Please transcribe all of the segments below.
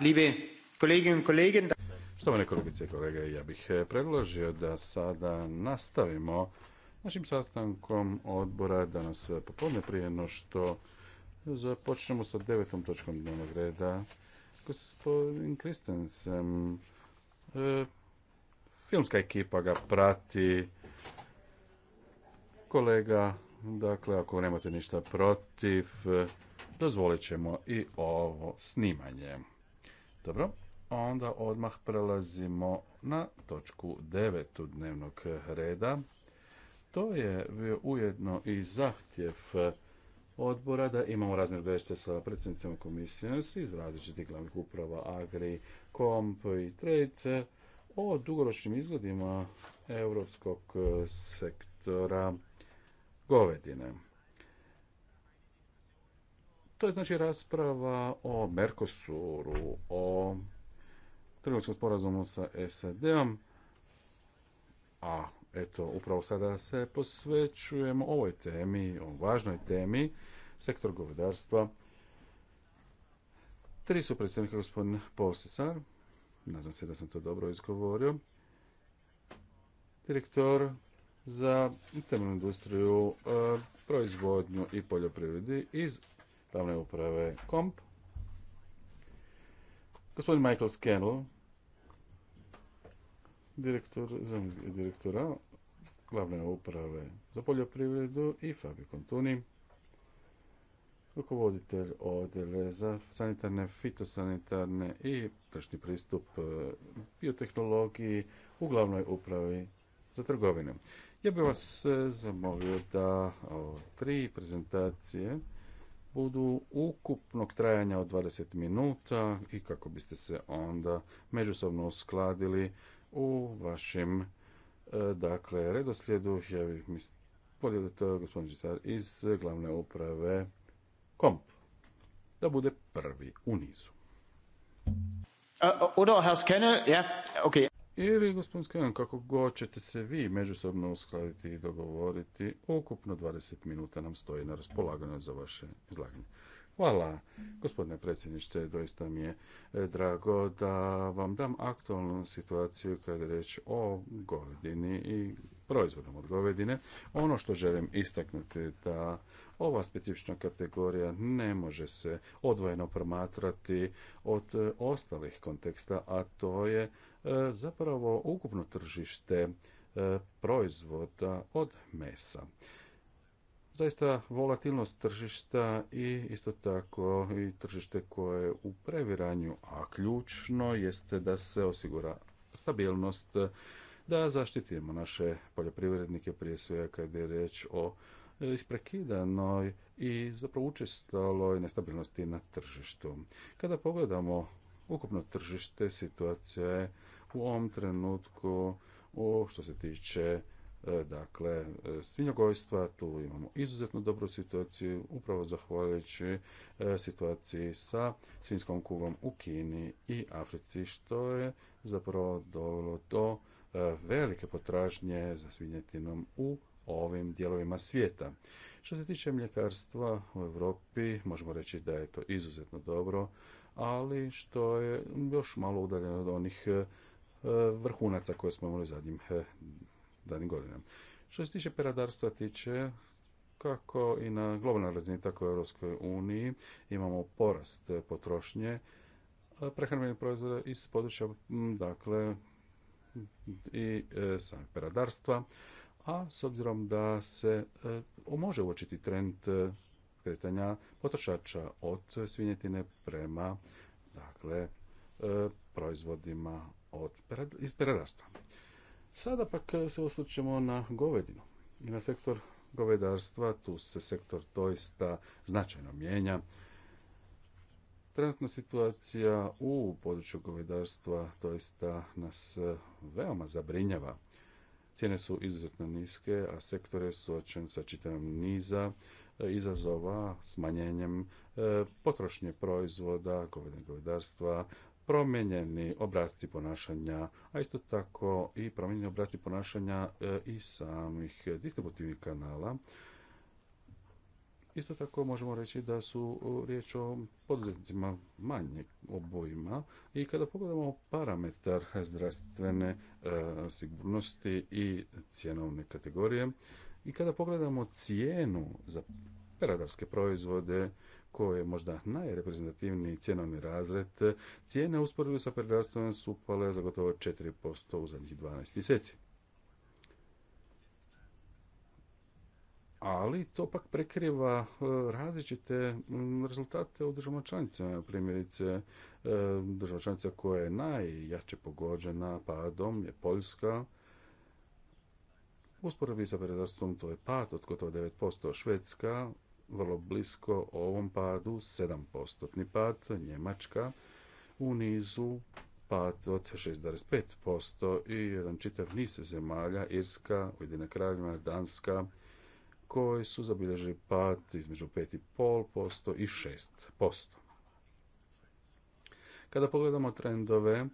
liebe Kolleginnen und Kollegen. Štovane kolegice i kolege, ja bih eh, predložio da sada nastavimo našim sastankom odbora danas eh, popodne prije no što započnemo sa devetom točkom dnevnog reda. Gospodin Kristensen, eh, filmska ekipa ga prati, kolega, dakle ako nemate ništa protiv, dozvolit ćemo i ovo snimanje. Dobro, onda odmah prelazimo na točku 9. dnevnog reda. To je ujedno i zahtjev odbora da imamo razmjer vešće sa predsjednicom komisije iz različitih glavnih uprava Agri, Komp i Trade o dugoročnim izgledima europskog sektora govedine. To je znači rasprava o Mercosuru, o trgovinskom sporazumu sa SAD-om, a eto, upravo sada se posvećujemo ovoj temi, o važnoj temi, sektor govedarstva. Tri su predsjednika gospodin Paul nadam se da sam to dobro izgovorio, direktor za temeljnu industriju, e, proizvodnju i poljoprivredi iz glavne uprave KOMP. Gospodin Michael Scannell, direktor, direktora glavne uprave za poljoprivredu i Fabi Kontuni, rukovoditelj odjele za sanitarne, fitosanitarne i tržišni pristup e, biotehnologiji u glavnoj upravi za trgovinu. Ja bih vas e, zamolio da o, tri prezentacije budu ukupnog trajanja od 20 minuta i kako biste se onda međusobno uskladili u vašim e, dakle redoslijedu. Ja bih mislim, volio to gospodin iz glavne uprave KOMP da bude prvi u nizu. Uh, ja, okay ili gospodin kako god ćete se vi međusobno uskladiti i dogovoriti, ukupno 20 minuta nam stoji na raspolaganju za vaše izlaganje. Hvala, gospodine predsjedniče, doista mi je e, drago da vam dam aktualnu situaciju kada je reč o govedini i proizvodom od govedine. Ono što želim istaknuti da ova specifična kategorija ne može se odvojeno promatrati od e, ostalih konteksta, a to je E, zapravo ukupno tržište e, proizvoda od mesa. Zaista volatilnost tržišta i isto tako i tržište koje je u previranju, a ključno jeste da se osigura stabilnost, da zaštitimo naše poljoprivrednike prije svega kada je riječ o isprekidanoj i zapravo učestaloj nestabilnosti na tržištu. Kada pogledamo ukupno tržište, situacija je u ovom trenutku u što se tiče e, dakle e, svinjogojstva tu imamo izuzetno dobru situaciju upravo zahvaljujući e, situaciji sa svinjskom kugom u Kini i Africi što je zapravo dovoljno do velike potražnje za svinjetinom u ovim dijelovima svijeta. Što se tiče mljekarstva u Europi, možemo reći da je to izuzetno dobro, ali što je još malo udaljeno od onih Eh, vrhunaca koje smo imali zadnjim eh, danim godinama. Što se tiče peradarstva tiče, kako i na globalnoj razini, tako i u Europskoj uniji imamo porast eh, potrošnje prehrambenih proizvoda iz područja, mm, dakle, i samih peradarstva, a s obzirom da se može uočiti trend kretanja potrošača od svinjetine prema, dakle, proizvodima od, iz prerasta. Sada pak eh, se osvrćemo na govedinu i na sektor govedarstva. Tu se sektor doista značajno mijenja. Trenutna situacija u području govedarstva doista nas eh, veoma zabrinjava. Cijene su izuzetno niske, a sektor je suočen sa čitavom niza eh, izazova smanjenjem potrošnje proizvoda, govedarstva, promijenjeni obrazci ponašanja, a isto tako i promijenjeni obrasci ponašanja e, i samih distributivnih kanala. Isto tako možemo reći da su e, riječ o poduzetnicima manje obojima i kada pogledamo parametar zdravstvene e, sigurnosti i cjenovne kategorije i kada pogledamo cijenu za peradarske proizvode koje je možda najreprezentativniji cjenovni razred, cijene usporedbi sa prerastom su upale za gotovo 4% u zadnjih 12 mjeseci. ali to pak prekriva e, različite rezultate u državama članicama. Primjerice, e, država članica koja je najjače pogođena padom je Poljska. Usporedbi sa predrastom to je pad od gotovo 9%, Švedska vrlo blisko ovom padu, 7% pad, Njemačka u nizu pad od 6,5% i jedan čitav niz zemalja, Irska, Ujedina Kraljevina, Danska, koji su zabilježili pad između 5,5% i 6%. Kada pogledamo trendove, e,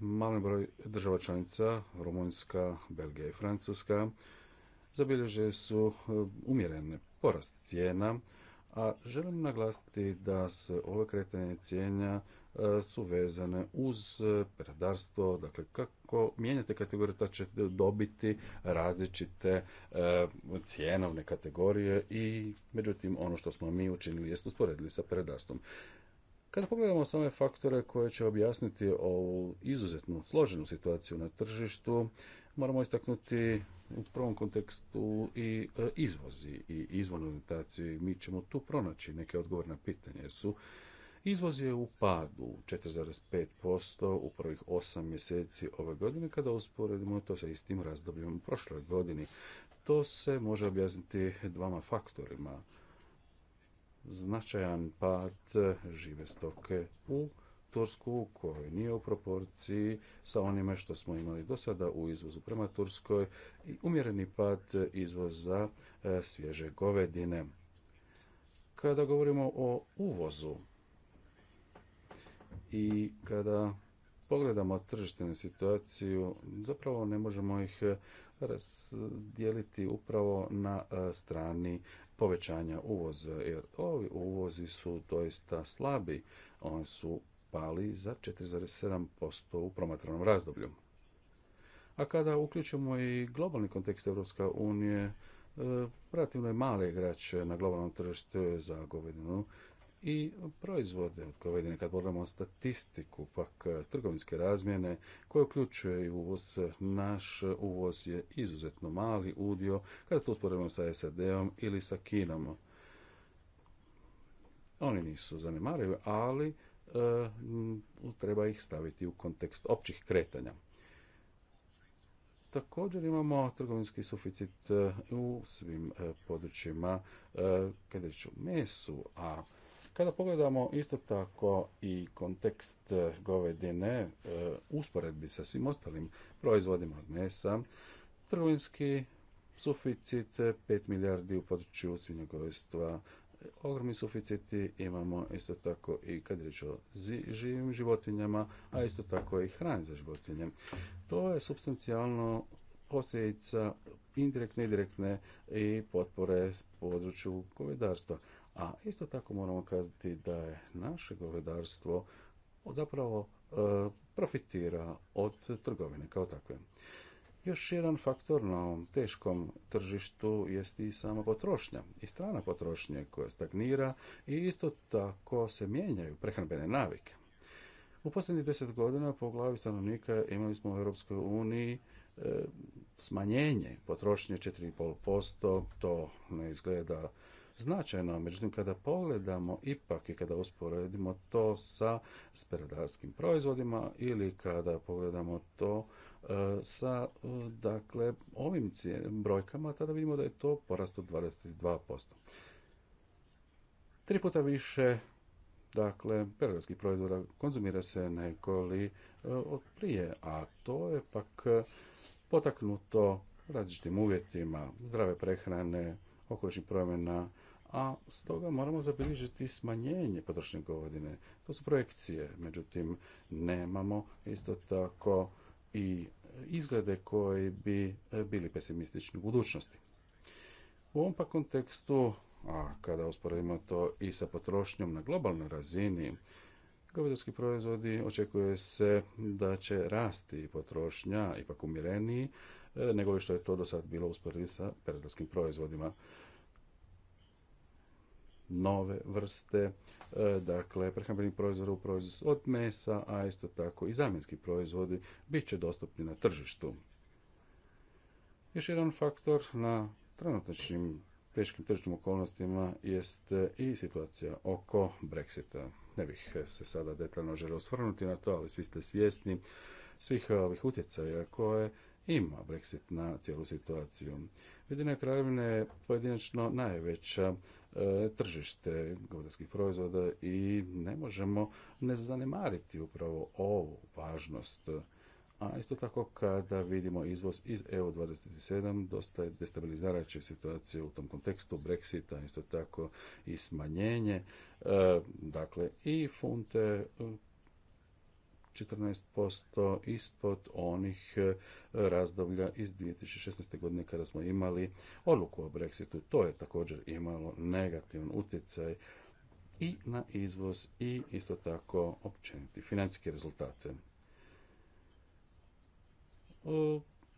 mali broj država članica, Rumunjska, Belgija i Francuska, zabilježili su e, umjerene porast cijena, a želim naglasiti da se ove kretanje cijena e, su vezane uz e, predarstvo. dakle kako mijenjate kategorije, ta ćete dobiti različite e, cijenovne kategorije i međutim ono što smo mi učinili jest usporedili sa peradarstvom. Kada pogledamo same faktore koje će objasniti ovu izuzetnu složenu situaciju na tržištu, moramo istaknuti u prvom kontekstu i e, izvozi i izvornu orientaciju. Mi ćemo tu pronaći neke odgovore na pitanje, su Izvoz je u padu 4,5% u prvih 8 mjeseci ove godine kada usporedimo to sa istim razdobljem u prošloj godini. To se može objasniti dvama faktorima. Značajan pad žive stoke u Tursku koji nije u proporciji sa onime što smo imali do sada u izvozu prema Turskoj i umjereni pad izvoza e, svježe govedine. Kada govorimo o uvozu i kada pogledamo tržištenu situaciju, zapravo ne možemo ih e, razdijeliti upravo na e, strani povećanja uvoza, jer ovi uvozi su doista slabi. Oni su pali za 4,7% u promatranom razdoblju. A kada uključimo i globalni kontekst EU, unije, e, relativno je mali igrač na globalnom tržištu za govedinu i proizvode od govedine. Kad pogledamo statistiku, pak e, trgovinske razmjene koje uključuje i uvoz, naš uvoz je izuzetno mali udio kada to usporedimo sa SAD-om ili sa Kinom. Oni nisu zanemarivi, ali E, treba ih staviti u kontekst općih kretanja. Također imamo trgovinski suficit e, u svim e, područjima kada je mesu, a kada pogledamo isto tako i kontekst govedine usporedbi sa svim ostalim proizvodima od mesa, trgovinski suficit 5 milijardi u području svinjogojstva, ogromni suficiti imamo isto tako i kad riječ o živim životinjama, a isto tako i hran za životinje. To je substancijalno posljedica indirektne i direktne i potpore u području govedarstva. A isto tako moramo kazati da je naše govedarstvo zapravo e, profitira od trgovine kao takve. Još jedan faktor na ovom teškom tržištu jest i sama potrošnja i strana potrošnje koja stagnira i isto tako se mijenjaju prehrambene navike. U posljednjih deset godina po glavi stanovnika imali smo u Europskoj uniji e, smanjenje potrošnje 4,5%, to ne izgleda značajno, međutim kada pogledamo ipak i kada usporedimo to sa speradarskim proizvodima ili kada pogledamo to E, sa e, dakle, ovim brojkama, tada vidimo da je to porast od 22%. Tri puta više dakle, proizvoda konzumira se nekoli e, od prije, a to je pak potaknuto različitim uvjetima zdrave prehrane, okolišnih promjena, a stoga moramo zabilježiti smanjenje potrošnje godine. To su projekcije, međutim nemamo isto tako i izglede koji bi e, bili pesimistični u budućnosti. U ovom pa kontekstu, a kada usporedimo to i sa potrošnjom na globalnoj razini, govedarski proizvodi očekuje se da će rasti potrošnja ipak umjereniji e, nego što je to do sad bilo usporedbi sa peradarskim proizvodima nove vrste, e, dakle prehrambenih proizvoda u proizvod od mesa, a isto tako i zamjenski proizvodi bit će dostupni na tržištu. Još jedan faktor na trenutačnim teškim tržnim okolnostima jest e, i situacija oko Brexita. Ne bih se sada detaljno želio osvrnuti na to, ali svi ste svjesni svih ovih utjecaja koje ima Brexit na cijelu situaciju. Jedina kraljevina je pojedinačno najveća E, tržište govorskih proizvoda i ne možemo ne zanemariti upravo ovu važnost a isto tako kada vidimo izvoz iz EU27, dosta je destabilizarajuća situacija u tom kontekstu Brexita, isto tako i smanjenje, e, dakle i funte 14% ispod onih e, razdoblja iz 2016. godine kada smo imali odluku o Brexitu. To je također imalo negativan utjecaj i na izvoz i isto tako općeniti financijske rezultate.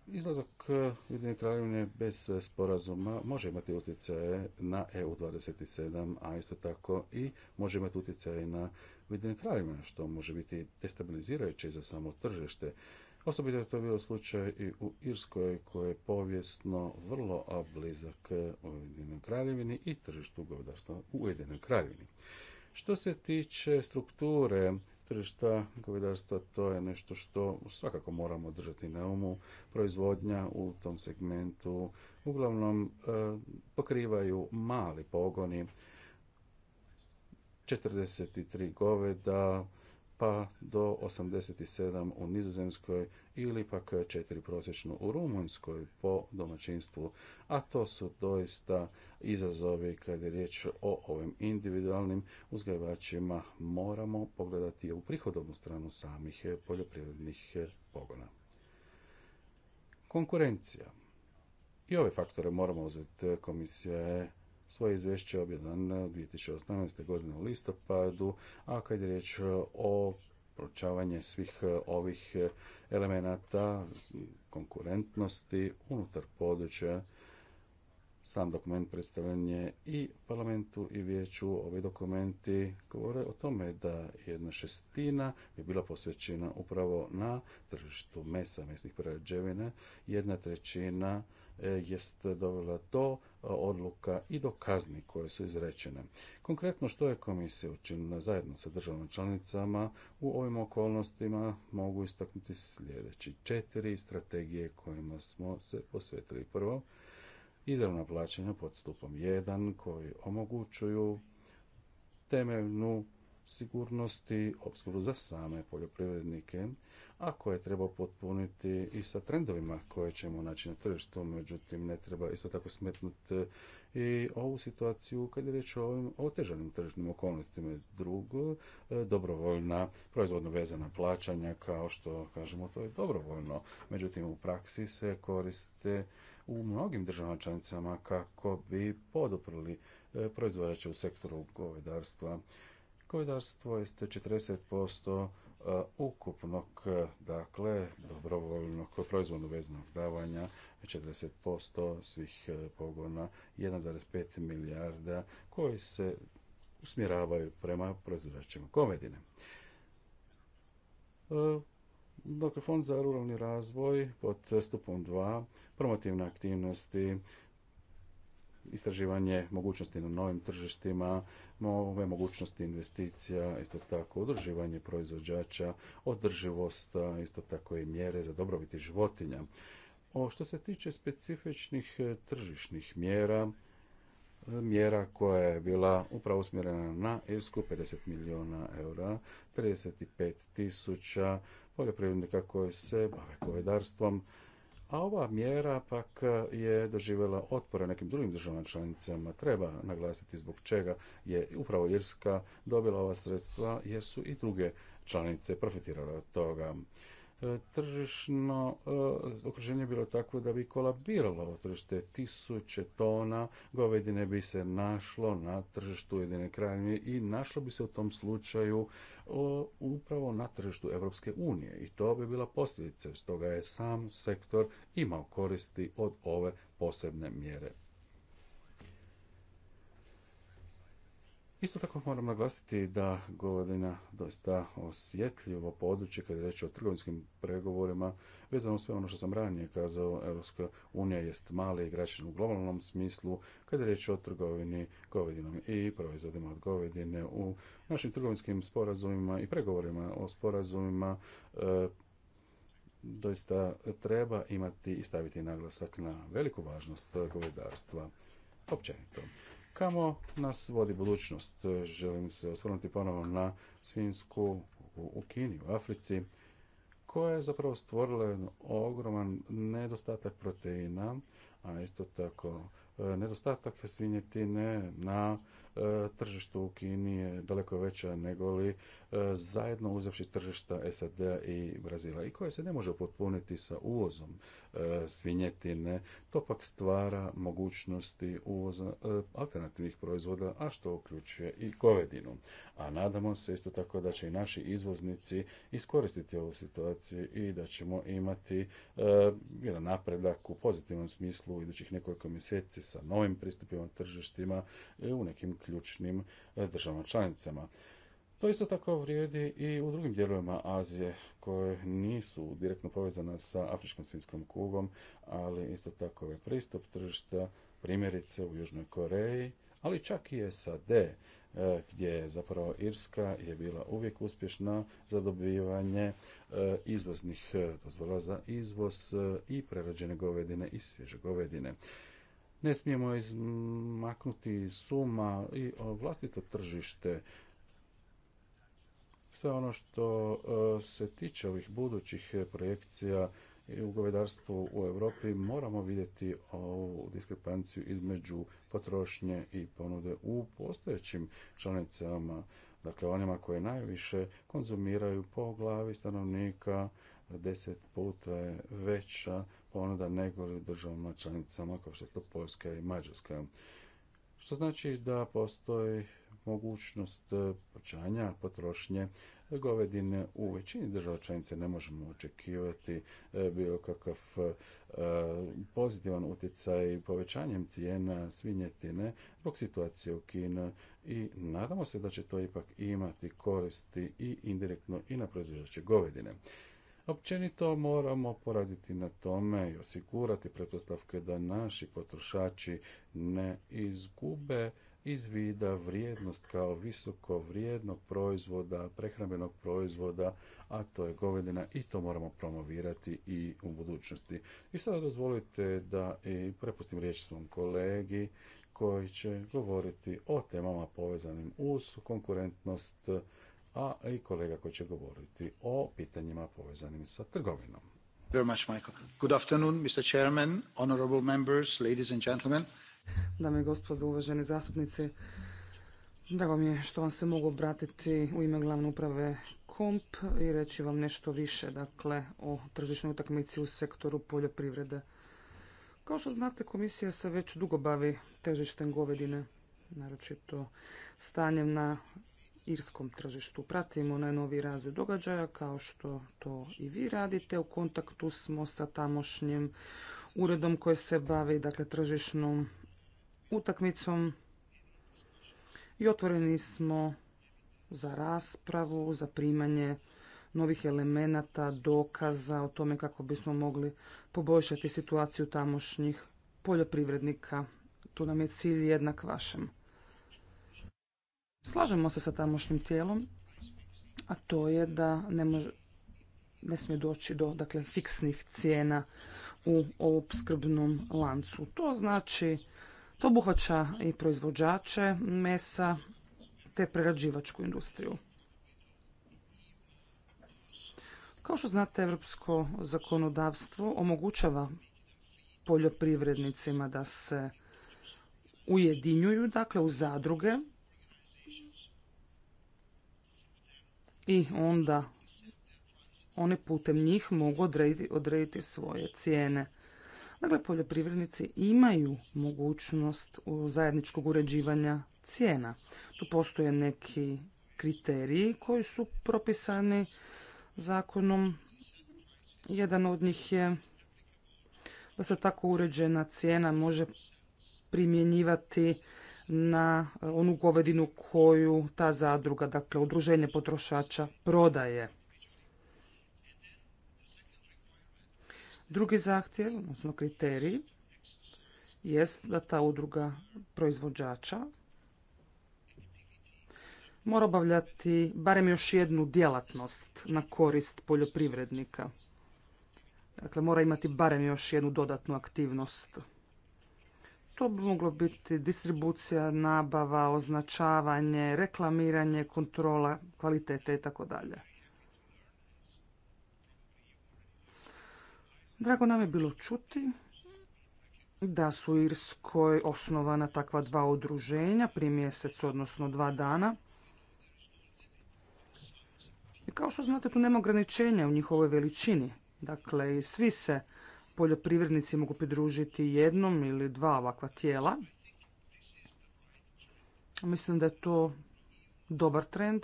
Izlazak e, Ujedinjene kraljevine bez sporazuma može imati utjecaje na EU27, a isto tako i može imati utjecaje na Ujedinim krajevima, što može biti destabilizirajuće za samo tržište. Osobito je to bio slučaj i u Irskoj, koji je povijesno vrlo blizak Ujedinjenoj kraljevini i tržištu govedarstva u Ujedinjenoj kraljevini. Što se tiče strukture tržišta govedarstva, to je nešto što svakako moramo držati na umu. Proizvodnja u tom segmentu uglavnom e, pokrivaju mali pogoni 43 goveda, pa do 87 u Nizozemskoj ili pak 4 prosječno u Rumunjskoj po domaćinstvu. A to su doista izazovi kad je riječ o ovim individualnim uzgajivačima. Moramo pogledati u prihodovnu stranu samih poljoprivrednih pogona. Konkurencija. I ove faktore moramo uzeti. Komisija je svoje izvješće objedan 2018. godine u listopadu, a kad je riječ o pročavanje svih e, ovih e, elemenata konkurentnosti unutar područja sam dokument predstavljen je i parlamentu i vijeću. Ovi dokumenti govore o tome da jedna šestina je bila posvećena upravo na tržištu mesa, mesnih prerađevina, jedna trećina e, jest dovela to E, odluka i do kazni koje su izrečene. Konkretno što je komisija učinila zajedno sa državama članicama u ovim okolnostima mogu istaknuti sljedeći četiri strategije kojima smo se posvetili. Prvo, izravna plaćanja pod stupom 1 koji omogućuju temeljnu sigurnosti opskrbu za same poljoprivrednike a koje treba potpuniti i sa trendovima koje ćemo naći na tržištu. Međutim, ne treba isto tako smetnuti e, i ovu situaciju kad je riječ o ovim otežanim tržišnim okolnostima. Drugo, e, dobrovoljna proizvodno vezana plaćanja, kao što kažemo, to je dobrovoljno. Međutim, u praksi se koriste u mnogim državama članicama kako bi poduprli e, proizvođače u sektoru govedarstva. Govedarstvo jeste 40% ukupnog dakle dobrovoljnog proizvodno vezanog davanja 40% svih e, pogona 1,5 milijarda koji se usmjeravaju prema proizvođačima komedine. E, dakle, Fond za ruralni razvoj pod stupom 2, promotivne aktivnosti, istraživanje mogućnosti na novim tržištima, nove mogućnosti investicija, isto tako udruživanje proizvođača, održivost, isto tako i mjere za dobrobiti životinja. O što se tiče specifičnih e, tržišnih mjera, e, mjera koja je bila upravo usmjerena na Irsku, 50 milijuna eura, 35 tisuća poljoprivrednika koji se bave govedarstvom, a ova mjera pak je doživjela otpore nekim drugim državama članicama. Treba naglasiti zbog čega je upravo Irska dobila ova sredstva jer su i druge članice profitirale od toga. E, tržišno e, okruženje bilo tako da bi kolabiralo ovo tržište. Tisuće tona govedine bi se našlo na tržištu Ujedine krajine i našlo bi se u tom slučaju e, upravo na tržištu Europske unije i to bi bila posljedica. Stoga je sam sektor imao koristi od ove posebne mjere Isto tako moram naglasiti da godina doista osjetljivo područje kada je reč o trgovinskim pregovorima vezano sve ono što sam ranije kazao, Europska unija jest mali igrač u globalnom smislu kada je reč o trgovini govedinom i proizvodima od govedine u našim trgovinskim sporazumima i pregovorima o sporazumima e, doista treba imati i staviti naglasak na veliku važnost govedarstva općenito kamo nas vodi budućnost. Želim se osvrnuti ponovno na Svinsku u Kini, u Africi, koja je zapravo stvorila ogroman nedostatak proteina, a isto tako e, nedostatak svinjetine na E, tržištu u Kini je daleko veća nego li e, zajedno uzavši tržišta SAD i Brazila i koje se ne može potpuniti sa uvozom e, svinjetine. To pak stvara mogućnosti uvoza alternativnih proizvoda, a što uključuje i govedinu. A nadamo se isto tako da će i naši izvoznici iskoristiti ovu situaciju i da ćemo imati jedan napredak u pozitivnom smislu idućih nekoliko mjeseci sa novim pristupima tržištima u nekim ključnim e, državama članicama. To isto tako vrijedi i u drugim dijelovima Azije koje nisu direktno povezane sa afričkom svinskom kugom, ali isto tako je pristup tržišta, primjerice u Južnoj Koreji, ali čak i SAD, e, gdje je zapravo Irska je bila uvijek uspješna za dobivanje e, izvoznih dozvola za izvoz i prerađene govedine i svježe govedine. Ne smijemo izmaknuti suma i vlastito tržište. Sve ono što e, se tiče ovih budućih projekcija u govedarstvu u Europi moramo vidjeti ovu diskrepanciju između potrošnje i ponude u postojećim članicama, dakle onima koje najviše konzumiraju po glavi stanovnika, deset puta je veća ponuda nego li državama članicama kao što je to Poljska i Mađarska. Što znači da postoji mogućnost e, povećanja potrošnje govedine u većini država članice ne možemo očekivati e, bilo kakav e, pozitivan utjecaj povećanjem cijena svinjetine zbog situacije u Kini i nadamo se da će to ipak imati koristi i indirektno i na proizvođače govedine. Općenito moramo poraditi na tome i osigurati pretpostavke da naši potrošači ne izgube iz vida vrijednost kao visoko vrijednog proizvoda, prehrambenog proizvoda, a to je govedina i to moramo promovirati i u budućnosti. I sada dozvolite da i prepustim riječ svom kolegi koji će govoriti o temama povezanim uz konkurentnost a i kolega koji će govoriti o pitanjima povezanim sa trgovinom. Very Michael. Good afternoon, Mr. Chairman, honorable Dame i gospodo, uvaženi zastupnici, drago mi je što vam se mogu obratiti u ime glavne uprave KOMP i reći vam nešto više dakle, o tržišnoj utakmici u sektoru poljoprivrede. Kao što znate, komisija se već dugo bavi tržištem govedine, naročito stanjem na irskom tržištu. Pratimo novi razvoj događaja kao što to i vi radite. U kontaktu smo sa tamošnjim uredom koji se bavi dakle, tržišnom utakmicom i otvoreni smo za raspravu, za primanje novih elemenata, dokaza o tome kako bismo mogli poboljšati situaciju tamošnjih poljoprivrednika. Tu nam je cilj jednak vašem. Slažemo se sa tamošnjim tijelom, a to je da ne, može, ne smije doći do dakle, fiksnih cijena u opskrbnom lancu. To znači, to obuhvaća i proizvođače mesa te prerađivačku industriju. Kao što znate, evropsko zakonodavstvo omogućava poljoprivrednicima da se ujedinjuju, dakle u zadruge, i onda oni putem njih mogu odrediti, odrediti svoje cijene. Dakle, poljoprivrednici imaju mogućnost zajedničkog uređivanja cijena. Tu postoje neki kriteriji koji su propisani zakonom. Jedan od njih je da se tako uređena cijena može primjenjivati na onu govedinu koju ta zadruga, dakle udruženje potrošača, prodaje. Drugi zahtjev, odnosno kriterij, jest da ta udruga proizvođača mora obavljati barem još jednu djelatnost na korist poljoprivrednika. Dakle, mora imati barem još jednu dodatnu aktivnost. To bi moglo biti distribucija, nabava, označavanje, reklamiranje, kontrola kvalitete i tako dalje. Drago nam je bilo čuti da su u Irskoj osnovana takva dva udruženja prije mjesec, odnosno dva dana. I kao što znate, tu nema ograničenja u njihovoj veličini. Dakle, svi se poljoprivrednici mogu pridružiti jednom ili dva ovakva tijela. Mislim da je to dobar trend.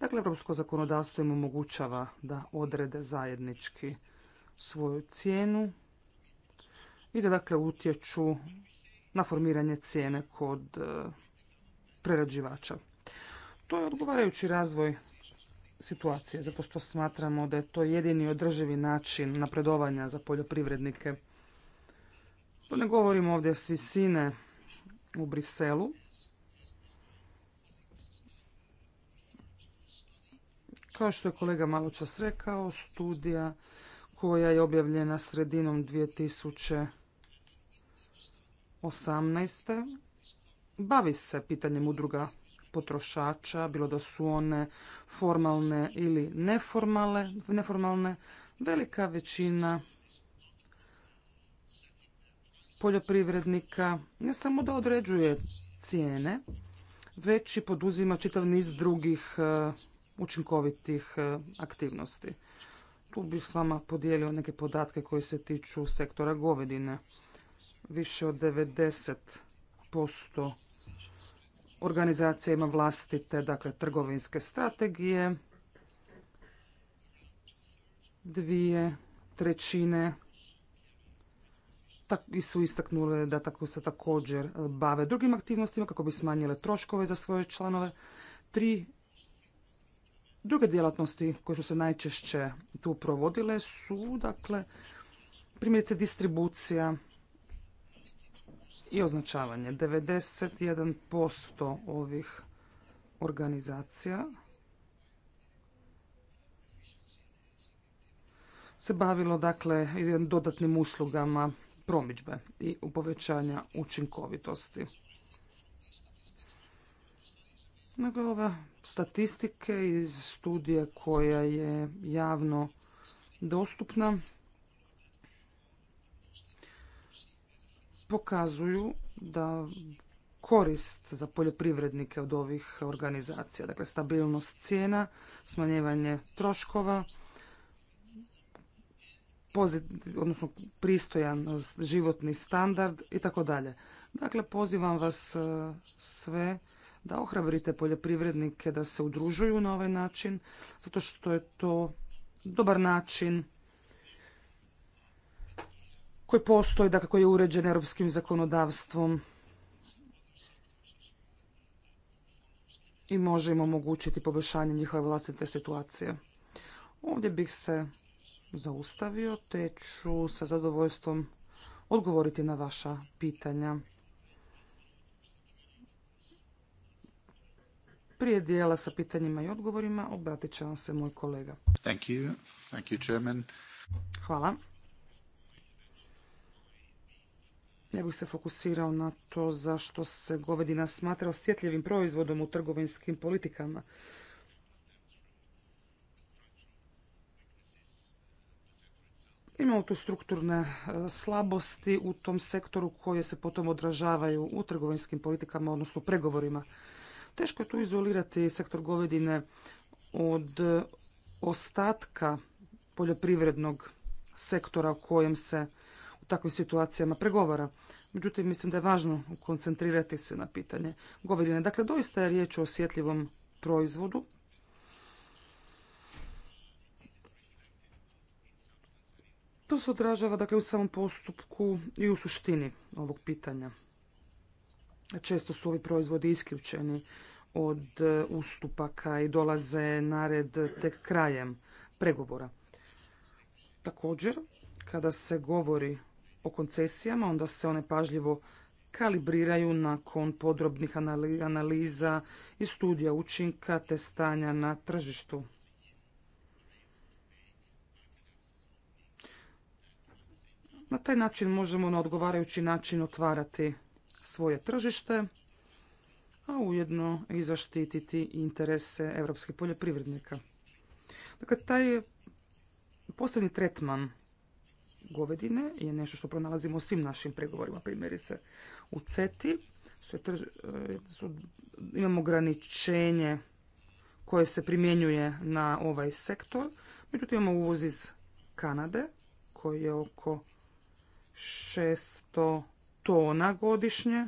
Dakle, europsko zakonodavstvo im omogućava da odrede zajednički svoju cijenu i da dakle utječu na formiranje cijene kod eh, prerađivača. To je odgovarajući razvoj situacije, zato što smatramo da je to jedini održivi način napredovanja za poljoprivrednike. To ne govorimo ovdje s visine u Briselu. Kao što je kolega maločas rekao, studija koja je objavljena sredinom 2018. bavi se pitanjem udruga potrošača, bilo da su one formalne ili neformalne neformalne, velika većina poljoprivrednika ne samo da određuje cijene, već i poduzima čitav niz drugih e, učinkovitih e, aktivnosti. Tu bih s vama podijelio neke podatke koji se tiču sektora govedine. Više od 90% Organizacija ima vlastite, dakle, trgovinske strategije. Dvije trećine tak, su istaknule da tako se također e, bave drugim aktivnostima kako bi smanjile troškove za svoje članove. Tri druge djelatnosti koje su se najčešće tu provodile su, dakle, primjerice distribucija i označavanje. 91% ovih organizacija se bavilo dakle dodatnim uslugama promidžbe i povećanja učinkovitosti. Dakle, ove statistike iz studije koja je javno dostupna pokazuju da korist za poljoprivrednike od ovih organizacija, dakle stabilnost cijena, smanjivanje troškova, odnosno pristojan životni standard i tako dalje. Dakle, pozivam vas e, sve da ohrabrite poljoprivrednike da se udružuju na ovaj način, zato što je to dobar način koji postoji, dakle koji je uređen europskim zakonodavstvom i može im omogućiti poboljšanje njihove vlastite situacije. Ovdje bih se zaustavio, te ću sa zadovoljstvom odgovoriti na vaša pitanja. Prije dijela sa pitanjima i odgovorima obratit će vam se moj kolega. Hvala. Ne bih se fokusirao na to zašto se govedina smatra osjetljivim proizvodom u trgovinskim politikama. Imamo tu strukturne e, slabosti u tom sektoru koje se potom odražavaju u trgovinskim politikama, odnosno pregovorima. Teško je tu izolirati sektor govedine od e, ostatka poljoprivrednog sektora u kojem se u takvim situacijama pregovara. Međutim, mislim da je važno koncentrirati se na pitanje govorine. Dakle, doista je riječ o osjetljivom proizvodu. To se odražava dakle, u samom postupku i u suštini ovog pitanja. Često su ovi proizvodi isključeni od e, ustupaka i dolaze na red tek krajem pregovora. Također, kada se govori o koncesijama, onda se one pažljivo kalibriraju nakon podrobnih analiza i studija učinka te stanja na tržištu. Na taj način možemo na odgovarajući način otvarati svoje tržište, a ujedno i zaštititi interese europskih poljoprivrednika. Dakle, taj posebni tretman govedine je nešto što pronalazimo u svim našim pregovorima. Primjerice u CETI e, imamo ograničenje koje se primjenjuje na ovaj sektor. Međutim, imamo uvoz iz Kanade koji je oko 600 tona godišnje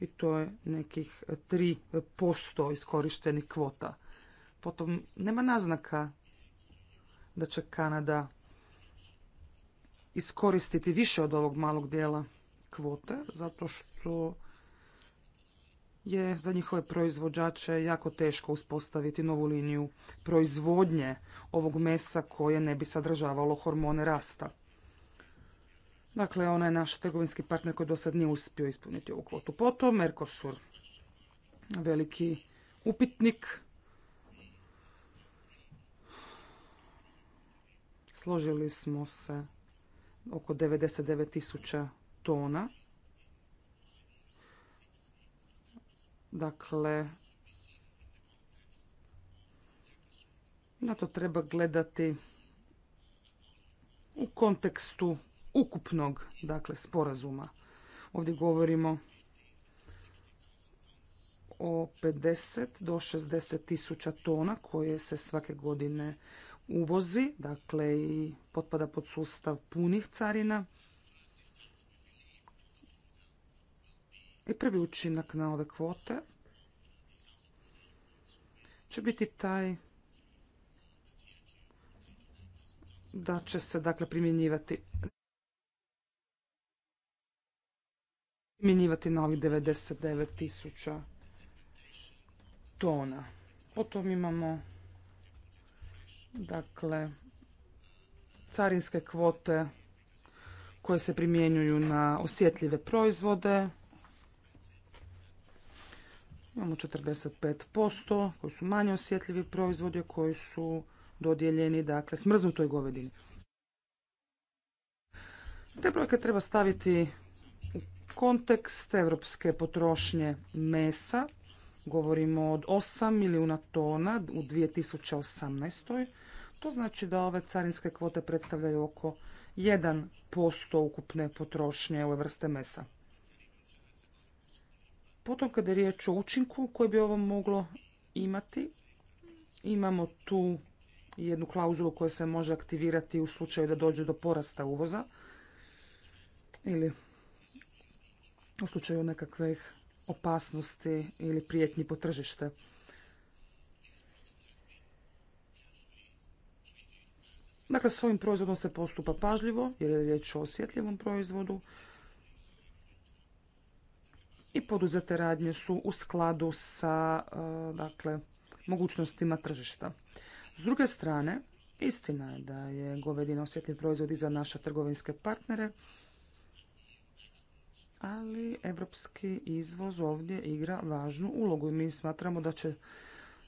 i to je nekih 3% iskorištenih kvota. Potom nema naznaka da će Kanada iskoristiti više od ovog malog dijela kvote, zato što je za njihove proizvođače jako teško uspostaviti novu liniju proizvodnje ovog mesa koje ne bi sadržavalo hormone rasta. Dakle, ona je naš trgovinski partner koji do sad nije uspio ispuniti ovu kvotu. Potom Mercosur, veliki upitnik. Složili smo se oko 99 tisuća tona. Dakle, na to treba gledati u kontekstu ukupnog dakle, sporazuma. Ovdje govorimo o 50 do 60 tisuća tona koje se svake godine uvozi, dakle i potpada pod sustav punih carina. I prvi učinak na ove kvote će biti taj da će se dakle primjenjivati primjenjivati na ovih 99 tisuća tona. Potom imamo Dakle, carinske kvote koje se primjenjuju na osjetljive proizvode. Imamo 45% koji su manje osjetljivi proizvodi koji su dodijeljeni dakle, smrznutoj govedini. Te brojke treba staviti u kontekst evropske potrošnje mesa. Govorimo od 8 milijuna tona u 2018. To znači da ove carinske kvote predstavljaju oko 1% ukupne potrošnje ove vrste mesa. Potom kada je riječ o učinku koji bi ovo moglo imati, imamo tu jednu klauzulu koja se može aktivirati u slučaju da dođe do porasta uvoza ili u slučaju nekakvih opasnosti ili prijetnji po tržište. Dakle, s ovim proizvodom se postupa pažljivo, jer je riječ o osjetljivom proizvodu. I poduzete radnje su u skladu sa e, dakle, mogućnostima tržišta. S druge strane, istina je da je govedina osjetljiv proizvod i za naše trgovinske partnere, ali evropski izvoz ovdje igra važnu ulogu i mi smatramo da će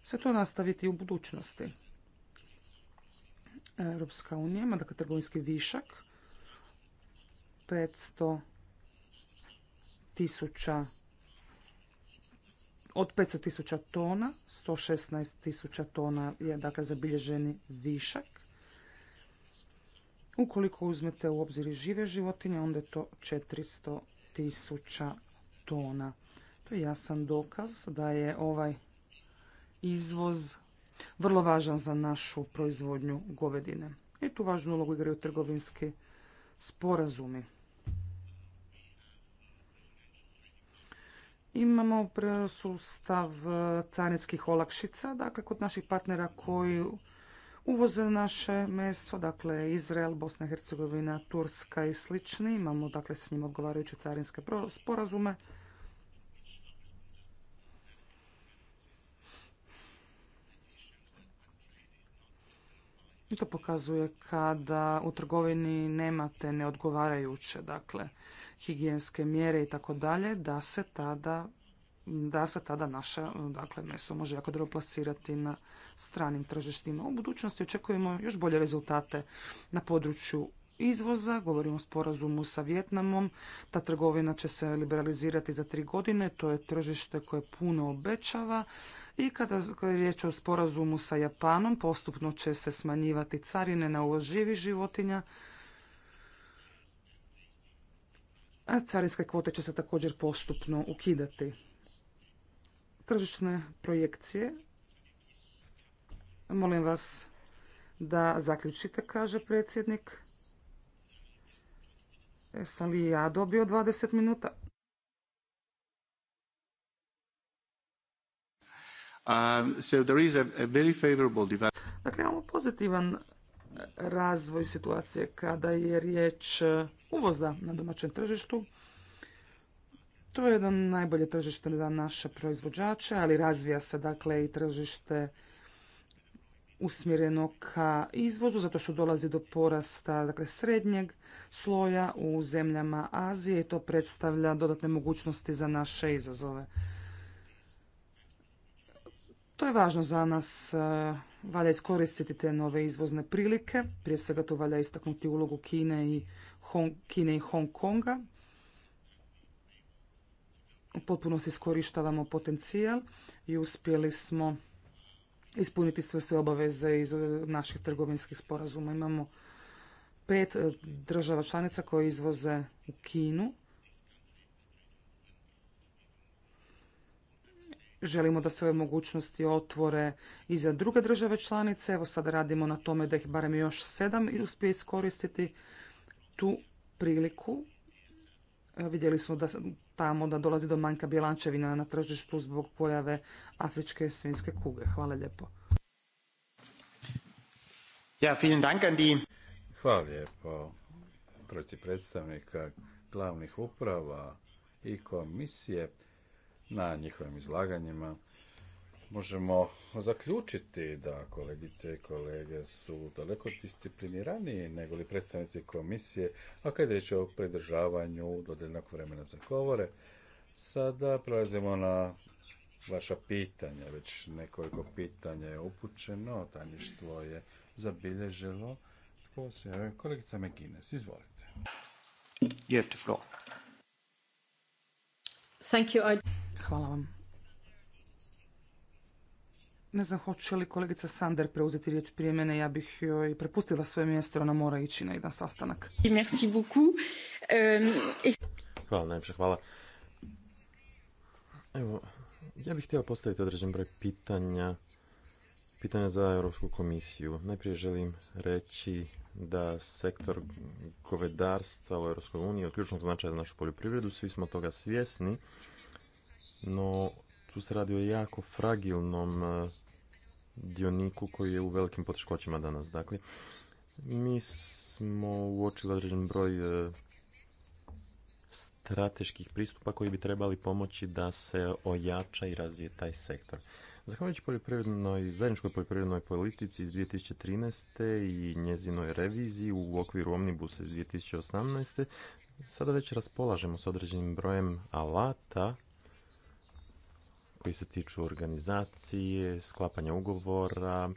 se to nastaviti u budućnosti. Europska unija ima dakle trgovinski višak 500 tisuća od 500 tisuća tona, 116 tisuća tona je dakle zabilježeni višak. Ukoliko uzmete u obzir i žive životinje, onda je to 400 tisuća tona. To je jasan dokaz da je ovaj izvoz vrlo važan za našu proizvodnju govedine. I tu važnu ulogu igraju trgovinski sporazumi. Imamo sustav e, carinskih olakšica, dakle kod naših partnera koji uvoze naše meso, dakle Izrael, Bosna i Hercegovina, Turska i slični. Imamo dakle s njim odgovarajuće carinske sporazume. I to pokazuje kada u trgovini nemate neodgovarajuće, dakle, higijenske mjere i tako dalje, da se tada da se tada naše dakle, meso može jako dobro plasirati na stranim tržištima. U budućnosti očekujemo još bolje rezultate na području izvoza, govorimo o sporazumu sa Vjetnamom, ta trgovina će se liberalizirati za tri godine, to je tržište koje puno obećava, i kada je riječ o sporazumu sa Japanom, postupno će se smanjivati carine na uvoz živih životinja. A carinske kvote će se također postupno ukidati. Tržišne projekcije. Molim vas da zaključite, kaže predsjednik. Jesam li ja dobio 20 minuta? Um, so Dakle, imamo pozitivan razvoj situacije kada je riječ e, uvoza na domaćem tržištu. To je jedan najbolje tržište za naše proizvođače, ali razvija se dakle i tržište usmjereno ka izvozu, zato što dolazi do porasta dakle, srednjeg sloja u zemljama Azije i to predstavlja dodatne mogućnosti za naše izazove. To je važno za nas. E, valja iskoristiti te nove izvozne prilike. Prije svega tu valja istaknuti ulogu Kine i Hong, Kine i Hong Konga. Potpuno se iskorištavamo potencijal i uspjeli smo ispuniti sve sve obaveze iz naših trgovinskih sporazuma. Imamo pet e, država članica koje izvoze u Kinu. Želimo da se ove mogućnosti otvore i za druge države članice. Evo sada radimo na tome da ih barem još sedam i uspije iskoristiti tu priliku. Vidjeli smo da tamo da dolazi do manjka bjelančevina na tržištu zbog pojave afričke svinske kuge. Hvala lijepo. Ja, vielen Dank an die... Hvala lijepo predstavnika glavnih uprava i komisije na njihovim izlaganjima. Možemo zaključiti da kolegice i kolege su daleko discipliniraniji nego li predstavnici komisije, a kad je riječ o pridržavanju dodeljnog vremena za govore, sada prelazimo na vaša pitanja. Već nekoliko pitanja je upućeno, tajništvo je zabilježilo. Kolegica McGuinness, izvolite. You Hvala vam. Ne znam hoće li kolegica Sander preuzeti riječ prije mene, ja bih joj prepustila svoje mjesto, ona mora ići na jedan sastanak. Merci beaucoup. Hvala, hvala. Evo, ja bih htio postaviti određen broj pitanja, pitanja za Europsku komisiju. Najprije želim reći da sektor govedarstva u Europskoj uniji je od ključnog značaja za našu poljoprivredu, svi smo toga svjesni no tu se radi o jako fragilnom e, dioniku koji je u velikim poteškoćima danas. Dakle, mi smo uočili određen broj e, strateških pristupa koji bi trebali pomoći da se ojača i razvije taj sektor. Zahvaljujući poljoprivrednoj, zajedničkoj poljoprivrednoj politici iz 2013. i njezinoj reviziji u okviru Omnibusa iz 2018. Sada već raspolažemo s određenim brojem alata koji se tiču organizacije, sklapanja ugovora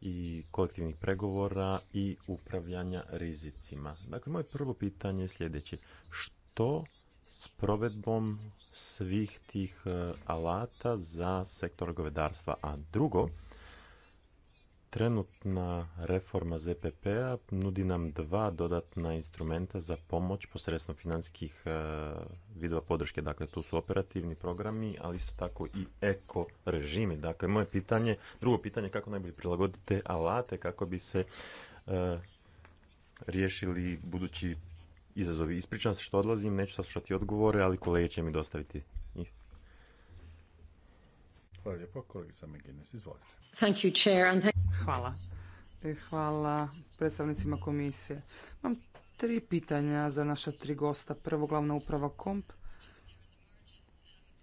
i kolektivnih pregovora i upravljanja rizicima. Dakle, moje prvo pitanje je sljedeće. Što s provedbom svih tih e, alata za sektor govedarstva? A drugo, Trenutna reforma ZPP-a nudi nam dva dodatna instrumenta za pomoć posredstvom financijskih e, vidova podrške. Dakle, tu su operativni programi, ali isto tako i eko režimi. Dakle, moje pitanje, drugo pitanje kako najbolje prilagodite te alate kako bi se e, riješili budući izazovi. Ispričavam se što odlazim, neću saslušati odgovore, ali kolege će mi dostaviti Hvala lijepo, kolegica Hvala. E, hvala predstavnicima komisije. Imam tri pitanja za naša tri gosta. Prvo, glavna uprava KOMP.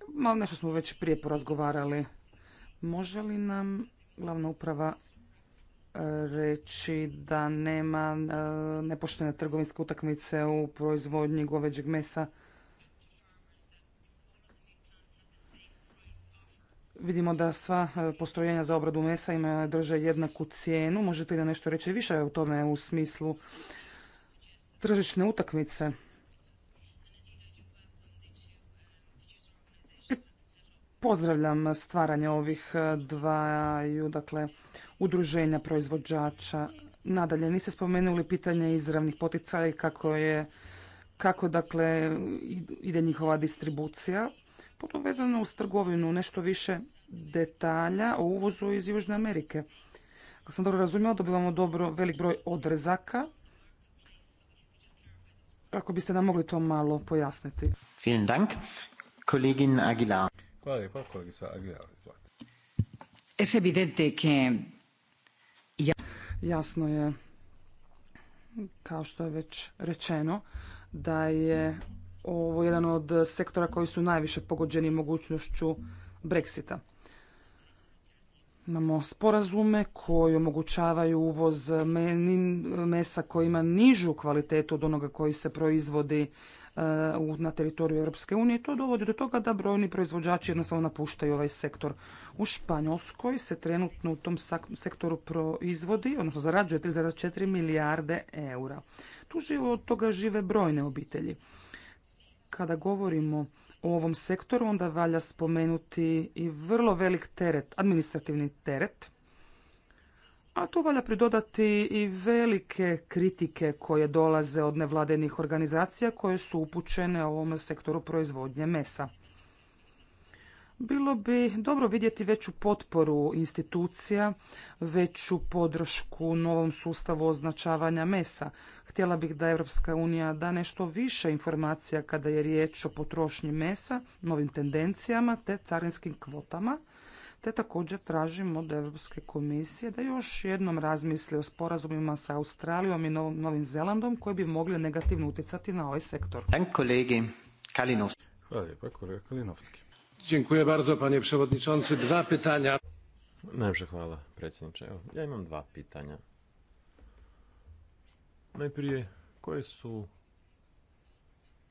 Malo nešto smo već prije porazgovarali. Može li nam glavna uprava e, reći da nema e, nepoštene trgovinske utakmice u proizvodnji goveđeg mesa? Vidimo da sva e, postrojenja za obradu mesa ima drže jednaku cijenu. Možete li da nešto reći više o tome u smislu tržišne utakmice? Pozdravljam stvaranje ovih e, dvaju dakle, udruženja proizvođača. Nadalje, niste spomenuli pitanje izravnih poticaja i kako je kako dakle ide njihova distribucija. Potom vezano uz trgovinu, nešto više detalja o uvozu iz Južne Amerike. Ako sam dobro razumjela, dobivamo dobro velik broj odrezaka. Ako biste nam mogli to malo pojasniti. Vielen Dank. Kolegin Aguilar. Hvala lijepa, Aguilar. Es evidente que... Jasno je, kao što je već rečeno, da je ovo jedan od sektora koji su najviše pogođeni mogućnošću Brexita. Imamo sporazume koji omogućavaju uvoz mesa koji ima nižu kvalitetu od onoga koji se proizvodi e, na teritoriju Europske unije to dovodi do toga da brojni proizvođači jednostavno napuštaju ovaj sektor. U Španjolskoj se trenutno u tom sektoru proizvodi, odnosno zarađuje 3,4 milijarde eura. Tu od toga žive brojne obitelji. Kada govorimo o ovom sektoru, onda valja spomenuti i vrlo velik teret, administrativni teret, a tu valja pridodati i velike kritike koje dolaze od nevladenih organizacija koje su upućene ovom sektoru proizvodnje mesa bilo bi dobro vidjeti veću potporu institucija, veću podršku novom sustavu označavanja mesa. Htjela bih da Europska unija da nešto više informacija kada je riječ o potrošnji mesa, novim tendencijama te carinskim kvotama. Te također tražim od Europske komisije da još jednom razmisli o sporazumima sa Australijom i Novim Zelandom koji bi mogli negativno utjecati na ovaj sektor. Hvala lijepa, kolega Kalinovski. Dziękuję bardzo, panie przewodniczący. Dwa pytania. hvala, predsjedniče. ja imam dva pitanja. Najprije, koje su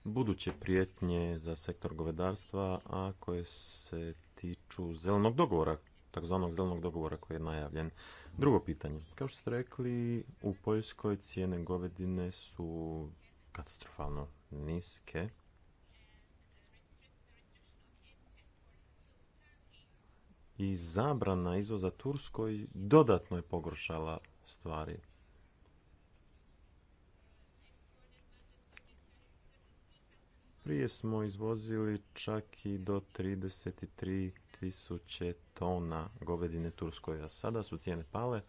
buduće prijetnje za sektor govedarstva, a koje se tiču zelenog dogovora, takozvanog zelenog dogovora koji je najavljen. Drugo pitanje. Kao što ste rekli, u Poljskoj cijene govedine su katastrofalno niske. i zabrana izvoza Turskoj dodatno je pogoršala stvari. Prije smo izvozili čak i do 33 tisuće tona govedine Turskoj, a sada su cijene pale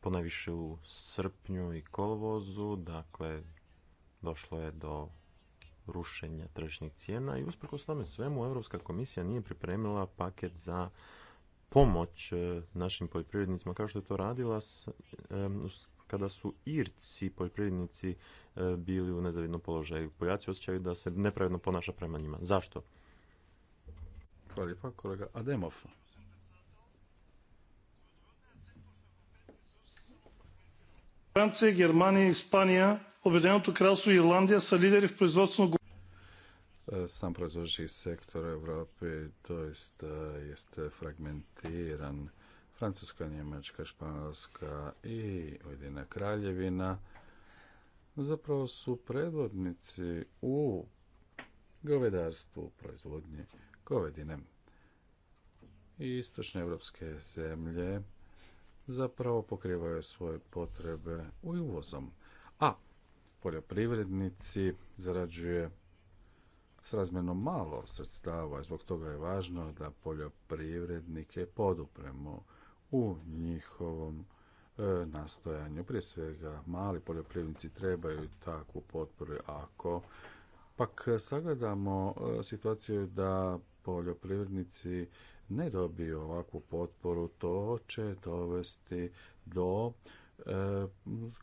ponajviše u srpnju i kolovozu, dakle došlo je do rušenja tržišnih cijena i usprkos tome svemu Europska komisija nije pripremila paket za pomoć e, našim poljoprivrednicima kao što je to radila e, kada su Irci poljoprivrednici e, bili u nezavidnom položaju. Poljaci osjećaju da se nepravedno ponaša prema njima. Zašto? Hvala lijepa, kolega Ademov. Francije, Обединеното кралство и Ирландия са лидери в производство sam proizvođački sektor u to doista jeste fragmentiran. Francuska, Njemačka, Španjolska i Ujedina Kraljevina zapravo su predvodnici u govedarstvu, proizvodnji govedine. I istočne evropske zemlje zapravo pokrivaju svoje potrebe uvozom. A poljoprivrednici zarađuje srazmjerno malo sredstava i zbog toga je važno da poljoprivrednike podupremo u njihovom e, nastojanju. Prije svega mali poljoprivrednici trebaju takvu potporu ako pak sagledamo e, situaciju da poljoprivrednici ne dobiju ovakvu potporu, to će dovesti do E,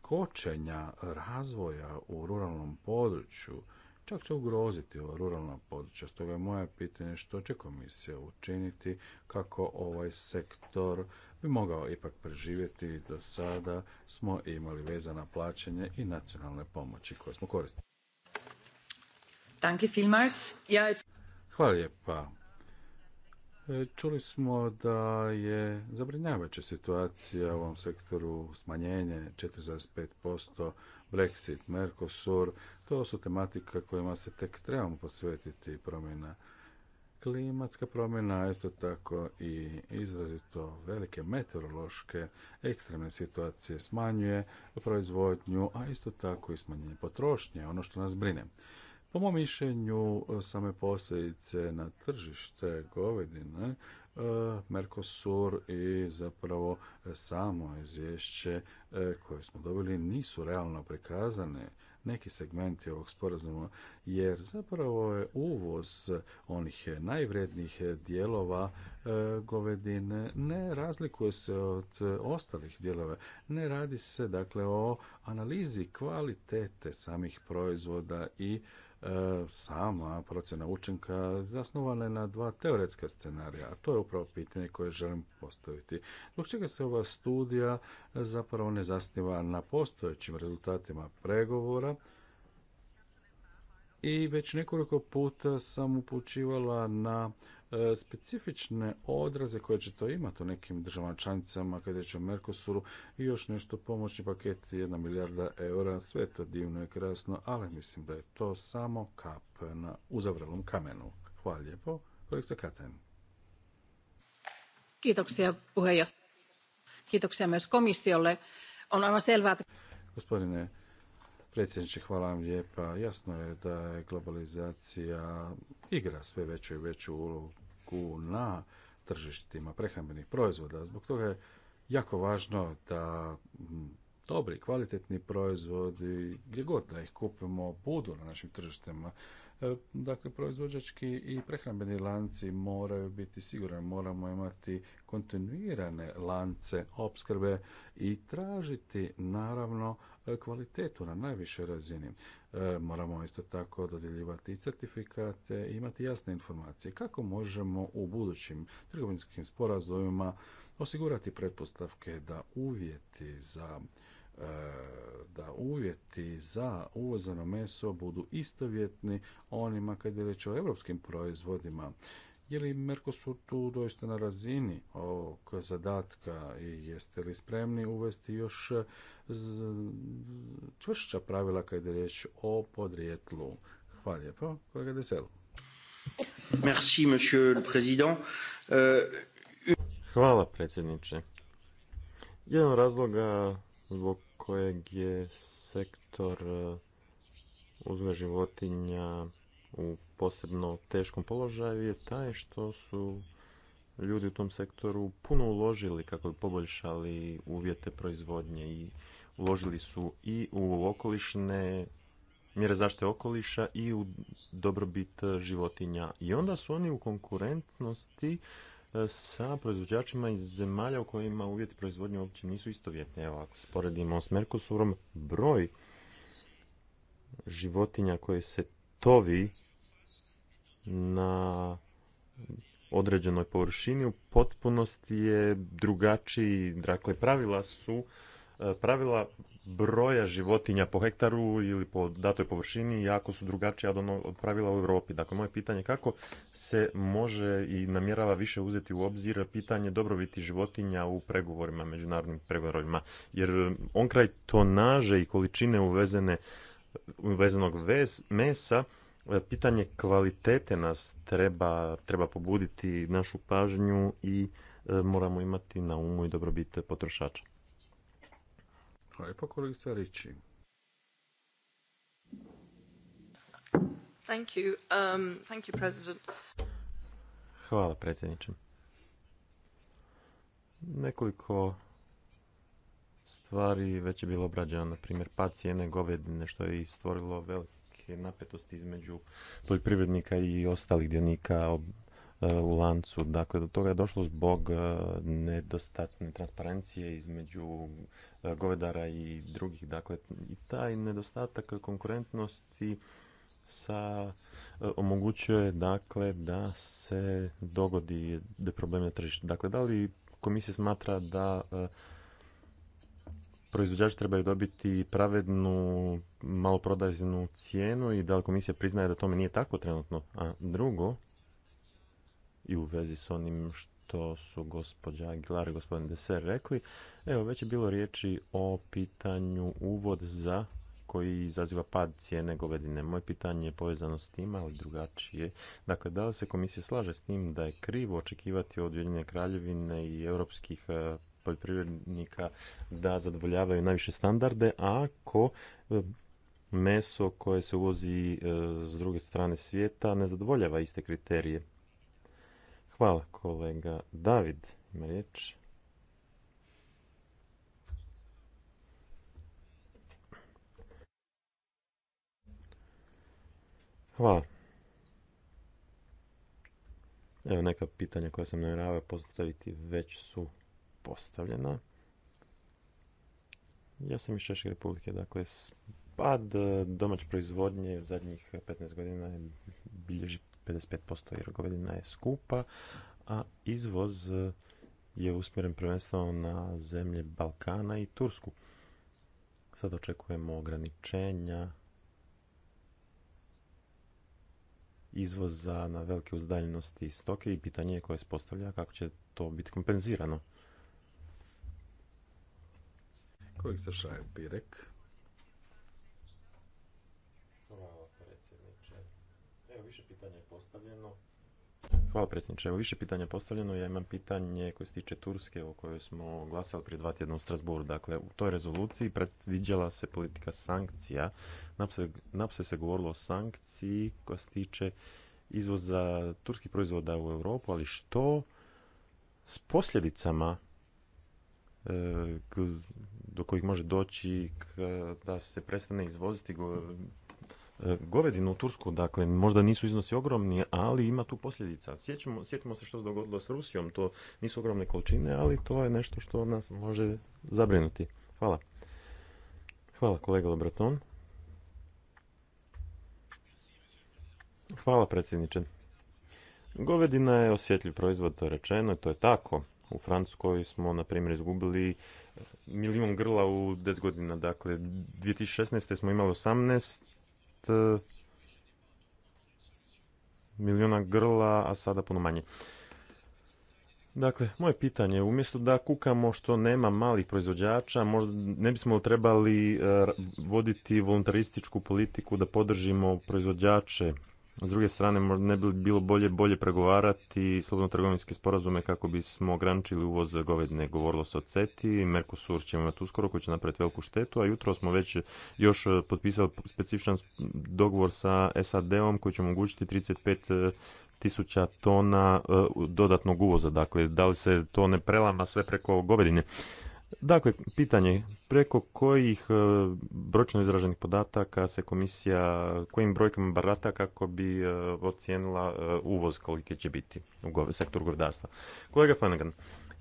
kočenja razvoja u ruralnom području čak će ugroziti ova ruralna područja. Stoga je moje pitanje što će komisija učiniti kako ovaj sektor bi mogao ipak preživjeti. Do sada smo imali vezana plaćanje i nacionalne pomoći koje smo koristili. Hvala lijepa. E, čuli smo da je zabrinjavajuća situacija u ovom sektoru smanjenje 4,5%, Brexit, Mercosur, to su tematika kojima se tek trebamo posvetiti promjena klimatska promjena, a isto tako i izrazito velike meteorološke ekstremne situacije smanjuje proizvodnju, a isto tako i smanjenje potrošnje, ono što nas brine. Po mom mišljenju, e, same posljedice na tržište govedine e, Mercosur i zapravo samo izvješće e, koje smo dobili nisu realno prikazane neki segmenti ovog sporazuma, jer zapravo je uvoz onih najvrednijih dijelova govedine ne razlikuje se od ostalih dijelova. Ne radi se dakle o analizi kvalitete samih proizvoda i E, sama procjena učinka zasnovana je na dva teoretska scenarija, a to je upravo pitanje koje želim postaviti. Dok čega se ova studija zapravo ne zasniva na postojećim rezultatima pregovora, i već nekoliko puta sam upućivala na E, specifične odraze koje će to imati u nekim državama članicama kada je o Mercosuru i još nešto pomoćni paketi jedna milijarda eura, sve to divno i krasno, ali mislim da je to samo kap na uzavrelom kamenu. Hvala lijepo, kolegica se Kiitoksia puheenjohtaja. Kiitoksia myös komissiolle. On aivan selvää, Gospodine Predsjedniče, hvala vam lijepa. Jasno je da je globalizacija igra sve veću i veću ulogu na tržištima prehrambenih proizvoda. Zbog toga je jako važno da dobri, kvalitetni proizvodi, gdje god da ih kupimo, budu na našim tržištima. E, dakle, proizvođački i prehrambeni lanci moraju biti sigurni, moramo imati kontinuirane lance opskrbe i tražiti naravno E, kvalitetu na najvišoj razini. E, moramo isto tako dodjeljivati i certifikate i imati jasne informacije kako možemo u budućim trgovinskim sporazumima osigurati pretpostavke da uvjeti za e, da uvjeti za meso budu istovjetni onima kad je reč o europskim proizvodima. Je li Mercosur tu doista na razini ovog zadatka i jeste li spremni uvesti još e, čvršća pravila kada je riječ o podrijetlu? Hvala lijepo, kolega Merci, monsieur le président. E, hvala, predsjedniče. Jedan razloga zbog kojeg je sektor e, uzgoja životinja u posebno teškom položaju je taj što su ljudi u tom sektoru puno uložili kako bi poboljšali uvjete proizvodnje i uložili su i u okolišne mjere zaštite okoliša i u dobrobit životinja. I onda su oni u konkurentnosti e, sa proizvođačima iz zemalja u kojima uvjeti proizvodnje uopće nisu istovjetni. Evo, ako sporedimo s Merkosurom, broj životinja koje se tovi na određenoj površini u potpunosti je drugačiji. Dakle, pravila su e, pravila broja životinja po hektaru ili po datoj površini jako su drugačija ono, od, pravila u Europi. Dakle, moje pitanje je kako se može i namjerava više uzeti u obzir pitanje dobrobiti životinja u pregovorima, međunarodnim pregovorima. Jer on kraj tonaže i količine uvezene uvezenog vez, mesa, e, pitanje kvalitete nas treba, treba pobuditi našu pažnju i e, moramo imati na umu i dobrobit potrošača. Hvala pa Thank you. Um, thank you, President. Hvala predsjedniče. Nekoliko stvari već je bilo obrađeno, na primjer pad govedine što je stvorilo velike napetosti između poljoprivrednika i ostalih dionika e, u lancu. Dakle, do toga je došlo zbog e, nedostatne transparencije između e, govedara i drugih. Dakle, i taj nedostatak konkurentnosti sa omogućuje dakle da se dogodi da problem na tržištu. Dakle, da li komisija smatra da proizvođači trebaju dobiti pravednu maloprodajnu cijenu i da li komisija priznaje da tome nije tako trenutno? A drugo, i u vezi s onim što su gospođa Aguilar i gospodin Deser rekli, evo već je bilo riječi o pitanju uvod za koji izaziva pad cijene govedine. Moje pitanje je povezano s tim, ali drugačije. Dakle, da li se komisija slaže s tim da je krivo očekivati od Ujedinjene kraljevine i europskih eh, poljoprivrednika da zadovoljavaju najviše standarde, ako e, meso koje se uvozi e, s druge strane svijeta ne zadovoljava iste kriterije. Hvala kolega David, ima riječ. Hvala. Evo neka pitanja koja sam namjeravao postaviti već su postavljena. Ja sam iz Češke republike, dakle pad e, domaće proizvodnje u zadnjih 15 godina je bilježi 55% jer govedina je skupa, a izvoz e, je usmjeren prvenstveno na zemlje Balkana i Tursku. Sad očekujemo ograničenja izvoza na velike uzdaljenosti stoke i pitanje koje se postavlja kako će to biti kompenzirano kojeg se Pirek. Hvala predsjedniče. Evo više pitanja je postavljeno. Hvala predsjedniče. Evo više pitanja je postavljeno. Ja imam pitanje koje se tiče Turske o kojoj smo glasali prije dva tjedna u Strasburu. Dakle, u toj rezoluciji predviđala se politika sankcija. Napse se govorilo o sankciji koja se tiče izvoza turskih proizvoda u Europu, ali što s posljedicama E, do kojih može doći da se prestane izvoziti e, govedinu u Tursku, dakle, možda nisu iznosi ogromni, ali ima tu posljedica. Sjećamo, sjetimo se što se dogodilo s Rusijom, to nisu ogromne količine, ali to je nešto što nas može zabrinuti. Hvala. Hvala kolega Lebraton. Hvala predsjedniče. Govedina je osjetljiv proizvod, to je rečeno, to je tako. U Francuskoj smo, na primjer, izgubili e, milijun grla u 10 godina. Dakle, 2016. smo imali 18 e, milijuna grla, a sada puno manje. Dakle, moje pitanje, umjesto da kukamo što nema malih proizvođača, možda ne bismo trebali e, voditi voluntarističku politiku da podržimo proizvođače s druge strane, možda ne bi bilo bolje, bolje pregovarati slobodno trgovinske sporazume kako bismo ograničili uvoz govedine. Govorilo se o CETI, Mercosur ćemo imati uskoro koji će napraviti veliku štetu, a jutro smo već još eh, potpisali specifičan dogovor sa SAD-om koji će omogućiti 35 eh, tisuća tona eh, dodatnog uvoza. Dakle, da li se to ne prelama sve preko govedine? Dakle, pitanje preko kojih e, bročno izraženih podataka se komisija, kojim brojkama barata kako bi e, ocijenila e, uvoz kolike će biti u sektoru govedarstva. Kolega Flanagan,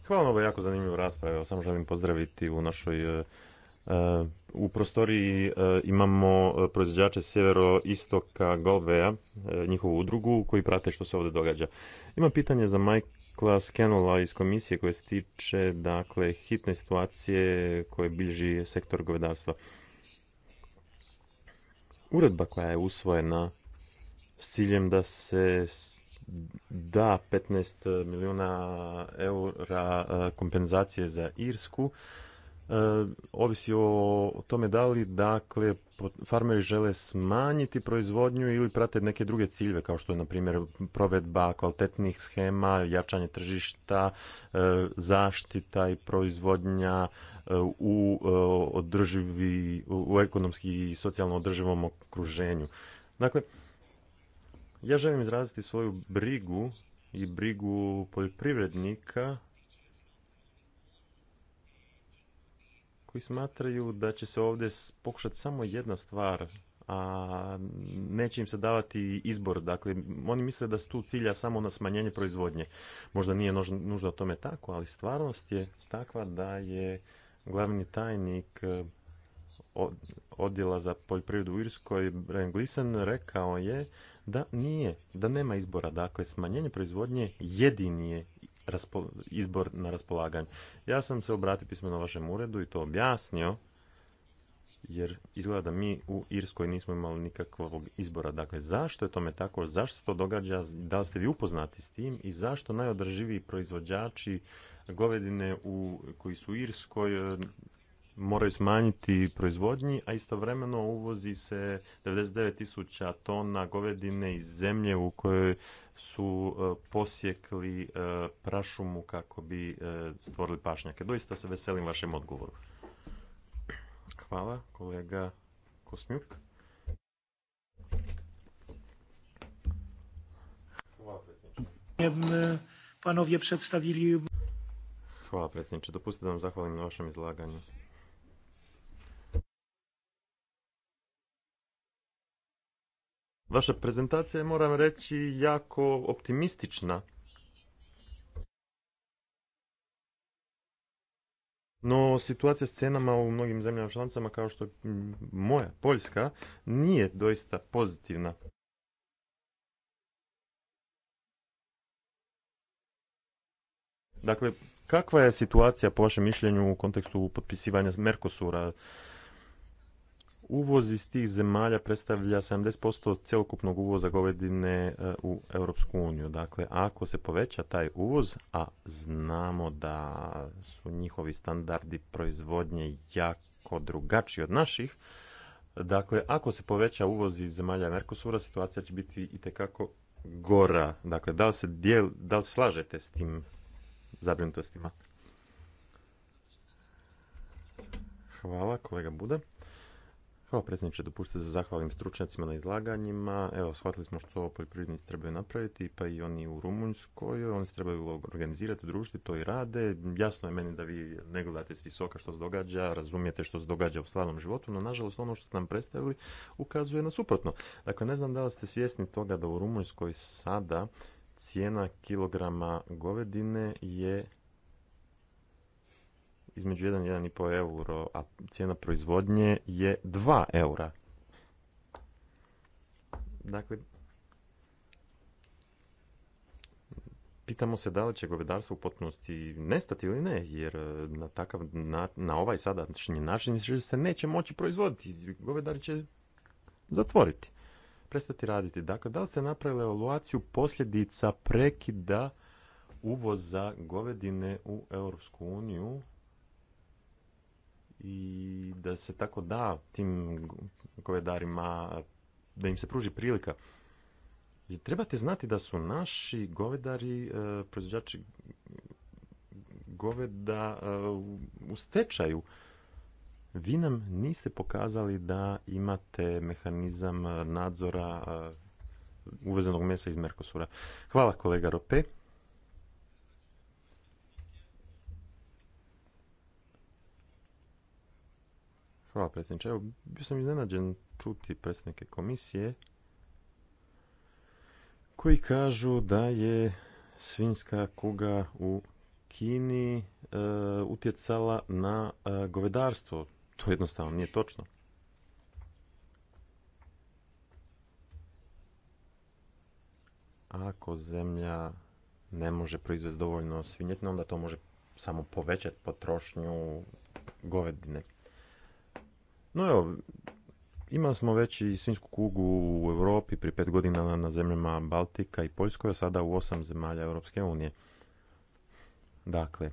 hvala vam ovo jako zanimljivu raspravu. Samo želim pozdraviti u našoj u prostoriji imamo proizvođače istoka Golvea, njihovu udrugu, koji prate što se ovdje događa. Imam pitanje za Mike Klas iz komisije koje se tiče dakle, hitne situacije koje bilježi sektor govedarstva. Uredba koja je usvojena s ciljem da se da 15 milijuna eura kompenzacije za Irsku E, ovisi o tome da li dakle farmeri žele smanjiti proizvodnju ili prate neke druge ciljeve kao što je na primjer provedba kvalitetnih schema, jačanje tržišta, e, zaštita i proizvodnja e, u održivi u ekonomski i socijalno održivom okruženju. Dakle ja želim izraziti svoju brigu i brigu poljoprivrednika smatraju da će se ovdje pokušati samo jedna stvar a neće im se davati izbor. Dakle, oni misle da se tu cilja samo na smanjenje proizvodnje. Možda nije nužno tome tako, ali stvarnost je takva da je glavni tajnik e, odjela za poljoprivredu u Irskoj, Brian rekao je da nije, da nema izbora. Dakle, smanjenje proizvodnje jedini je izbor na raspolaganje. Ja sam se obratio pismeno vašem uredu i to objasnio, jer izgleda da mi u Irskoj nismo imali nikakvog izbora. Dakle, zašto je tome tako? Zašto se to događa? Da li ste vi upoznati s tim? I zašto najodrživiji proizvođači govedine u, koji su u Irskoj e, moraju smanjiti proizvodnji, a istovremeno uvozi se 99.000 tona govedine iz zemlje u kojoj su e, posjekli e, prašumu kako bi e, stvorili pašnjake. Doista se veselim vašem odgovoru. Hvala, kolega Kosmjuk. Hvala, predsjedniče. Hvala, Dopustite da vam zahvalim na vašem izlaganju. Vaša prezentacija je, moram reći, jako optimistična. No, situacija s cenama u mnogim zemljama članicama, kao što je moja, Poljska, nije doista pozitivna. Dakle, kakva je situacija po vašem mišljenju u kontekstu potpisivanja Merkosura? Uvoz iz tih zemalja predstavlja 70% cjelokupnog uvoza govedine e, u Europsku uniju. Dakle, ako se poveća taj uvoz, a znamo da su njihovi standardi proizvodnje jako drugačiji od naših, dakle, ako se poveća uvoz iz zemalja Mercosura, situacija će biti itekako gora. Dakle, da li se dijel, da slažete s tim zabrinutostima? Hvala, kolega Buda. Hvala predsjedniče, dopustite se zahvalim stručnjacima na izlaganjima. Evo, shvatili smo što poljoprivrednici trebaju napraviti, pa i oni u Rumunjskoj. Oni se trebaju organizirati, družiti, to i rade. Jasno je meni da vi ne gledate s visoka što se događa, razumijete što se događa u stvarnom životu, no nažalost ono što ste nam predstavili ukazuje na suprotno. Dakle, ne znam da li ste svjesni toga da u Rumunjskoj sada cijena kilograma govedine je između 1 i 1,5 euro, a cijena proizvodnje je 2 eura. Dakle, pitamo se da li će govedarstvo u potpunosti nestati ili ne, jer e, na, takav, na, na ovaj sadašnji način se neće moći proizvoditi. Govedari će zatvoriti, prestati raditi. Dakle, da li ste napravili evaluaciju posljedica prekida uvoza govedine u Europsku uniju i da se tako da tim govedarima, da im se pruži prilika. I trebate znati da su naši govedari, e, proizvođači goveda e, u stečaju. Vi nam niste pokazali da imate mehanizam nadzora e, uvezenog mesa iz Merkosura. Hvala kolega Rope. Hvala predsjedniče. Evo, bio sam iznenađen čuti predsjednike komisije koji kažu da je svinjska kuga u Kini e, utjecala na e, govedarstvo. To jednostavno nije točno. Ako zemlja ne može proizvesti dovoljno svinjetine, onda to može samo povećati potrošnju govedine. No evo, imali smo već i svinjsku kugu u Europi prije pet godina na zemljama Baltika i Poljskoj, a sada u osam zemalja Europske unije. Dakle,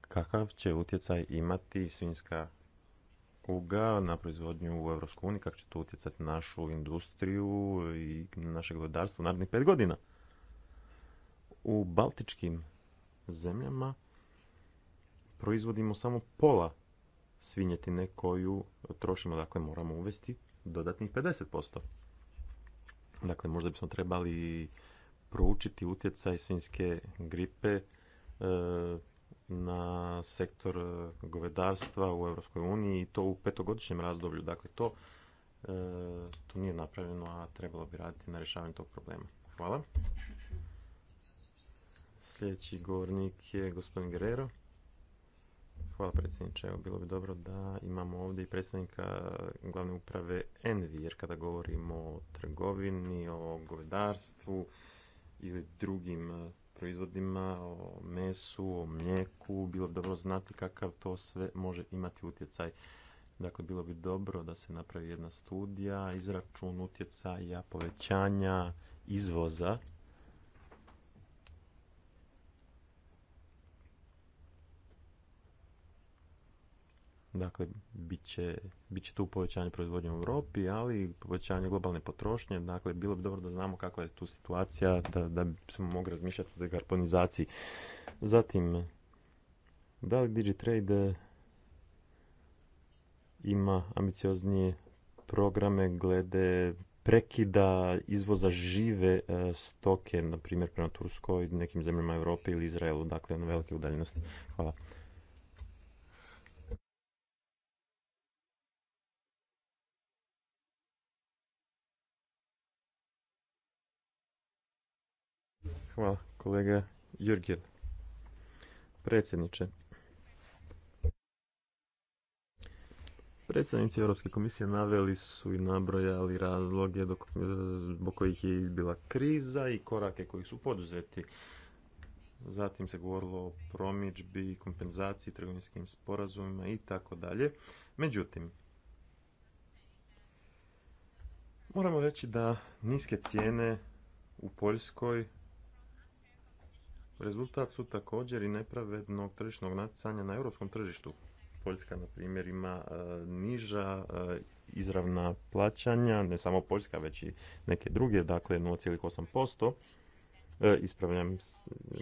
kakav će utjecaj imati svinjska kuga na proizvodnju u Europskoj uniji, kako će to utjecati našu industriju i naše gospodarstvo u narednih pet godina? U baltičkim zemljama proizvodimo samo pola svinjetine koju trošimo, dakle moramo uvesti dodatnih 50%. Dakle, možda bismo trebali proučiti utjecaj svinjske gripe e, na sektor govedarstva u Europskoj uniji i to u petogodišnjem razdoblju. Dakle, to, e, to nije napravljeno, a trebalo bi raditi na rješavanju tog problema. Hvala. Sljedeći govornik je gospodin Guerrero. Hvala predsjedniče. Evo, bilo bi dobro da imamo ovdje i predstavnika glavne uprave Envi, jer kada govorimo o trgovini, o govedarstvu ili drugim e, proizvodima, o mesu, o mlijeku, bilo bi dobro znati kakav to sve može imati utjecaj. Dakle, bilo bi dobro da se napravi jedna studija, izračun utjecaja, povećanja izvoza Dakle, bit će, tu povećanje proizvodnje u Europi, ali i povećanje globalne potrošnje. Dakle, bilo bi dobro da znamo kakva je tu situacija, da, da smo mogli razmišljati o dekarbonizaciji. Zatim, da li Digitrade ima ambicioznije programe glede prekida izvoza žive e, stoke, na primjer prema Turskoj, nekim zemljama Europe ili Izraelu, dakle na velike udaljenosti. Hvala. Hvala, kolega Jurgil. Predsjedniče. Predstavnici Europske komisije naveli su i nabrojali razloge e, zbog kojih je izbila kriza i korake koji su poduzeti. Zatim se govorilo o promičbi, kompenzaciji, trgovinskim sporazumima i tako dalje. Međutim, moramo reći da niske cijene u Poljskoj Rezultat su također i nepravednog tržišnog natjecanja na europskom tržištu. Poljska, na primjer, ima e, niža e, izravna plaćanja, ne samo Poljska, već i neke druge, dakle 0,8%. E, ispravljam,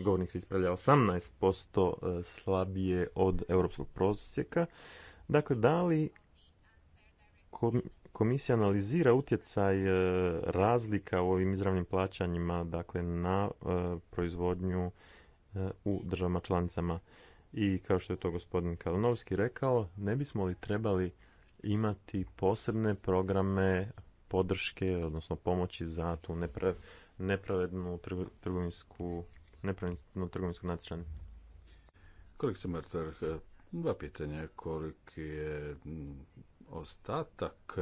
govornik se ispravlja 18% slabije od europskog prosjeka. Dakle, da li komisija analizira utjecaj e, razlika u ovim izravnim plaćanjima dakle na e, proizvodnju e, u državama članicama i kao što je to gospodin Kalinovski rekao ne bismo li trebali imati posebne programe podrške odnosno pomoći za tu nepravednu trgovinsku nepravednu trgovinsku natječanje. Koliko se Martar, dva pitanja, koliki je ostatak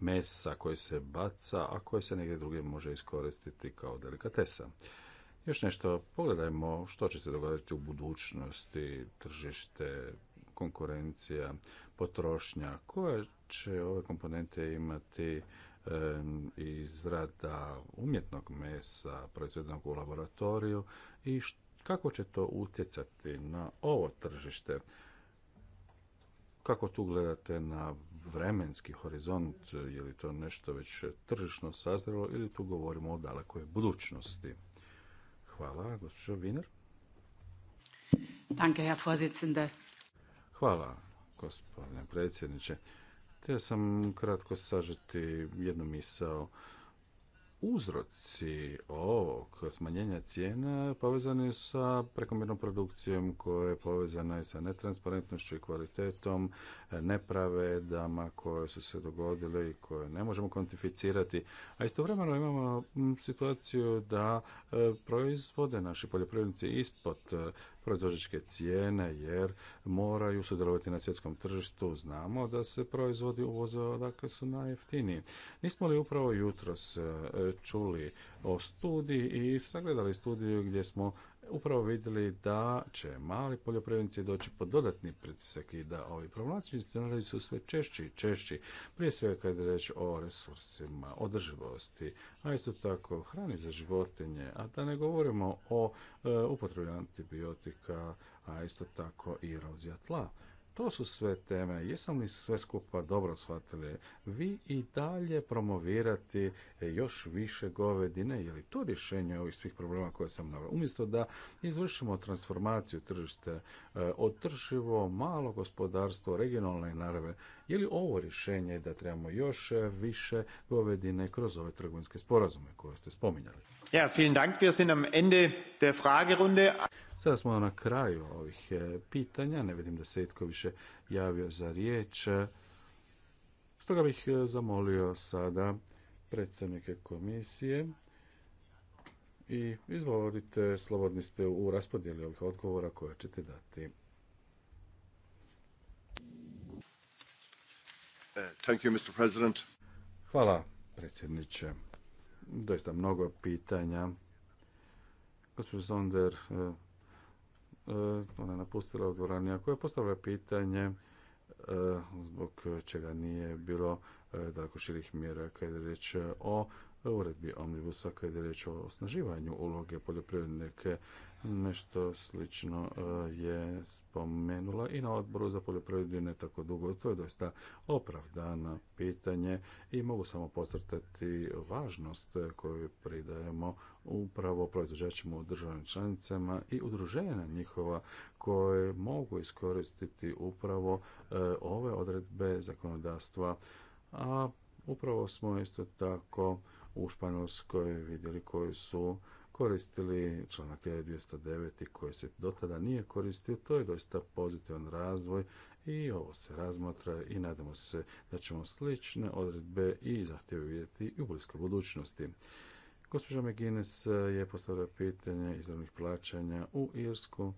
mesa koji se baca, a koji se negdje drugdje može iskoristiti kao delikatesa. Još nešto, pogledajmo što će se dogoditi u budućnosti, tržište, konkurencija, potrošnja, koje će ove komponente imati izrada umjetnog mesa proizvedenog u laboratoriju i kako će to utjecati na ovo tržište. Kako tu gledate na vremenski horizont? Je li to nešto već tržišno sazrelo ili tu govorimo o dalekoj budućnosti? Hvala, gospođo Viner. Danke, Herr Vorsitzende. Hvala, gospodine predsjedniče. Htio sam kratko sažeti jednu misao uzroci ovog smanjenja cijena povezani sa prekomjernom produkcijom koja je povezana i sa netransparentnošću i kvalitetom nepravedama koje su se dogodile i koje ne možemo kvantificirati. A istovremeno imamo situaciju da e, proizvode naši poljoprivrednici ispod e, proizvođačke cijene jer moraju sudjelovati na svjetskom tržištu. Znamo da se proizvodi uvoze odakle su najjeftiniji. Nismo li upravo jutros e, čuli o studiji i sagledali studiju gdje smo upravo vidjeli da će mali poljoprivrednici doći pod dodatni pritisak i da ovi problematični scenariji su sve češći i češći, prije svega kad je reč o resursima, održivosti, a isto tako hrani za životinje, a da ne govorimo o e, upotrebi antibiotika, a isto tako i erozija tla. To su sve teme. Jesam li sve skupa dobro shvatili? Vi i dalje promovirati još više govedine, je li to rješenje ovih svih problema koje sam naveo? Umjesto da izvršimo transformaciju tržište, održivo malo gospodarstvo regionalne narave, je li ovo rješenje da trebamo još e, više govedine kroz ove trgovinske sporazume koje ste spominjali? Ja, vielen Dank. Wir sind am Ende der Fragerunde. Sada smo na kraju ovih e, pitanja. Ne vidim da se itko više javio za riječ. Stoga bih e, zamolio sada predstavnike komisije i izvolite, slobodni ste u raspodjeli ovih odgovora koje ćete dati. Hvala, predsjedniče. Doista mnogo pitanja. Gospodin Zonder, eh, eh, ona je napustila u ako je postavila pitanje eh, zbog čega nije bilo daleko širih mjera kada je riječ o uredbi Omnibusa kada je riječ o osnaživanju uloge poljoprivrednike. Nešto slično e, je spomenula i na odboru za poljoprivredu ne tako dugo. To je doista opravdano pitanje i mogu samo podcrtati važnost koju pridajemo upravo proizvođačima u državnim članicama i udruženja njihova koje mogu iskoristiti upravo e, ove odredbe zakonodavstva. A upravo smo isto tako u Španjolskoj vidjeli koji su koristili članak 209. E koji se do tada nije koristio. To je doista pozitivan razvoj i ovo se razmatra i nadamo se da ćemo slične odredbe i zahtjeve vidjeti i u bliskoj budućnosti. Gospođa McGuinness je postavila pitanje izravnih plaćanja u Irsku.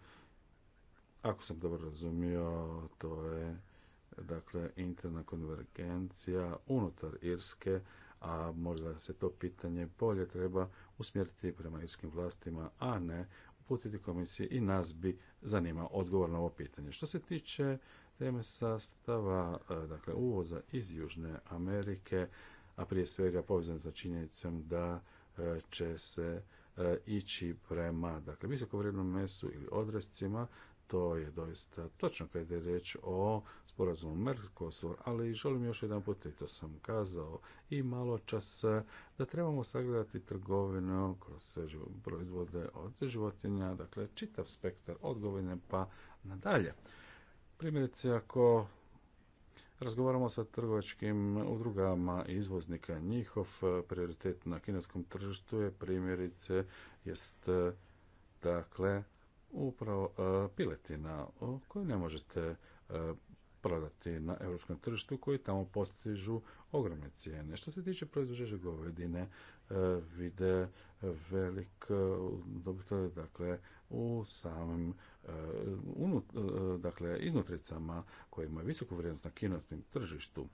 Ako sam dobro razumio, to je dakle interna konvergencija unutar Irske a možda se to pitanje bolje treba usmjeriti prema irskim vlastima, a ne uputiti komisiji i nas bi zanima odgovor na ovo pitanje. Što se tiče teme sastava, e, dakle uvoza iz Južne Amerike, a prije svega povezan sa činjenicom da e, će se e, ići prema dakle, visokovrednom mesu ili odrescima to je doista točno kada je riječ o sporazumu Mercosur, ali želim još jedan put, i to sam kazao i malo čas, da trebamo sagledati trgovinu kroz proizvode od životinja, dakle čitav spektar odgovine pa nadalje. Primjerice, ako Razgovaramo sa trgovačkim udrugama izvoznika. Njihov prioritet na kineskom tržištu je primjerice jest dakle upravo e, piletina koju ne možete e, prodati na europskom tržištu koji tamo postižu ogromne cijene. Što se tiče proizvođača govedine, e, vide velik dobit dakle, u samim dakle, iznutricama koje imaju visoku vrijednost na kinostnim tržištu.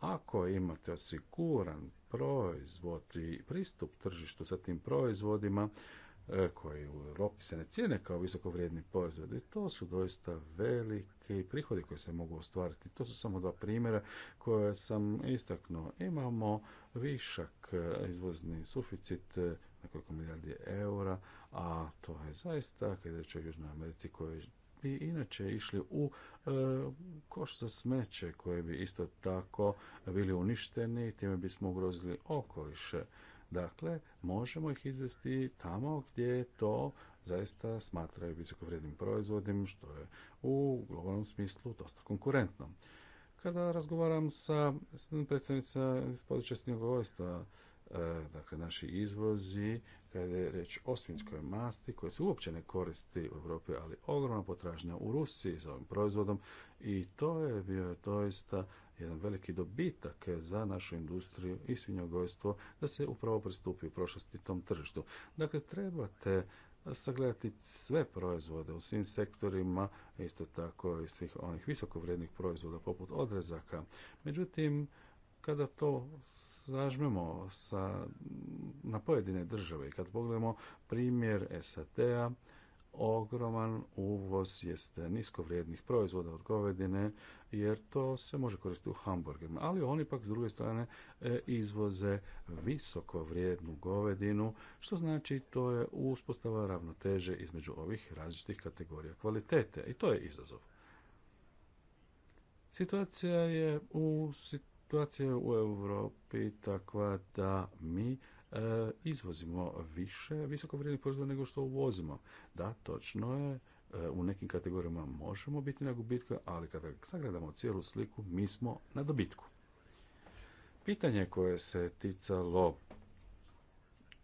Ako imate osiguran proizvod i pristup tržištu sa tim proizvodima, E, koji u Europi se ne cijene kao visoko vrijedni proizvodi. To su doista velike prihodi koji se mogu ostvariti. To su samo dva primjera koje sam istaknuo. Imamo višak, e, izvozni suficit e, nekoliko milijardi eura, a to je zaista, kada reći o Južnoj Americi, koji bi inače išli u e, koš za smeće, koji bi isto tako bili uništeni, i time bismo ugrozili okoliše. Dakle, možemo ih izvesti tamo gdje to zaista smatraju visokovrednim proizvodim, što je u globalnom smislu dosta konkurentno. Kada razgovaram sa predstavnicima iz područja snjegovojstva, e, dakle naši izvozi, kada je reč o svinjskoj masti, koja se uopće ne koristi u Europi, ali ogromna potražnja u Rusiji za ovim proizvodom i to je bio doista jedan veliki dobitak za našu industriju i svinjogojstvo da se upravo pristupi u prošlosti tom tržištu. Dakle, trebate sagledati sve proizvode u svim sektorima, isto tako i svih onih visokovrijednih proizvoda poput odrezaka. Međutim, kada to sažmemo sa, na pojedine države i kad pogledamo primjer SAD-a, ogroman uvoz jeste niskovrijednih proizvoda od govedine, jer to se može koristiti u hamburgerima. Ali oni pak s druge strane e, izvoze visoko vrijednu govedinu, što znači to je uspostava ravnoteže između ovih različitih kategorija kvalitete. I to je izazov. Situacija je u situacija u Europi takva da mi e, izvozimo više visokovrijednih proizvoda nego što uvozimo. Da, točno je, E, u nekim kategorijama možemo biti na gubitku, ali kada sagledamo cijelu sliku, mi smo na dobitku. Pitanje koje se ticalo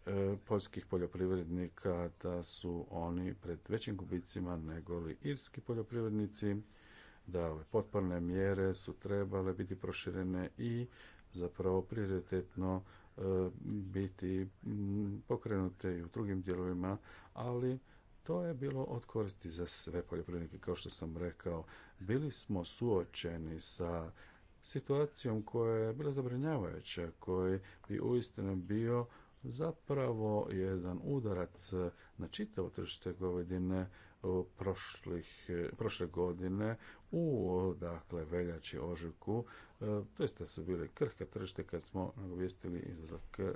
e, poljskih poljoprivrednika da su oni pred većim gubicima nego li irski poljoprivrednici, da ove potporne mjere su trebale biti proširene i zapravo prioritetno e, biti pokrenute i u drugim dijelovima, ali to je bilo od koristi za sve poljoprivrednike, kao što sam rekao. Bili smo suočeni sa situacijom koja je bila zabrinjavajuća, koji bi uistinu bio zapravo jedan udarac na čitavo tržište govedine prošle godine u dakle veljači ožujku doista e, su bile krhka tržište kad smo nagovijestili izlazak e,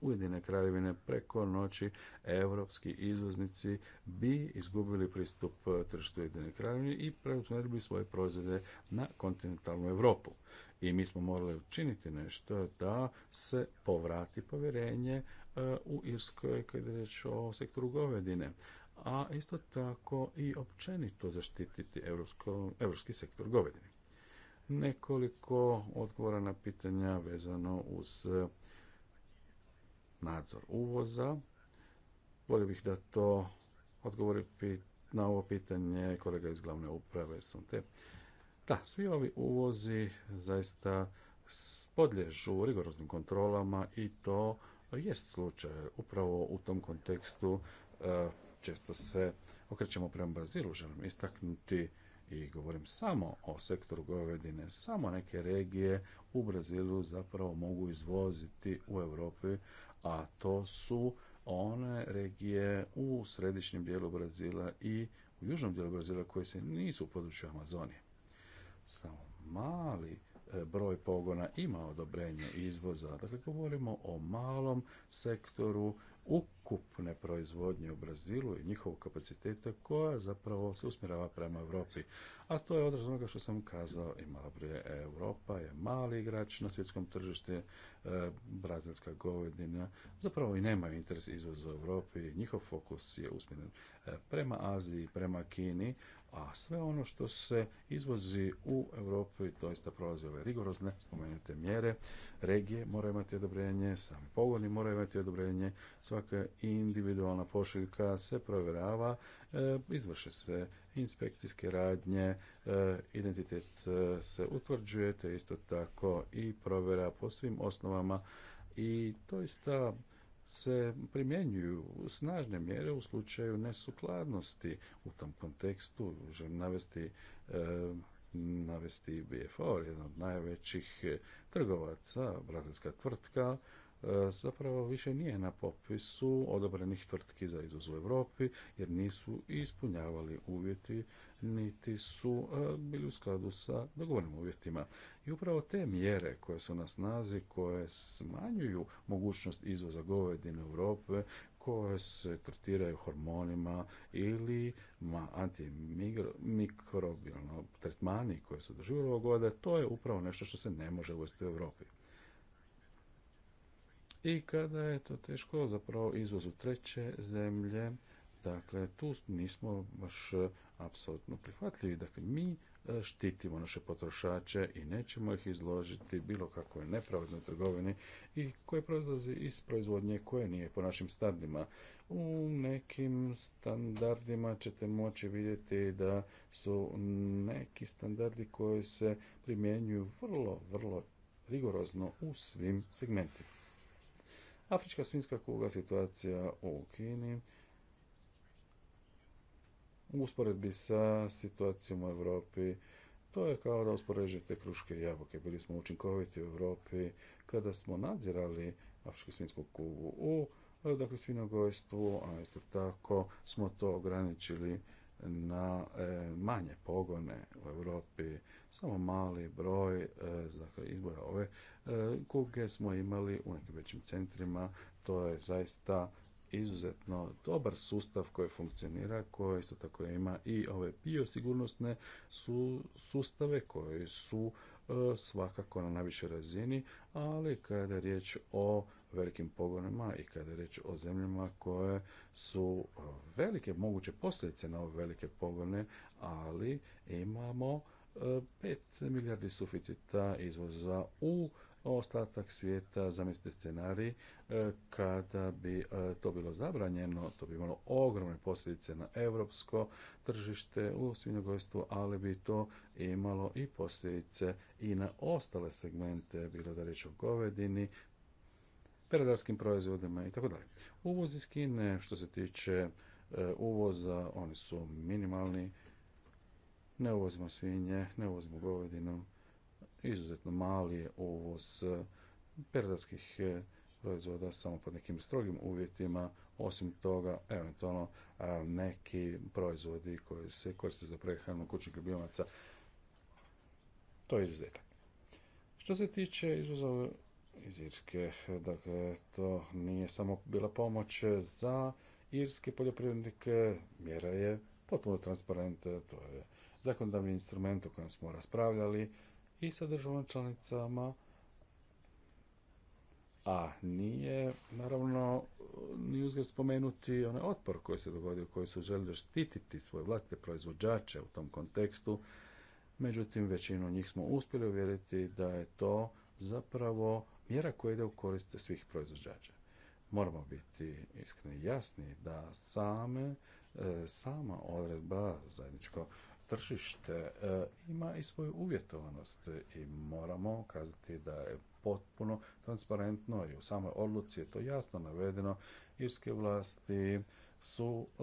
Ujedine kraljevine preko noći evropski izvoznici bi izgubili pristup e, tržištu Ujedine kraljevine i preusmjerili svoje proizvode na kontinentalnu Europu. I mi smo morali učiniti nešto da se povrati povjerenje u Irskoj kada je riječ o sektoru govedine a isto tako i općenito zaštititi europski evropski sektor govedine nekoliko odgovora na pitanja vezano uz nadzor uvoza. Volio bih da to odgovori na ovo pitanje kolega iz glavne uprave SMT. Da, svi ovi uvozi zaista podlježu rigoroznim kontrolama i to jest slučaj. Upravo u tom kontekstu e, često se okrećemo prema Brazilu. Želim istaknuti i govorim samo o sektoru govedine, samo neke regije u Brazilu zapravo mogu izvoziti u Europi, a to su one regije u središnjem dijelu Brazila i u južnom dijelu Brazila koje se nisu u području Amazonije. Samo mali e, broj pogona ima odobrenje izvoza. Dakle, govorimo o malom sektoru ukupne proizvodnje u Brazilu i njihovog kapaciteta koja zapravo se usmjerava prema Europi. A to je odraz onoga što sam kazao i malo prije. E, Europa je mali igrač na svjetskom tržištu, e, brazilska govedina, zapravo i nemaju interes izvoza u Europi, njihov fokus je usmjeren e, prema Aziji, prema Kini, a sve ono što se izvozi u Europi doista prolazi ove rigorozne spomenute mjere, regije moraju imati odobrenje, sam pogoni moraju imati odobrenje, svaka individualna pošiljka se provjerava, e, izvrše se inspekcijske radnje, e, identitet e, se utvrđuje, te isto tako i provjera po svim osnovama i isto se primjenjuju snažne mjere u slučaju nesukladnosti. U tom kontekstu želim navesti navesti BFR, jedan od najvećih trgovaca, brazilska tvrtka zapravo više nije na popisu odobrenih tvrtki za izvoz u Europi jer nisu ispunjavali uvjeti niti su e, bili u skladu sa dogovorenim uvjetima. I upravo te mjere koje su na snazi, koje smanjuju mogućnost izvoza govedine Europe, koje se tretiraju hormonima ili ma, antimikrobilno tretmani koje su doživjeli ovog to je upravo nešto što se ne može uvesti u Europi i kada je to teško zapravo izvozu treće zemlje, dakle tu nismo baš e, apsolutno prihvatljivi. Dakle, mi e, štitimo naše potrošače i nećemo ih izložiti bilo kakvoj nepravednoj trgovini i koje proizlazi iz proizvodnje koje nije po našim standardima. U nekim standardima ćete moći vidjeti da su neki standardi koji se primjenjuju vrlo, vrlo rigorozno u svim segmentima. Afrička svinska kuga, situacija u Kini, u usporedbi sa situacijom u Evropi to je kao da uspoređujete kruške i jabuke. Bili smo učinkoviti u Evropi kada smo nadzirali afričku svinsku kugu u eh, dakle, svinogojstvu, a isto tako smo to ograničili na e, manje pogone u Europi, samo mali broj e, dakle, izbora ove e, kuge smo imali u nekim većim centrima, to je zaista izuzetno dobar sustav koji funkcionira, koji isto tako ima i ove biosigurnosne su sustave koji su svakako na najvišoj razini, ali kada je riječ o velikim pogonima i kada je reč o zemljama koje su e, velike moguće posljedice na ove velike pogone, ali imamo 5 e, milijardi suficita izvoza u ostatak svijeta, zamislite scenarij, e, kada bi to bilo zabranjeno, to bi imalo ogromne posljedice na europsko tržište u svinjogojstvu, ali bi to imalo i posljedice i na ostale segmente, bilo da reč o govedini, peradarskim proizvodima i tako dalje. Uvoz iz Kine, što se tiče e, uvoza, oni su minimalni. Ne uvozimo svinje, ne uvozimo govedinu. Izuzetno mali je uvoz e, peradarskih e, proizvoda samo pod nekim strogim uvjetima. Osim toga, eventualno neki proizvodi koji se koriste za prehranu kućnih ljubimaca, to je izuzetak. Što se tiče izvoza iz Irske. Dakle, to nije samo bila pomoć za irske poljoprivrednike, mjera je potpuno transparentna, to je zakonodavni instrument o kojem smo raspravljali i sa državama članicama, a nije naravno ni uzgled spomenuti onaj otpor koji se dogodio, koji su željeli štititi svoje vlastite proizvođače u tom kontekstu. Međutim, većinu njih smo uspjeli uvjeriti da je to zapravo mjera koja ide u korist svih proizvođača. Moramo biti iskreni jasni da same, e, sama odredba zajedničko tržište e, ima i svoju uvjetovanost i moramo kazati da je potpuno transparentno i u samoj odluci je to jasno navedeno. Irske vlasti su e,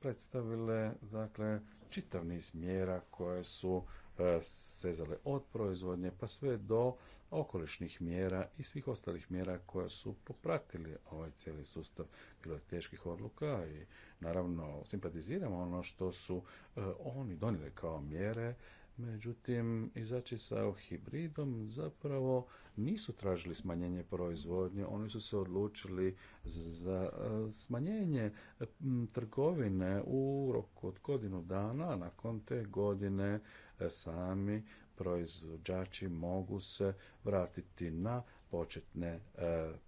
predstavile dakle, čitav niz mjera koje su E, sezale od proizvodnje pa sve do okolišnih mjera i svih ostalih mjera koja su popratili ovaj cijeli sustav bilo teških odluka i naravno simpatiziramo ono što su e, oni donijeli kao mjere Međutim, izaći sa hibridom zapravo nisu tražili smanjenje proizvodnje, oni su se odlučili za e, smanjenje trgovine u roku od godinu dana, a nakon te godine e, sami proizvođači mogu se vratiti na početne e,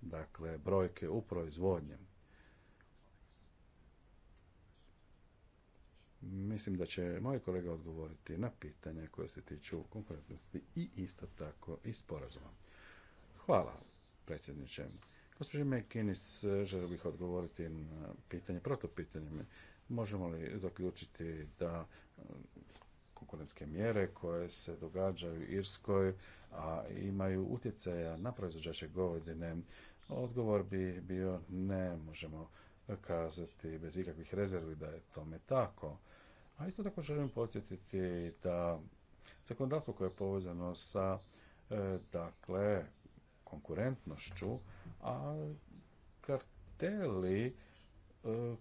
dakle, brojke u proizvodnji. Mislim da će moj kolega odgovoriti na pitanje koje se tiču konkurentnosti i isto tako i sporazuma. Hvala, predsjedniče. gospodine Mekinis, želio bih odgovoriti na pitanje, protopitanje. Možemo li zaključiti da e, konkurentske mjere koje se događaju u Irskoj, a imaju utjecaja na proizvođače govedine, odgovor bi bio ne možemo kazati bez ikakvih rezervi da je tome tako. A isto tako želim podsjetiti da zakonodavstvo koje je povezano sa e, dakle konkurentnošću, a karteli e,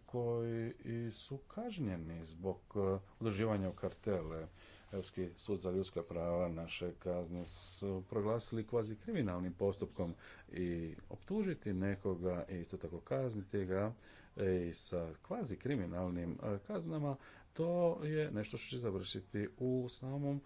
koji su kažnjeni zbog e, održivanja u kartele. Europski sud za ljudska prava naše kazne su proglasili kvazi kriminalnim postupkom i optužiti nekoga i isto tako kazniti ga i sa kvazi kriminalnim kaznama to je nešto što će završiti u samom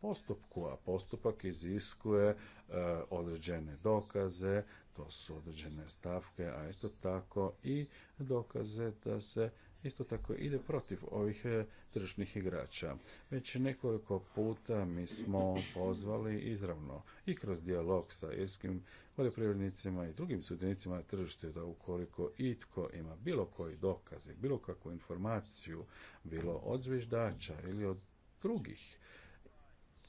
postupku, a postupak iziskuje eh, određene dokaze, to su određene stavke, a isto tako i dokaze da se isto tako ide protiv ovih e, tržišnih igrača. Već nekoliko puta mi smo pozvali izravno i kroz dijalog sa irskim poljoprivrednicima i drugim sudjenicima na tržištu da ukoliko itko ima bilo koji dokaz i bilo kakvu informaciju, bilo od zviždača ili od drugih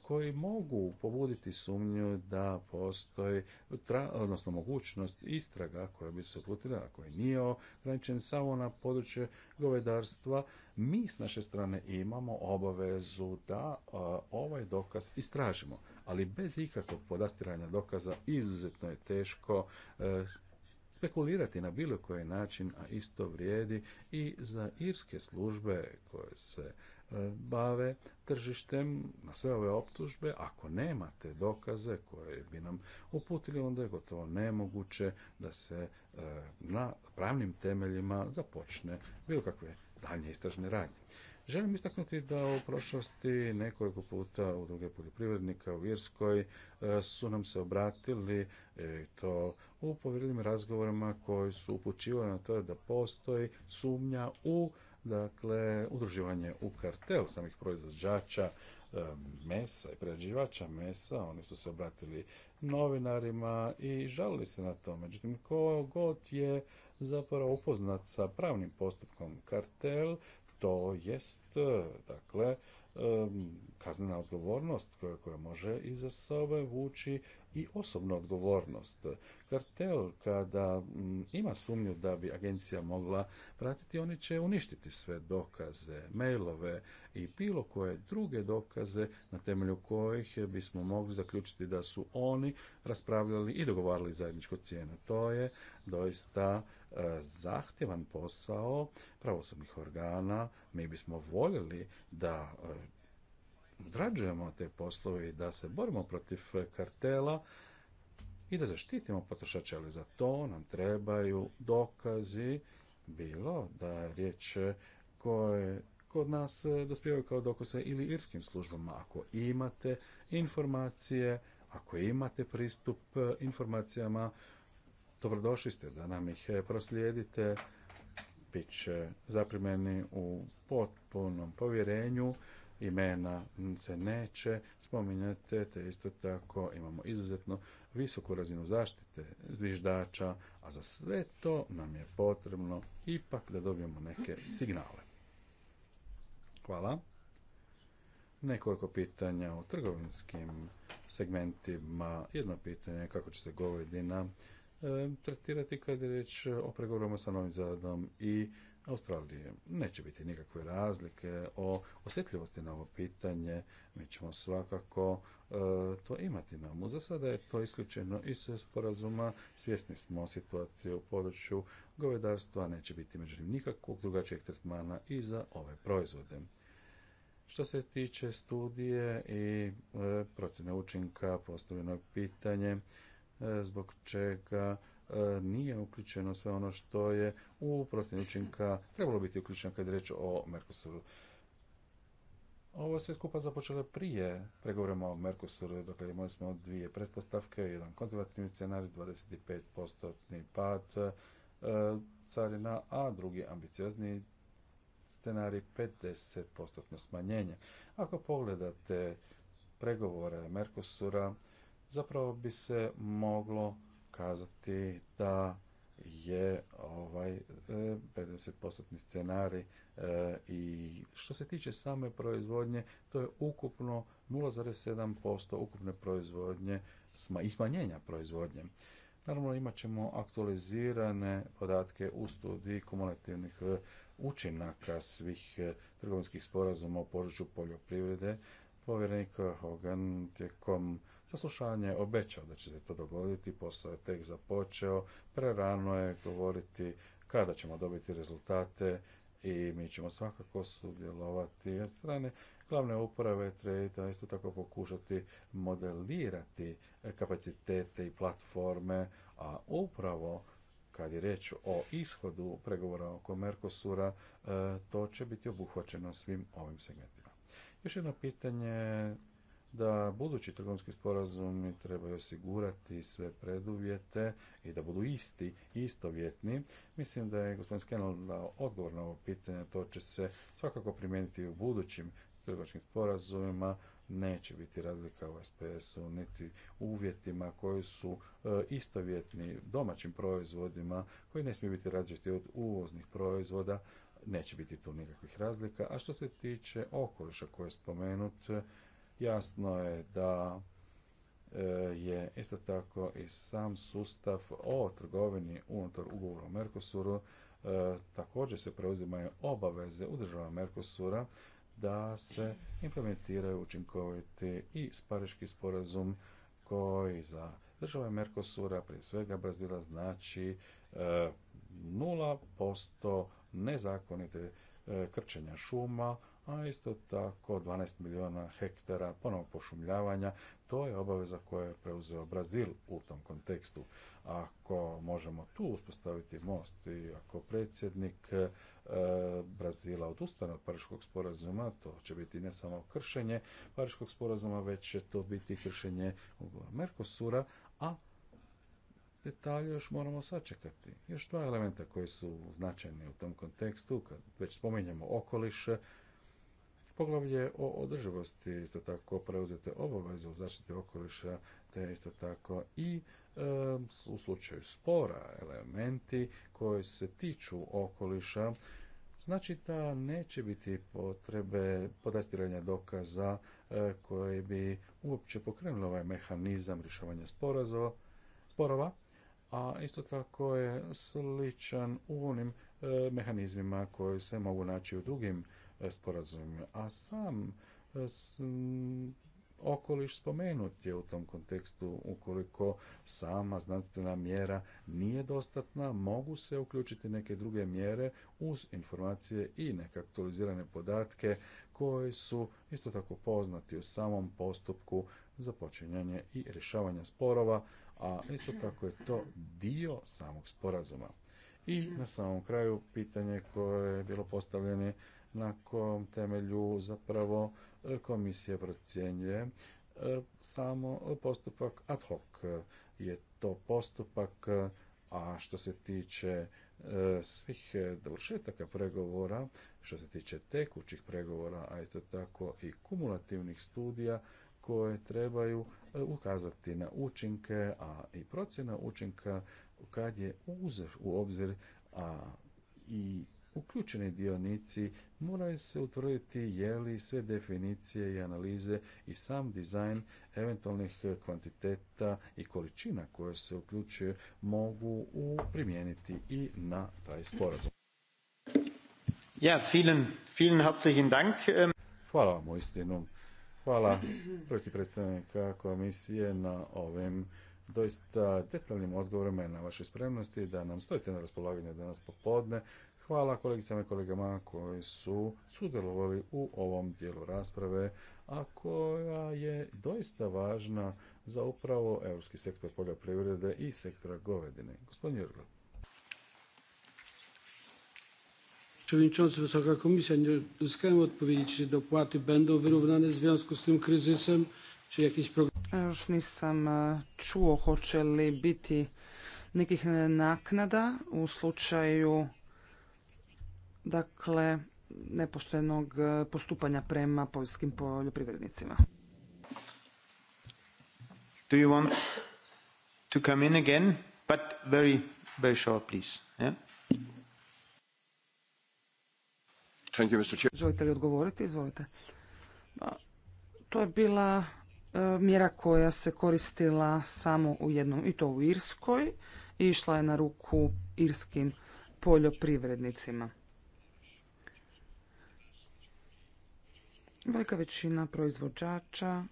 koji mogu pobuditi sumnju da postoji odnosno mogućnost istraga koja bi se uputila, a koja nije ograničen samo na područje govedarstva, mi s naše strane imamo obavezu da ovaj dokaz istražimo. Ali bez ikakvog podastiranja dokaza izuzetno je teško e, spekulirati na bilo koji način, a isto vrijedi i za irske službe koje se E, bave tržištem na sve ove optužbe, ako nemate dokaze koje bi nam uputili, onda je gotovo nemoguće da se e, na pravnim temeljima započne bilo kakve daljnje istražne radnje. Želim istaknuti da u prošlosti nekoliko puta u druge poljoprivrednika u Irskoj e, su nam se obratili to u povjerenim razgovorima koji su upućivali na to da postoji sumnja u dakle, udruživanje u kartel samih proizvođača e, mesa i prerađivača mesa, oni su se obratili novinarima i žalili se na to. Međutim, ko god je zapravo upoznat sa pravnim postupkom kartel, to jest, e, dakle, e, kaznena odgovornost koja, koja može za sebe vući i osobnu odgovornost. Kartel kada mm, ima sumnju da bi agencija mogla pratiti, oni će uništiti sve dokaze, mailove i bilo koje druge dokaze na temelju kojih bismo mogli zaključiti da su oni raspravljali i dogovarali zajedničku cijenu. To je doista e, zahtjevan posao pravosudnih organa. Mi bismo voljeli da e, odrađujemo te poslove i da se borimo protiv kartela i da zaštitimo potrošače, ali za to nam trebaju dokazi, bilo da je riječ koje kod nas dospijaju kao dokose ili irskim službama. Ako imate informacije, ako imate pristup informacijama, dobrodošli ste da nam ih proslijedite. Bit će u potpunom povjerenju imena se neće spominjati, te isto tako imamo izuzetno visoku razinu zaštite zviždača, a za sve to nam je potrebno ipak da dobijemo neke signale. Hvala. Nekoliko pitanja u trgovinskim segmentima. Jedno pitanje je kako će se govedina e, tretirati kad je riječ o pregovorima sa Novim Zadom i Australije neće biti nikakve razlike o osjetljivosti na ovo pitanje. Mi ćemo svakako e, to imati na umu. Za sada je to isključeno iz sporazuma. Svjesni smo situacije u području govedarstva. Neće biti međutim nikakvog drugačijeg tretmana i za ove proizvode. Što se tiče studije i e, procjene učinka, postavljeno pitanje e, zbog čega E, nije uključeno sve ono što je u procjeni učinka trebalo biti uključeno kad je reč o Mercosuru. Ovo sve skupa započelo prije pregovorima o Mercosuru, dakle imali smo dvije pretpostavke, jedan konzervativni scenarij, 25% pad e, carina, a drugi ambiciozni scenarij 50% smanjenje. Ako pogledate pregovore Mercosura, zapravo bi se moglo kazati da je ovaj 50% e, scenarij e, i što se tiče same proizvodnje, to je ukupno 0,7% ukupne proizvodnje i smanjenja proizvodnje. Naravno imat ćemo aktualizirane podatke u studiji kumulativnih e, učinaka svih trgovinskih sporazuma u području poljoprivrede. Povjerenik Hogan tijekom Saslušanje obećao da će se to dogoditi, posao je tek započeo, prerano je govoriti kada ćemo dobiti rezultate i mi ćemo svakako sudjelovati od strane glavne uprave trade, isto tako pokušati modelirati kapacitete i platforme, a upravo kad je riječ o ishodu pregovora oko Mercosura, e, to će biti obuhvaćeno svim ovim segmentima. Još jedno pitanje da budući trgovinski sporazumi trebaju osigurati sve preduvjete i da budu isti i istovjetni. Mislim da je gospodin Skenal dao odgovor na ovo pitanje, to će se svakako primijeniti u budućim trgovačkim sporazumima, neće biti razlika u SPS-u, niti uvjetima koji su e, istovjetni domaćim proizvodima, koji ne smiju biti različiti od uvoznih proizvoda, neće biti tu nikakvih razlika. A što se tiče okoliša koje je spomenut, Jasno je da e, je isto tako i sam sustav o trgovini unutar ugovora o Mercosuru e, također se preuzimaju obaveze u državama Mercosura da se implementiraju učinkoviti i spariški sporazum koji za države Mercosura, prije svega Brazila, znači 0% e, nezakonite krčenja šuma a isto tako 12 milijuna hektara ponovno pošumljavanja. To je obaveza koju je preuzeo Brazil u tom kontekstu. Ako možemo tu uspostaviti most i ako predsjednik e, Brazila odustane od Pariškog sporazuma, to će biti ne samo kršenje Pariškog sporazuma, već će to biti kršenje ugovora a detalje još moramo sačekati. Još dva elementa koji su značajni u tom kontekstu, kad već spominjemo okoliš, poglavlje o održivosti, isto tako preuzete obaveze u zaštiti okoliša, te isto tako i u slučaju spora elementi koji se tiču okoliša, znači da neće biti potrebe podastiranja dokaza e, koje bi uopće pokrenuli ovaj mehanizam rješavanja sporova, a isto tako je sličan u onim e, mehanizmima koji se mogu naći u drugim sporazum. A sam e, okoliš spomenut je u tom kontekstu ukoliko sama znanstvena mjera nije dostatna, mogu se uključiti neke druge mjere uz informacije i neke aktualizirane podatke koji su isto tako poznati u samom postupku za počinjanje i rješavanja sporova, a isto tako je to dio samog sporazuma. I na samom kraju pitanje koje je bilo postavljeno na kom temelju zapravo e, komisija procjenjuje e, samo postupak ad hoc je to postupak, e, a što se tiče svih dovršetaka pregovora, što se tiče tekućih pregovora, a isto tako i kumulativnih studija koje trebaju ukazati na učinke, a i procjena učinka kad je uzeš u obzir, a i uključeni dionici moraju se utvrditi je li sve definicije i analize i sam dizajn eventualnih kvantiteta i količina koje se uključuje mogu primijeniti i na taj sporazum. Ja, vielen, ähm, Hvala vam istinu. Hvala protiv predstavnika komisije na ovim doista detaljnim odgovorima i na vašoj spremnosti da nam stojite na raspolaganju danas popodne Hvala kolegicama i kolegama koji su sudjelovali u ovom dijelu rasprave, a koja je doista važna za upravo europski sektor poljoprivrede i sektora govedine. Gospodin Jurgo. Przewodniczący, Wysoka Komisja, nie uzyskałem odpowiedzi, czy dopłaty będą wyrównane w związku z tym kryzysem, czy jakiś program... już nisam čuo e, hoće li biti nekih naknada u slučaju dakle nepoštenog e, postupanja prema poljskim poljoprivrednicima. Do you want to come in again? But very, very short, please. Thank you, Mr. Želite li odgovoriti? Izvolite. To je bila e, mjera koja se koristila samo u jednom, i to u Irskoj, i išla je na ruku irskim poljoprivrednicima. Velika većina proizvođača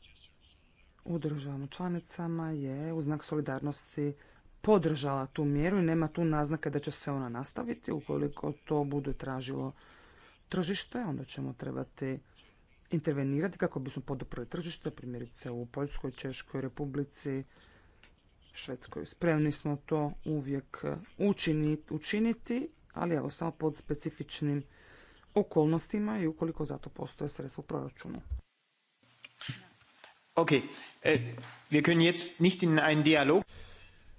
u državama članicama je u znak solidarnosti podržala tu mjeru i nema tu naznake da će se ona nastaviti. Ukoliko to bude tražilo tržište, onda ćemo trebati intervenirati kako bismo poduprli tržište, primjerice u Poljskoj, Češkoj republici, Švedskoj. Spremni smo to uvijek učiniti, ali evo samo pod specifičnim okolnostima i ukoliko zato postoje sredstva u proračunu. Eh,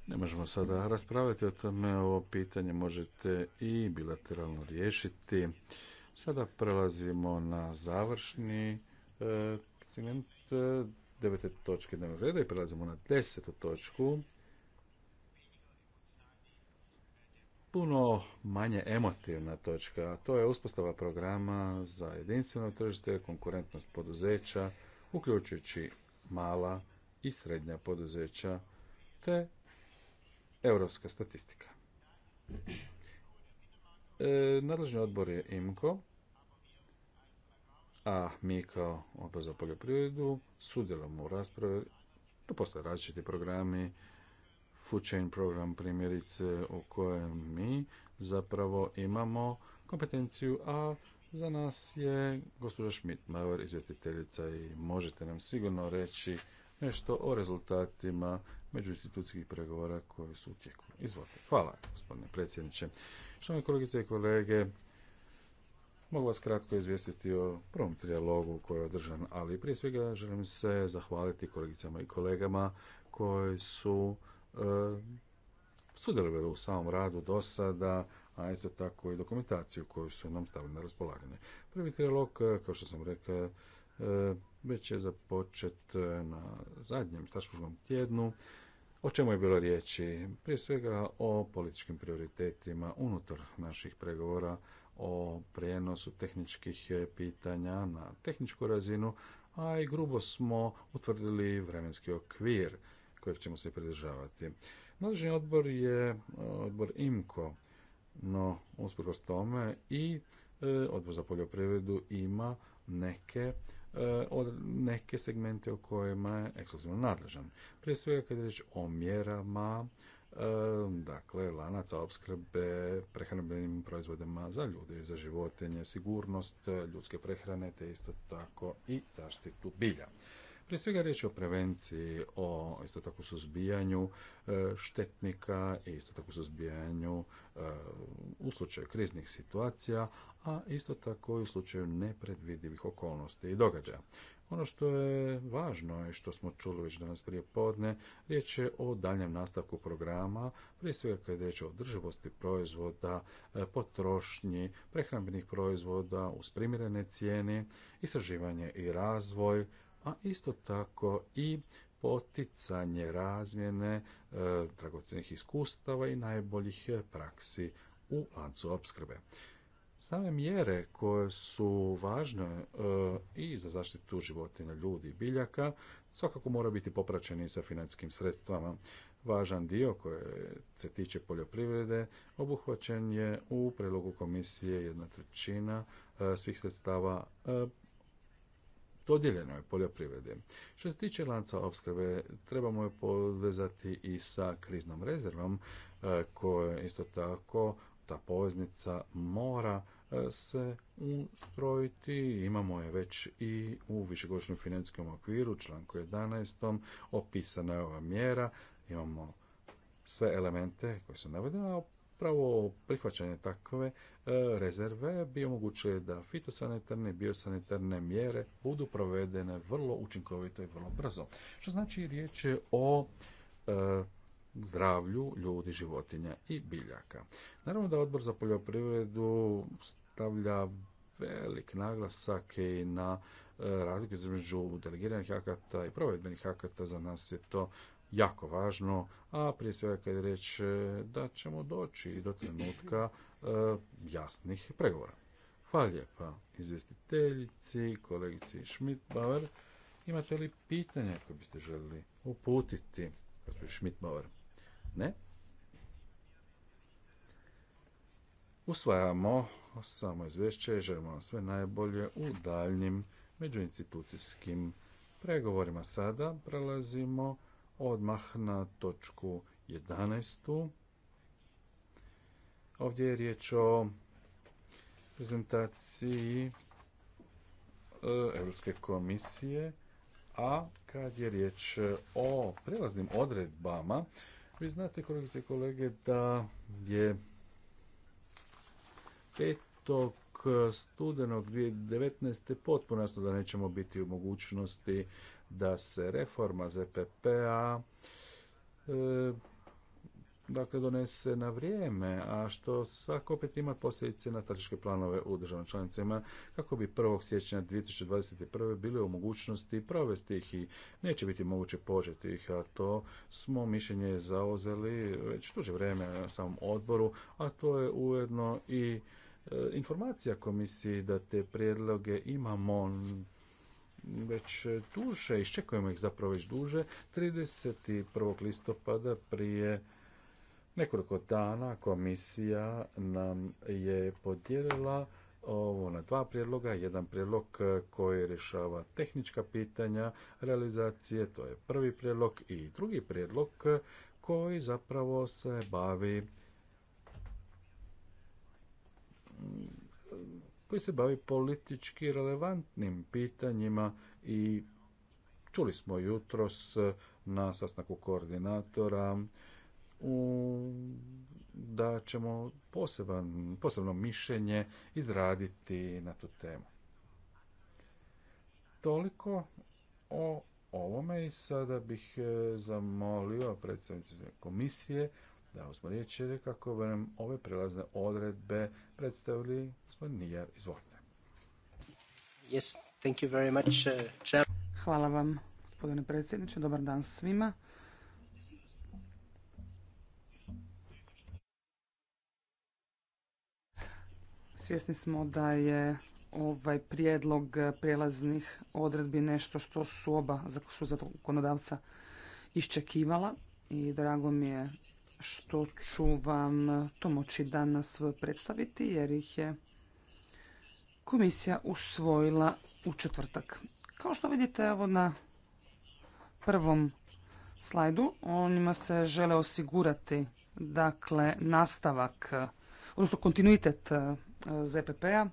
ne možemo sada raspravljati o tome, ovo pitanje možete i bilateralno riješiti. Sada prelazimo na završni eh, segment eh, devete točke dnevnog reda i prelazimo na desetu točku. puno manje emotivna točka, a to je uspostava programa za jedinstveno tržište, konkurentnost poduzeća, uključujući mala i srednja poduzeća, te europska statistika. E, nadležni odbor je IMCO, a mi kao odbor za poljoprivredu sudjelujemo u raspravi, to postoje različiti programi, food chain program primjerice u kojem mi zapravo imamo kompetenciju, a za nas je gospođa schmidt major izvjestiteljica i možete nam sigurno reći nešto o rezultatima međuinstitucijskih pregovora koji su u tijeku. Izvolite. Hvala, gospodine predsjedniče. Štovane kolegice i kolege, mogu vas kratko izvijestiti o prvom trijalogu koji je održan, ali prije svega želim se zahvaliti kolegicama i kolegama koji su E, sudjelovali u samom radu do sada, a isto tako i dokumentaciju koju su nam stavili na raspolaganje. Prvi trilog, e, kao što sam rekao, e, već je započet na zadnjem staškoškom tjednu, o čemu je bilo riječi? Prije svega o političkim prioritetima unutar naših pregovora, o prijenosu tehničkih pitanja na tehničku razinu, a i grubo smo utvrdili vremenski okvir – kojeg ćemo se pridržavati. Nadležni odbor je e, odbor IMKO, no usprkos tome i e, odbor za poljoprivredu ima neke e, od neke segmente u kojima je ekskluzivno nadležan. Prije svega kad je reč o mjerama, dakle, lanaca opskrbe prehrambenim proizvodima za ljude i za životinje, sigurnost ljudske prehrane, te isto tako i zaštitu bilja. Prije svega riječ je o prevenciji, o isto tako suzbijanju e, štetnika i isto tako suzbijanju e, u slučaju kriznih situacija, a isto tako i u slučaju nepredvidivih okolnosti i događaja. Ono što je važno i što smo čuli već danas prije podne, riječ je o daljem nastavku programa, prije svega kada je riječ o održivosti proizvoda, e, potrošnji, prehrambenih proizvoda uz primjerene cijene, istraživanje i razvoj, a isto tako i poticanje razmjene e, iskustava i najboljih praksi u lancu opskrbe. Same mjere koje su važne e, i za zaštitu životinja, ljudi i biljaka svakako mora biti popraćeni sa financijskim sredstvama. Važan dio koji se tiče poljoprivrede obuhvaćen je u prilogu komisije jedna trećina e, svih sredstava e, dodijeljeno je poljoprivredi. Što se tiče lanca opskrbe, trebamo je povezati i sa kriznom rezervom, e, koje isto tako ta poveznica mora e, se ustrojiti. Imamo je već i u višegodišnjem financijskom okviru, članku 11. opisana je ova mjera. Imamo sve elemente koje su navedene, a Upravo prihvaćanje takve e, rezerve bi omogućuje da fitosanitarne i biosanitarne mjere budu provedene vrlo učinkovito i vrlo brzo. Što znači riječ je o e, zdravlju ljudi, životinja i biljaka. Naravno da odbor za poljoprivredu stavlja velik naglasak i na e, razliku između delegiranih akata i provedbenih akata. Za nas je to jako važno, a prije svega kad je reč e, da ćemo doći do trenutka e, jasnih pregovora. Hvala lijepa izvjestiteljici, kolegici schmidt Imate li pitanja koje biste željeli uputiti, gospođo schmidt Ne? Usvajamo samo izvješće i želimo vam sve najbolje u daljnjim međuinstitucijskim pregovorima. Sada prelazimo odmah na točku 11. Ovdje je riječ o prezentaciji e, Europske komisije, a kad je riječ o prelaznim odredbama, vi znate, kolegice i kolege, da je 5. studenog 2019. potpuno jasno da nećemo biti u mogućnosti da se reforma ZPP-a e, dakle donese na vrijeme, a što svako opet ima posljedice na strateške planove u državnim članicama kako bi 1. siječnja 2021. bili u mogućnosti provesti ih i neće biti moguće požeti ih, a to smo mišljenje zauzeli već duže vrijeme na samom odboru, a to je ujedno i e, informacija komisiji da te prijedloge imamo već duže, iščekujemo ih zapravo već duže, 31. listopada prije nekoliko dana komisija nam je podijelila ovo na dva prijedloga. Jedan prijedlog koji rješava tehnička pitanja realizacije, to je prvi prijedlog i drugi prijedlog koji zapravo se bavi koji se bavi politički relevantnim pitanjima i čuli smo jutros e, na sastanku koordinatora u, da ćemo posebno mišljenje izraditi na tu temu. Toliko o ovome i sada bih e, zamolio predstavnice komisije da smo riječ kako vam ove prelazne odredbe predstavili gospodin Nijar. Izvolite. Yes, thank uh, Hvala vam, gospodine predsjedniče. Dobar dan svima. Svjesni smo da je ovaj prijedlog prijelaznih odredbi nešto što su oba su zakonodavca iščekivala i drago mi je što ću vam to moći danas predstaviti jer ih je komisija usvojila u četvrtak. Kao što vidite evo na prvom slajdu, onima se žele osigurati dakle nastavak, odnosno kontinuitet eh, ZPP-a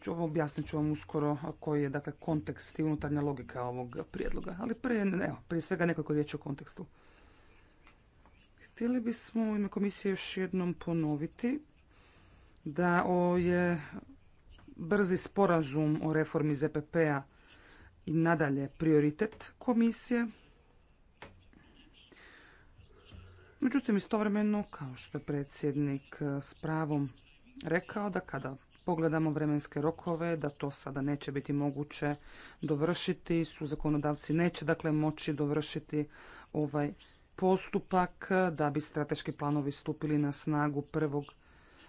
ću, objasnit ću vam uskoro koji je dakle, kontekst i unutarnja logika ovog prijedloga. Ali prije, evo, prije svega nekoliko riječi o kontekstu. Htjeli bismo u ime komisije još jednom ponoviti da je brzi sporazum o reformi ZPP-a i nadalje prioritet komisije. Međutim, istovremeno, kao što je predsjednik s pravom rekao, da kada pogledamo vremenske rokove, da to sada neće biti moguće dovršiti, su zakonodavci neće dakle moći dovršiti ovaj postupak da bi strateški planovi stupili na snagu 1.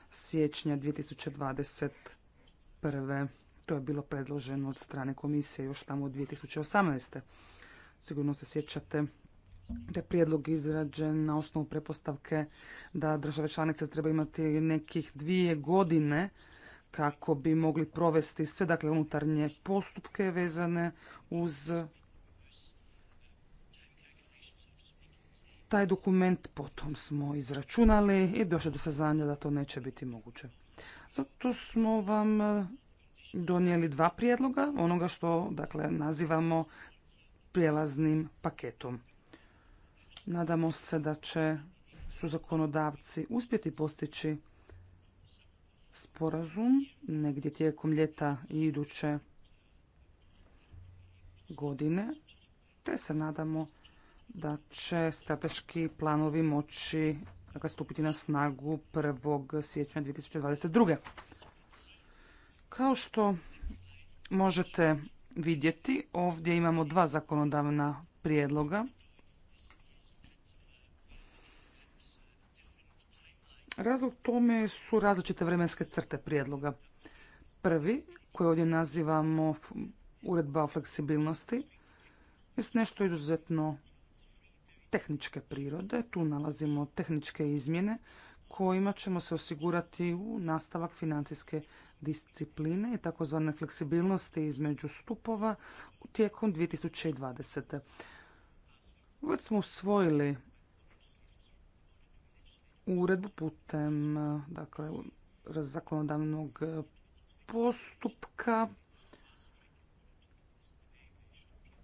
siječnja 2021. To je bilo predloženo od strane komisije još tamo od 2018. Sigurno se sjećate da je prijedlog izrađen na osnovu prepostavke da države članice treba imati nekih dvije godine kako bi mogli provesti sve dakle unutarnje postupke vezane uz taj dokument potom smo izračunali i došli do saznanja da to neće biti moguće. Zato smo vam e, donijeli dva prijedloga, onoga što dakle, nazivamo prijelaznim paketom. Nadamo se da će su zakonodavci uspjeti postići sporazum negdje tijekom ljeta i iduće godine, te se nadamo da će strateški planovi moći dakle, stupiti na snagu 1. siječnja 2022. Kao što možete vidjeti, ovdje imamo dva zakonodavna prijedloga Razlog tome su različite vremenske crte prijedloga. Prvi, koji ovdje nazivamo uredba o fleksibilnosti, je nešto izuzetno tehničke prirode. Tu nalazimo tehničke izmjene kojima ćemo se osigurati u nastavak financijske discipline i takozvane fleksibilnosti između stupova tijekom 2020. Već smo usvojili uredbu putem dakle, zakonodavnog postupka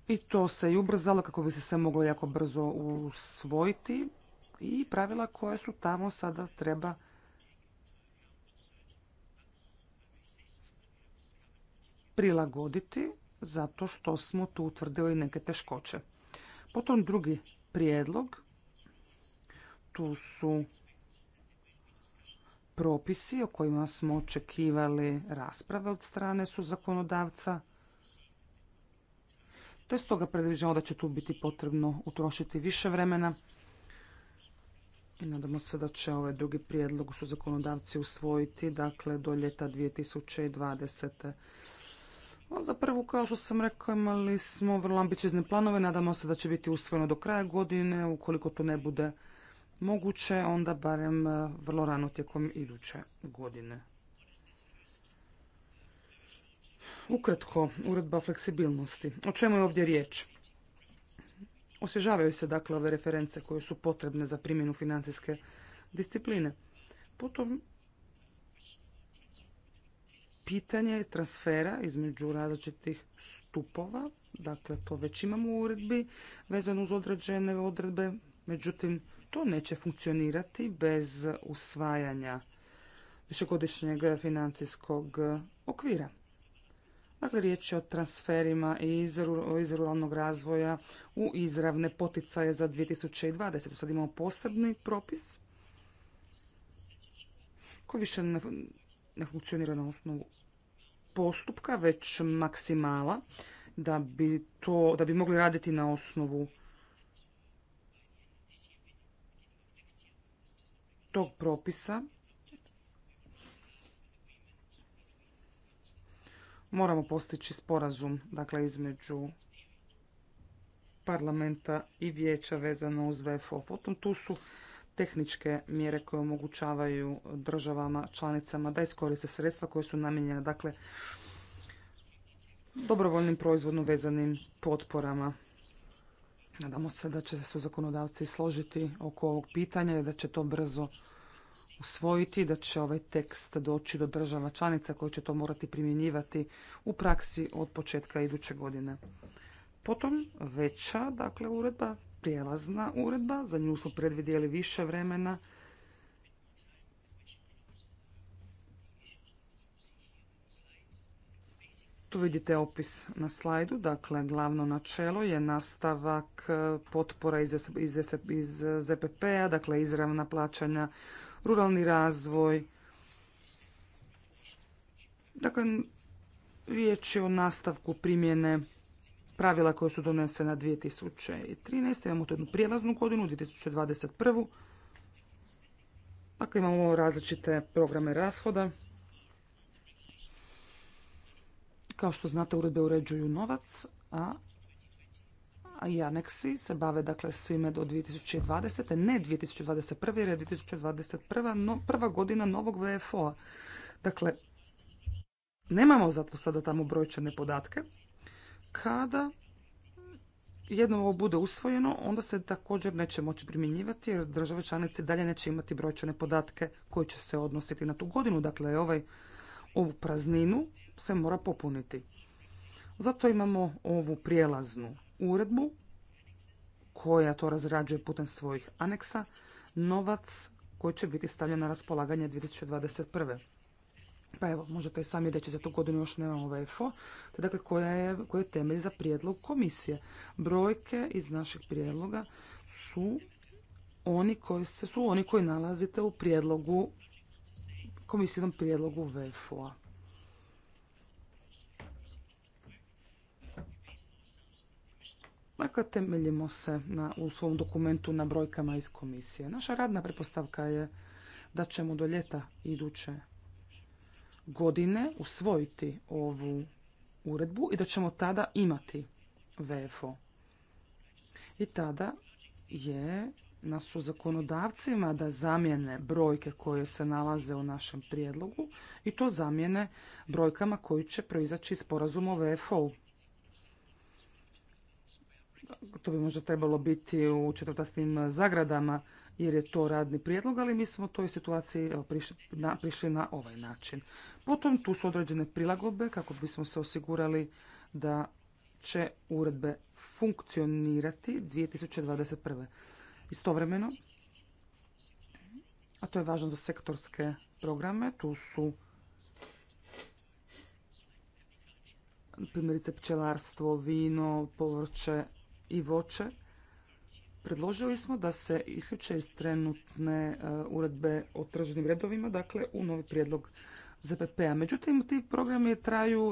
i to se i ubrzalo kako bi se sve moglo jako brzo usvojiti i pravila koja su tamo sada treba prilagoditi zato što smo tu utvrdili neke teškoće. Potom drugi prijedlog, tu su propisi o kojima smo očekivali rasprave od strane su zakonodavca. Te stoga predviđamo da će tu biti potrebno utrošiti više vremena. I nadamo se da će ovaj drugi prijedlog su zakonodavci usvojiti dakle, do ljeta 2020. a za prvu, kao što sam rekao, imali smo vrlo ambiciozne planove. Nadamo se da će biti usvojeno do kraja godine. Ukoliko to ne bude moguće, onda barem e, vrlo rano tijekom iduće godine. Ukratko, uredba fleksibilnosti. O čemu je ovdje riječ? Osvježavaju se dakle ove reference koje su potrebne za primjenu financijske discipline. Potom pitanje transfera između različitih stupova, dakle to već imamo u uredbi, vezano uz određene odredbe, međutim to neće funkcionirati bez usvajanja višegodišnjeg financijskog okvira. Dakle, riječ je o transferima iz ruralnog razvoja u izravne poticaje za 2020. Sad imamo posebni propis koji više ne funkcionira na osnovu postupka, već maksimala, da bi, to, da bi mogli raditi na osnovu tog propisa moramo postići sporazum dakle između parlamenta i vijeća vezano uz VFO. tu su tehničke mjere koje omogućavaju državama članicama da iskoriste sredstva koje su namijenjena dakle dobrovoljnim proizvodno vezanim potporama. Nadamo se da će se zakonodavci složiti oko ovog pitanja i da će to brzo usvojiti, da će ovaj tekst doći do država članica koji će to morati primjenjivati u praksi od početka iduće godine. Potom veća, dakle, uredba, prijelazna uredba, za nju smo predvidjeli više vremena Tu vidite opis na slajdu, dakle glavno načelo je nastavak e, potpora iz, iz, iz ZPP-a, dakle izravna plaćanja, ruralni razvoj. Dakle, riječ je o nastavku primjene pravila koje su donesena 2013. Imamo tu jednu prijelaznu godinu, 2021. Dakle, imamo različite programe rashoda. Kao što znate, uredbe uređuju novac, a i aneksi se bave dakle, svime do 2020. Ne 2021. jer je 2021. No, prva godina novog VFO-a. Dakle, nemamo zato sada tamo brojčane podatke. Kada jedno ovo bude usvojeno, onda se također neće moći primjenjivati jer države članice dalje neće imati brojčane podatke koji će se odnositi na tu godinu. Dakle, ovaj, ovu prazninu se mora popuniti. Zato imamo ovu prijelaznu uredbu koja to razrađuje putem svojih aneksa, novac koji će biti stavljen na raspolaganje 2021. Pa evo, možete i sami reći, za tu godinu još nemamo VFO, te dakle koja je, koji je temelj za prijedlog komisije. Brojke iz našeg prijedloga su oni koji se, su oni koji nalazite u prijedlogu, komisijnom prijedlogu VFO-a. Dakle, temeljimo se na, u svom dokumentu na brojkama iz komisije. Naša radna prepostavka je da ćemo do ljeta iduće godine usvojiti ovu uredbu i da ćemo tada imati VFO. I tada je na su zakonodavcima da zamijene brojke koje se nalaze u našem prijedlogu i to zamijene brojkama koji će proizaći iz o VFO-u to bi možda trebalo biti u četvrtastim zagradama jer je to radni prijedlog, ali mi smo toj situaciji prišli na ovaj način. Potom tu su određene prilagodbe kako bismo se osigurali da će uredbe funkcionirati 2021. Istovremeno, a to je važno za sektorske programe, tu su primjerice pčelarstvo, vino, povrće, i voće, predložili smo da se isključe iz trenutne e, uredbe o tržnim redovima, dakle u novi prijedlog ZPP-a. Međutim, ti programi traju,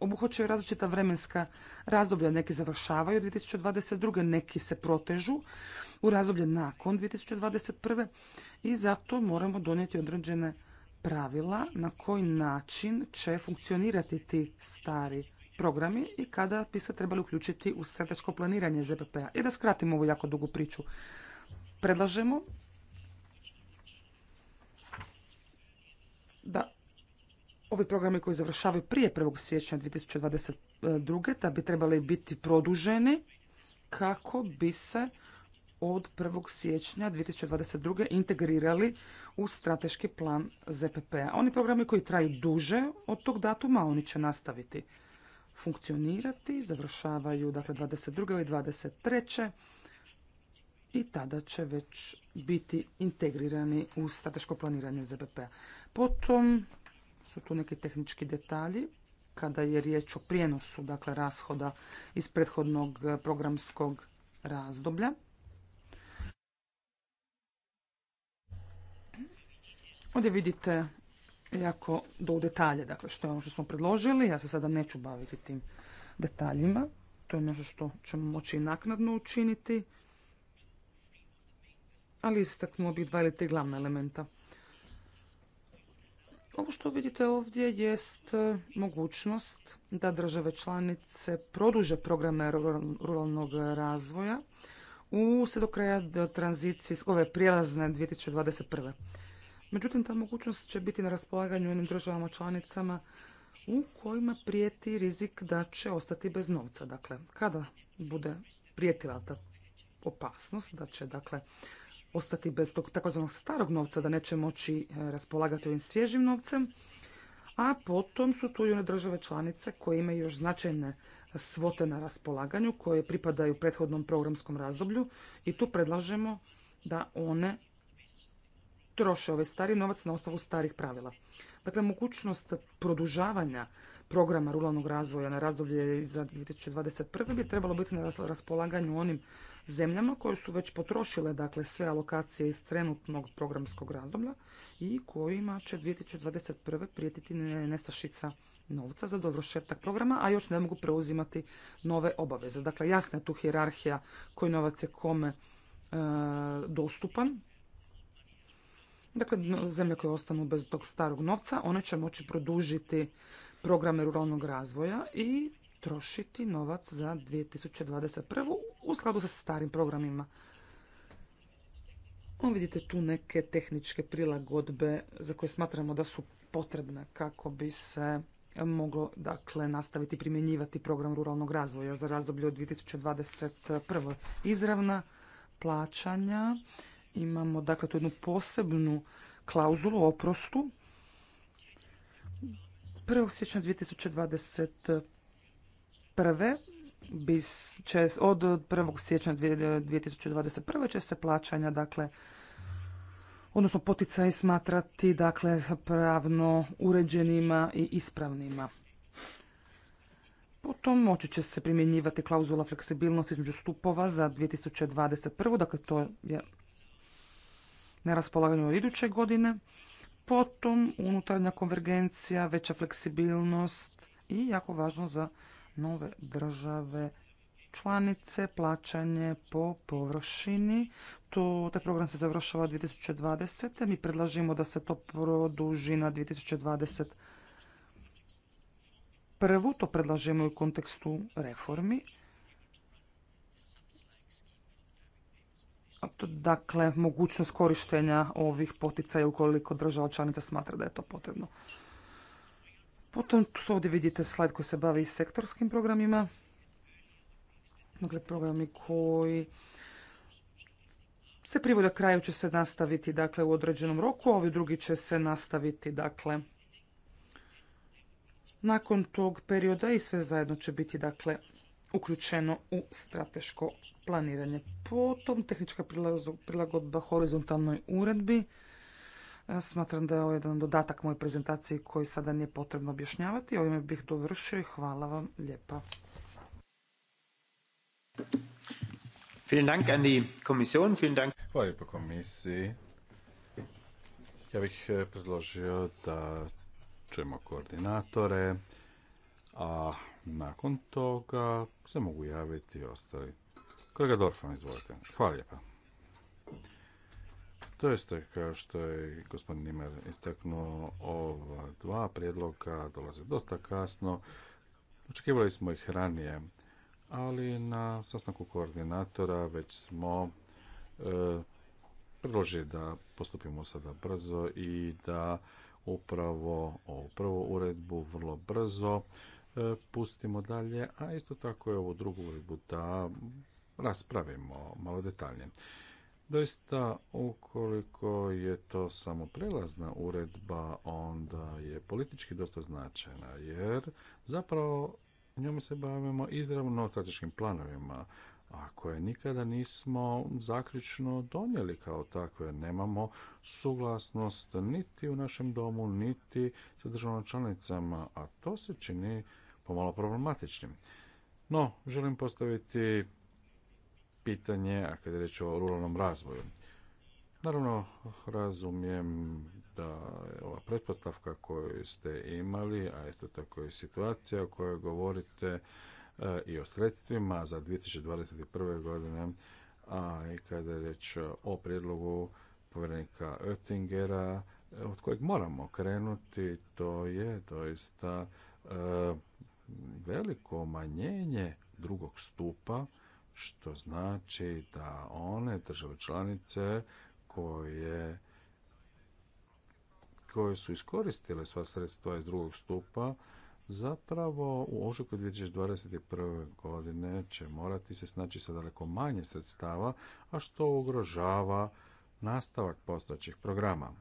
obuhvaćaju različita vremenska razdoblja. Neki završavaju 2022. neki se protežu u razdoblje nakon 2021. i zato moramo donijeti određene pravila na koji način će funkcionirati ti stari programi i kada bi se trebali uključiti u strateško planiranje ZPP-a. I da skratimo ovu jako dugu priču. Predlažemo da ovi programi koji završavaju prije 1. siječnja 2022. da bi trebali biti produženi kako bi se od 1. siječnja 2022. integrirali u strateški plan ZPP-a. Oni programi koji traju duže od tog datuma, oni će nastaviti funkcionirati, završavaju dakle 22. i 23. i tada će već biti integrirani u strateško planiranje zbp Potom su tu neki tehnički detalji kada je riječ o prijenosu dakle rashoda iz prethodnog programskog razdoblja. Ovdje vidite jako do detalje, dakle što je ono što smo predložili, ja se sada neću baviti tim detaljima, to je nešto što ćemo moći i naknadno učiniti, ali istaknuo bih dva ili tri glavna elementa. Ovo što vidite ovdje jest e, mogućnost da države članice produže programe ruralnog razvoja u sve do kraja tranzicijske, ove prijelazne 2021. Međutim, ta mogućnost će biti na raspolaganju onim državama članicama u kojima prijeti rizik da će ostati bez novca. Dakle, kada bude prijetila ta opasnost da će dakle ostati bez tog takozvanog starog novca, da neće moći e, raspolagati ovim svježim novcem, a potom su tu i one države članice koje imaju još značajne svote na raspolaganju koje pripadaju prethodnom programskom razdoblju i tu predlažemo da one troše ovaj stari novac na osnovu starih pravila. Dakle, mogućnost produžavanja programa ruralnog razvoja na razdoblje za 2021. bi trebalo biti na raspolaganju onim zemljama koje su već potrošile dakle, sve alokacije iz trenutnog programskog razdoblja i kojima će 2021. prijetiti nestašica novca za dovršetak programa, a još ne mogu preuzimati nove obaveze. Dakle, jasna je tu hjerarhija koji novac je kome e, dostupan Dakle, zemlje koje ostanu bez tog starog novca, one će moći produžiti programe ruralnog razvoja i trošiti novac za 2021. u skladu sa starim programima. On vidite tu neke tehničke prilagodbe za koje smatramo da su potrebne kako bi se moglo dakle, nastaviti primjenjivati program ruralnog razvoja za razdoblje od 2021. Izravna plaćanja imamo dakle tu jednu posebnu klauzulu oprostu 1. siječnja 2021. Bis će, od 1. siječnja 2021. će se plaćanja, dakle, odnosno poticaj smatrati, dakle, pravno uređenima i ispravnima. Potom moći će se primjenjivati klauzula fleksibilnosti između stupova za 2021. Dakle, to je na raspolaganju iduće godine, potom unutarnja konvergencija, veća fleksibilnost i jako važno za nove države članice, plaćanje po površini. To, taj program se završava 2020. Mi predlažimo da se to produži na 2020. Prvu to predlažemo u kontekstu reformi. dakle mogućnost korištenja ovih poticaja ukoliko država članica smatra da je to potrebno. Potom tu ovdje vidite slajd koji se bavi sektorskim programima. Dakle, programi koji se privode kraju će se nastaviti dakle u određenom roku, a ovi drugi će se nastaviti dakle nakon tog perioda i sve zajedno će biti dakle uključeno u strateško planiranje. Potom tehnička prilagodba horizontalnoj uredbi. E, smatram da je ovo jedan dodatak moje prezentaciji koji sada nije potrebno objašnjavati. Ovime bih dovršio i hvala vam lijepa. Hvala lijepo komisiji. Ja bih e, predložio da čujemo koordinatore, a nakon toga se mogu javiti i ostali. Kolega Dorfan, izvolite. Hvala lijepa. To je kao što je gospodin Nimer istaknuo, ova dva prijedloga dolaze dosta kasno. Očekivali smo ih ranije, ali na sastanku koordinatora već smo e, predložili da postupimo sada brzo i da upravo ovu prvu uredbu vrlo brzo E, pustimo dalje, a isto tako je ovu drugu uredbu da raspravimo malo detaljnije. Doista, ukoliko je to samo prelazna uredba, onda je politički dosta značajna, jer zapravo njome se bavimo izravno strateškim planovima, a koje nikada nismo zaključno donijeli kao takve. Nemamo suglasnost niti u našem domu, niti sa državama članicama, a to se čini pomalo problematičnim. No, želim postaviti pitanje, a kad je reč o ruralnom razvoju. Naravno, razumijem da je ova pretpostavka koju ste imali, a isto tako i situacija o kojoj govorite e, i o sredstvima za 2021. godine, a i kada je reč o prijedlogu povjerenika Oettingera, e, od kojeg moramo krenuti, to je doista e, veliko manjenje drugog stupa, što znači da one države članice koje koje su iskoristile sva sredstva iz drugog stupa, zapravo u ožujku 2021. godine će morati se snaći sa daleko manje sredstava, a što ugrožava nastavak postojećih programa.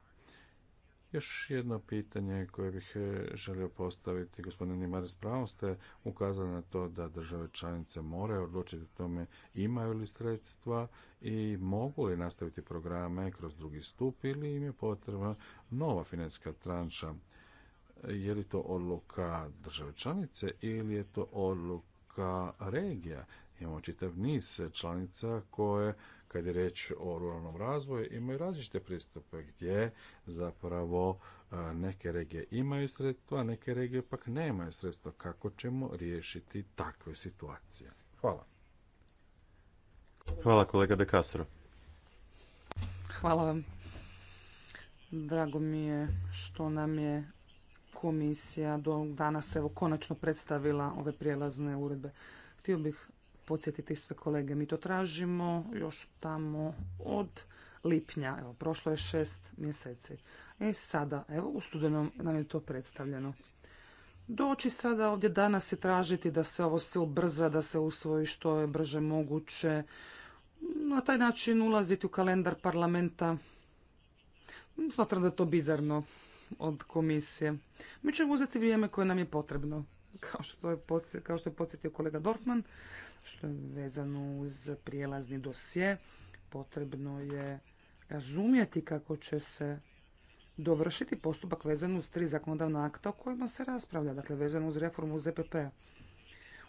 Još jedno pitanje koje bih e, želio postaviti, gospodine Nimares, pravo ste ukazali na to da države članice moraju odlučiti o tome imaju li sredstva i mogu li nastaviti programe kroz drugi stup ili im je potrebna nova financijska tranša. Je li to odluka države članice ili je to odluka regija? Imamo čitav niz članica koje kad je riječ o ruralnom razvoju, imaju različite pristupe gdje zapravo neke regije imaju sredstva, a neke regije pak nemaju sredstva. Kako ćemo riješiti takve situacije? Hvala. Hvala kolega De Castro. Hvala vam. Drago mi je što nam je komisija do danas evo konačno predstavila ove prijelazne uredbe. Htio bih podsjetiti sve kolege. Mi to tražimo još tamo od lipnja. Evo, prošlo je šest mjeseci. E sada, evo, u studenom nam je to predstavljeno. Doći sada ovdje danas i tražiti da se ovo sve ubrza, da se usvoji što je brže moguće. Na taj način ulaziti u kalendar parlamenta. Smatram da je to bizarno od komisije. Mi ćemo uzeti vrijeme koje nam je potrebno. Kao što je, podsjetio kolega Dorfman, što je vezano uz prijelazni dosje. Potrebno je razumjeti kako će se dovršiti postupak vezan uz tri zakonodavna akta o kojima se raspravlja, dakle vezano uz reformu ZPP.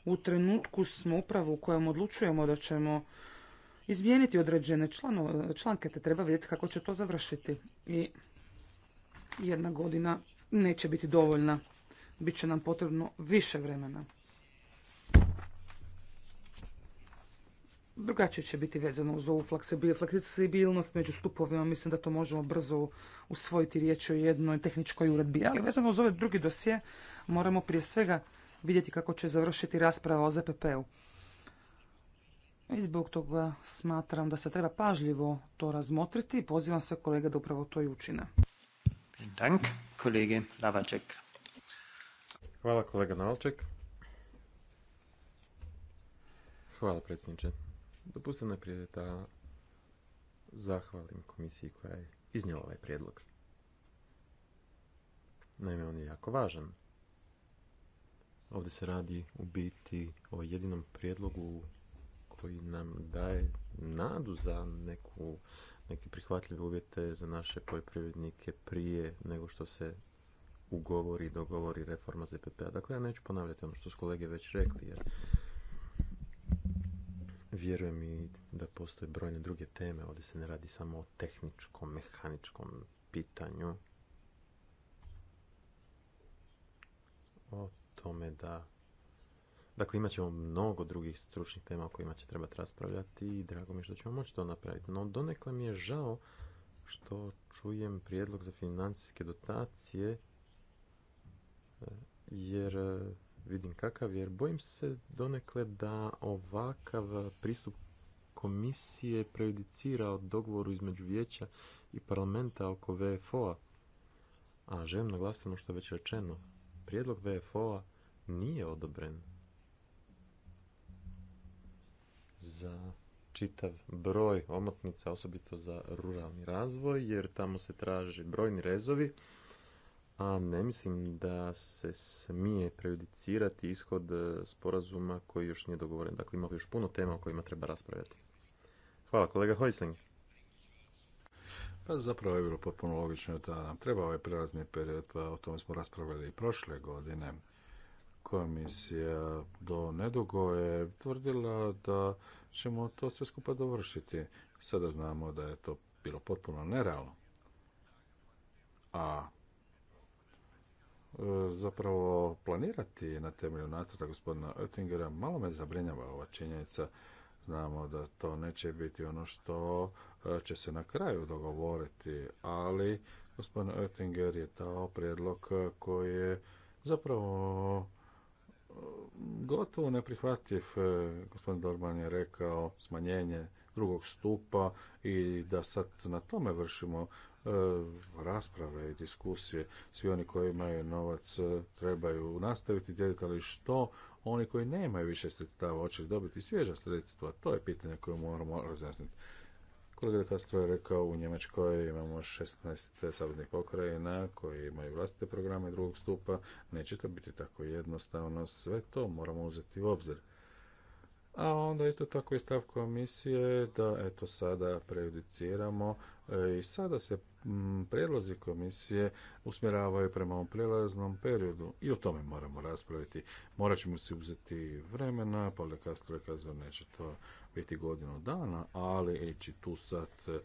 U trenutku smo upravo u kojem odlučujemo da ćemo izmijeniti određene članke, te treba vidjeti kako će to završiti. I jedna godina neće biti dovoljna, bit će nam potrebno više vremena. drugačije će biti vezano uz ovu fleksibilnost među stupovima. Mislim da to možemo brzo usvojiti riječ o jednoj tehničkoj uredbi. Ali vezano uz ove drugi dosje moramo prije svega vidjeti kako će završiti rasprava o ZPP-u. I zbog toga smatram da se treba pažljivo to razmotriti i pozivam sve kolege da upravo to i učine. Dank, Hvala kolega Nalček. Hvala predsjedniče. Dopustite najprije da zahvalim komisiji koja je iznijela ovaj prijedlog. Naime, on je jako važan. Ovdje se radi u biti o jedinom prijedlogu koji nam daje nadu za neku, neke prihvatljive uvjete za naše poljoprivrednike prije nego što se ugovori, dogovori reforma ZPP-a. Dakle, ja neću ponavljati ono što su kolege već rekli, jer vjerujem i da postoje brojne druge teme. Ovdje se ne radi samo o tehničkom, mehaničkom pitanju. O tome da... Dakle, imat ćemo mnogo drugih stručnih tema o kojima će trebati raspravljati i drago mi je što ćemo moći to napraviti. No, donekle mi je žao što čujem prijedlog za financijske dotacije e, jer e, vidim kakav jer bojim se donekle da ovakav pristup komisije prejudicira od dogovoru između vijeća i parlamenta oko VFO-a. A želim naglasiti ono što je već rečeno. Prijedlog VFO-a nije odobren za čitav broj omotnica, osobito za ruralni razvoj, jer tamo se traži brojni rezovi a ne mislim da se smije prejudicirati ishod e, sporazuma koji još nije dogovoren. Dakle, ima još puno tema o kojima treba raspravljati. Hvala, kolega Hojsling. Pa zapravo je bilo potpuno logično da nam treba ovaj prelazni period, pa o tome smo raspravljali i prošle godine. Komisija do nedugo je tvrdila da ćemo to sve skupa dovršiti. Sada znamo da je to bilo potpuno nerealno. A zapravo planirati na temelju nacrta gospodina Oettingera. Malo me zabrinjava ova činjenica. Znamo da to neće biti ono što e, će se na kraju dogovoriti, ali gospodin Oettinger je dao prijedlog koji je zapravo e, gotovo neprihvatljiv. E, gospodin Dorman je rekao smanjenje drugog stupa i da sad na tome vršimo E, rasprave i diskusije. Svi oni koji imaju novac e, trebaju nastaviti djeliti, ali što oni koji nemaju više sredstava hoće li dobiti svježa sredstva? To je pitanje koje moramo razjasniti. Kolega Kastro je rekao u Njemačkoj imamo 16 savodnih pokrajina koji imaju vlastite programe drugog stupa. Neće to biti tako jednostavno. Sve to moramo uzeti u obzir. A onda isto tako i stav komisije da eto sada prejudiciramo e, i sada se prijedlozi komisije usmjeravaju prema ovom prijelaznom periodu i o tome moramo raspraviti. Morat ćemo si uzeti vremena, Pavle kastro je kazao neće to biti godinu dana, ali ići tu sad e,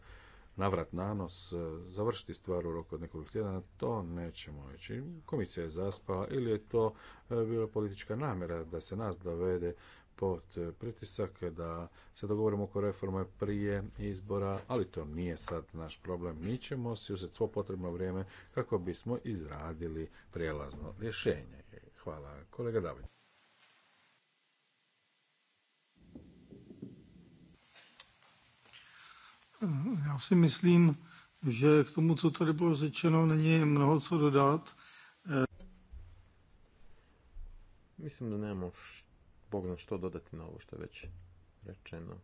navrat na nos, e, završiti stvar u roku od nekoliko tjedana, to nećemo ići. Komisija je zaspala ili je to bila politička namjera da se nas dovede pod pritisak da se dogovorimo oko reforme prije izbora, ali to nije sad naš problem. Mi ćemo si uzeti svo potrebno vrijeme kako bismo izradili prijelazno rješenje. Hvala kolega David. Já si myslím, že k tomu, co tady bylo řečeno, není mnoho co dodat. Mislim da nemamo zna što dodati na ovo što je već rečeno.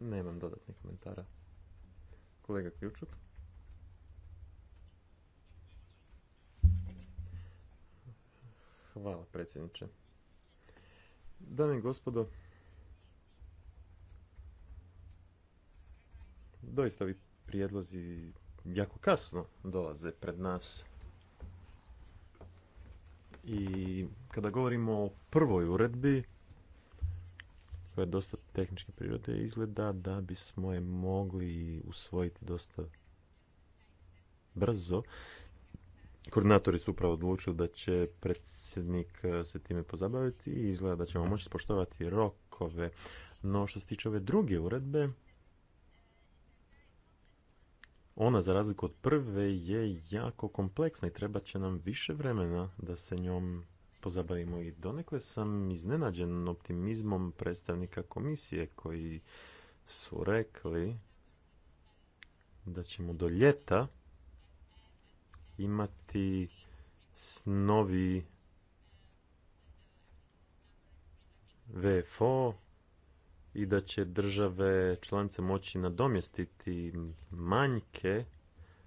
Nemam dodatnih komentara. Kolega Ključuk. Hvala predsjedniče. Dame i gospodo, doista vi prijedlozi jako kasno dolaze pred nas. I kada govorimo o prvoj uredbi, koja je dosta tehničke prirode, izgleda da bismo je mogli usvojiti dosta brzo. Koordinatori su upravo odlučili da će predsjednik eh, se time pozabaviti i izgleda da ćemo moći spoštovati rokove. No što se tiče ove druge uredbe, ona, za razliku od prve, je jako kompleksna i treba će nam više vremena da se njom pozabavimo. I donekle sam iznenađen optimizmom predstavnika komisije koji su rekli da ćemo do ljeta imati novi VFO i da će države članice moći nadomjestiti manjke,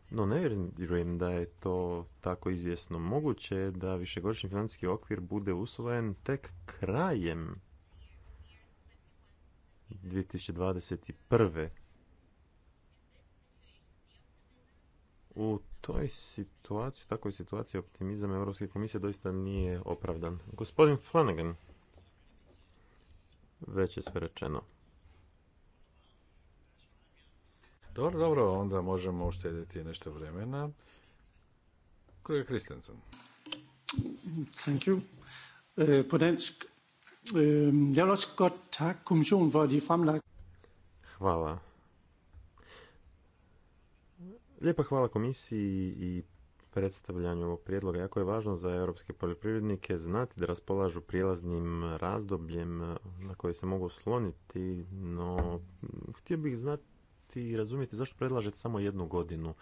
no ne vjerujem da je to tako izvjesno moguće da višegodišnji financijski okvir bude usvojen tek krajem 2021. U toj situaciji, takvoj situaciji optimizam Europske komisije doista nije opravdan. Gospodin Flanagan. Već je sve rečeno. Dobro, dobro, onda možemo uštediti nešto vremena. Kolega Kristensen. Thank you. Øh, po dansk. Øh, jeg vil også godt tak kommissionen for, at de fremlagt. Hvala. Lijepa hvala komisiji i predstavljanju ovog prijedloga. Jako je važno za europske poljoprivrednike znati da raspolažu prijelaznim razdobljem na koje se mogu sloniti, no htio bih znati i razumjeti zašto predlažete samo jednu godinu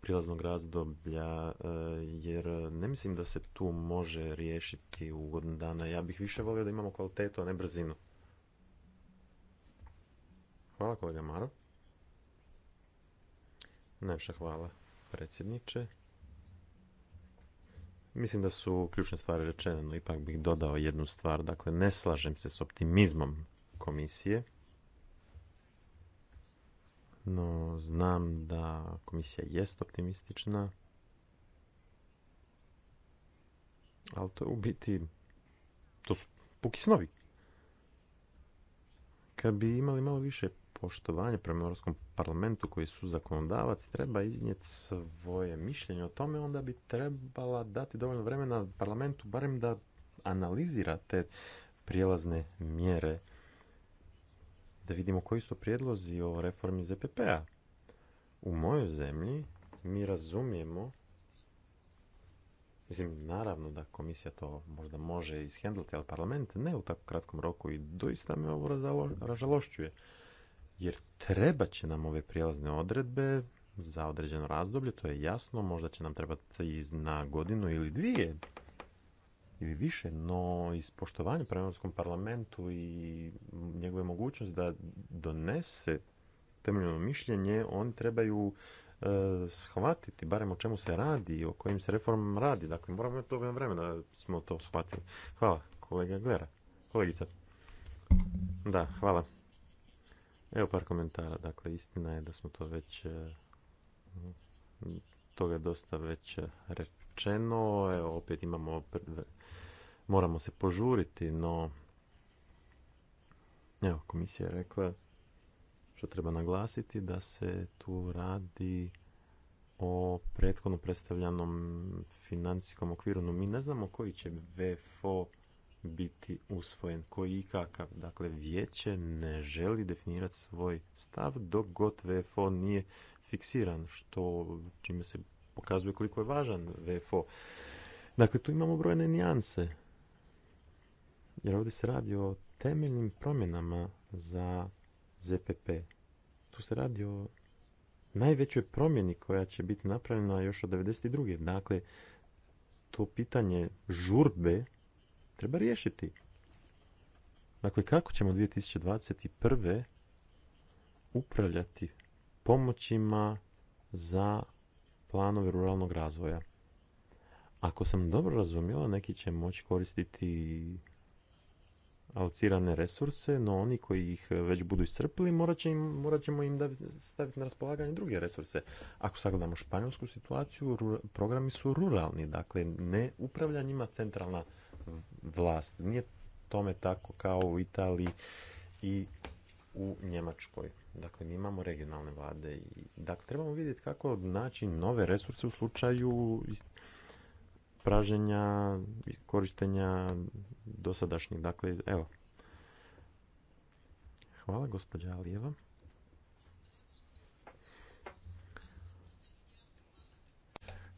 prilaznog razdoblja, e, jer ne mislim da se tu može riješiti u godinu dana. Ja bih više volio da imamo kvalitetu, a ne brzinu. Hvala kolega Maro. hvala predsjedniče. Mislim da su ključne stvari rečene, no ipak bih dodao jednu stvar. Dakle, ne slažem se s optimizmom komisije. No, znam da komisija jest optimistična. Ali to je u biti... To su puki snovi. Kad bi imali malo više poštovanje prema Europskom parlamentu koji su zakonodavac treba iznijeti svoje mišljenje o tome, onda bi trebala dati dovoljno vremena parlamentu barem da analizira te prijelazne mjere da vidimo koji su prijedlozi o reformi ZPP-a. U mojoj zemlji mi razumijemo Mislim, naravno da komisija to možda može ishendlati, ali parlament ne u tako kratkom roku i doista me ovo ražalošćuje jer treba će nam ove prijelazne odredbe za određeno razdoblje, to je jasno, možda će nam trebati na godinu ili dvije ili više, no iz poštovanja prema Europskom parlamentu i njegove mogućnosti da donese temeljno mišljenje, oni trebaju e, shvatiti barem o čemu se radi i o kojim se reformama radi. Dakle, moramo imati dovoljno vremena da smo to shvatili. Hvala, kolega Glera. Kolegica. Da, hvala. Evo par komentara. Dakle, istina je da smo to već e, toga je dosta već rečeno. Evo, opet imamo moramo se požuriti, no evo, komisija je rekla što treba naglasiti da se tu radi o prethodno predstavljanom financijskom okviru, no mi ne znamo koji će VFO biti usvojen koji i kakav. Dakle, vijeće ne želi definirati svoj stav dok god VFO nije fiksiran, što čime se pokazuje koliko je važan VFO. Dakle, tu imamo brojne nijanse. Jer ovdje se radi o temeljnim promjenama za ZPP. Tu se radi o najvećoj promjeni koja će biti napravljena još od 92. Dakle, to pitanje žurbe treba riješiti. Dakle, kako ćemo 2021. upravljati pomoćima za planove ruralnog razvoja? Ako sam dobro razumjela, neki će moći koristiti alocirane resurse, no oni koji ih već budu iscrpili, morat, im, ćemo im staviti na raspolaganje druge resurse. Ako sagledamo španjolsku situaciju, programi su ruralni, dakle ne upravlja njima centralna vlast. Nije tome tako kao u Italiji i u Njemačkoj. Dakle, mi imamo regionalne vlade i dakle, trebamo vidjeti kako naći nove resurse u slučaju praženja, korištenja dosadašnjih. Dakle, evo. Hvala, gospođa Alijeva.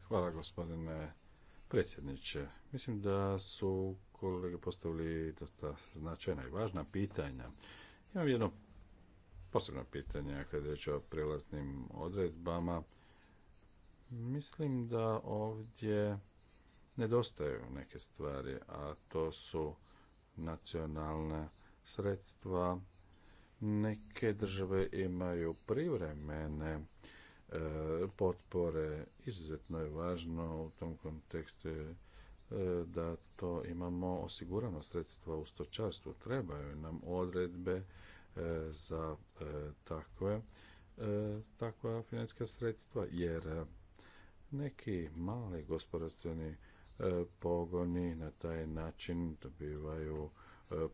Hvala, gospodine predsjedniče. Mislim da su kolege postavili dosta značajna i važna pitanja. Imam jedno posebno pitanje kada je riječ o prelaznim odredbama. Mislim da ovdje nedostaju neke stvari, a to su nacionalne sredstva. Neke države imaju privremene e, potpore. Izuzetno je važno u tom kontekstu E, da to imamo osigurano sredstva u stočarstvu. Trebaju nam odredbe e, za e, takve, takva financijska sredstva, jer neki mali gospodarstveni pogoni na taj način dobivaju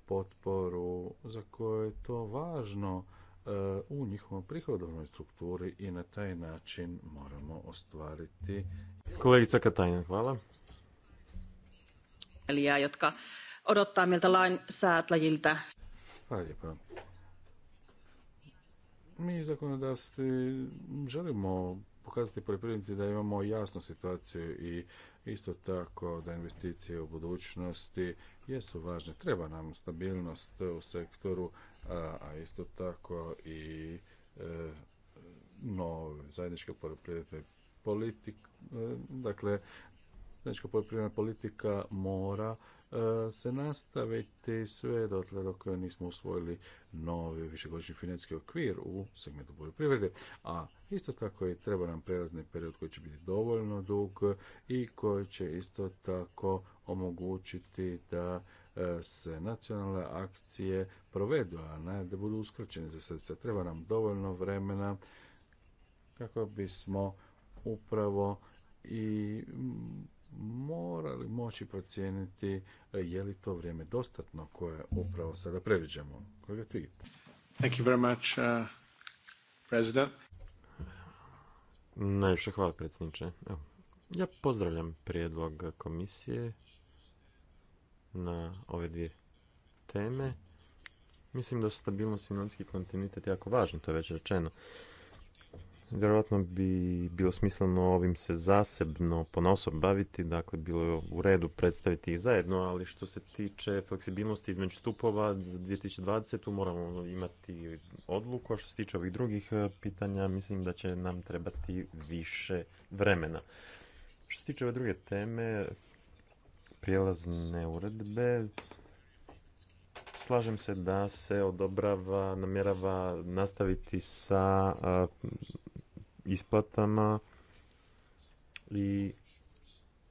potporu za koje je to važno u njihovoj prihodovnoj strukturi i na taj način moramo ostvariti. Kolegica Katajna, hvala. Li, jotka odottaa meiltä lainsäätäjiltä. Hvala Mi zakonodavstvi želimo pokazati poljoprivrednici da imamo jasnu situaciju i isto tako da investicije u budućnosti jesu važne. Treba nam stabilnost u sektoru, a isto tako i e, nove zajedničke poljoprivredne politik, e, dakle Zajednička poljoprivredna politika mora e, se nastaviti sve dotle dok nismo usvojili novi višegodišnji financijski okvir u segmentu poljoprivrede, a isto tako i treba nam prelazni period koji će biti dovoljno dug i koji će isto tako omogućiti da e, se nacionalne akcije provedu, a ne da budu uskraćene za sredstva. Treba nam dovoljno vremena kako bismo upravo i morali moći procijeniti e, je li to vrijeme dostatno koje upravo sada predviđamo. Kolega Tvigit. Thank you very much, uh, President. Najviše hvala predsjedniče. ja pozdravljam prijedlog komisije na ove dvije teme. Mislim da su stabilnost i financijski kontinuitet jako važni, to je već rečeno vjerojatno bi bilo smisleno ovim se zasebno ponosom baviti, dakle bilo je u redu predstaviti ih zajedno, ali što se tiče fleksibilnosti između stupova za 2020. moramo imati odluku, a što se tiče ovih drugih e, pitanja mislim da će nam trebati više vremena. Što se tiče ove druge teme, prijelazne uredbe, slažem se da se odobrava, namjerava nastaviti sa e, isplatama i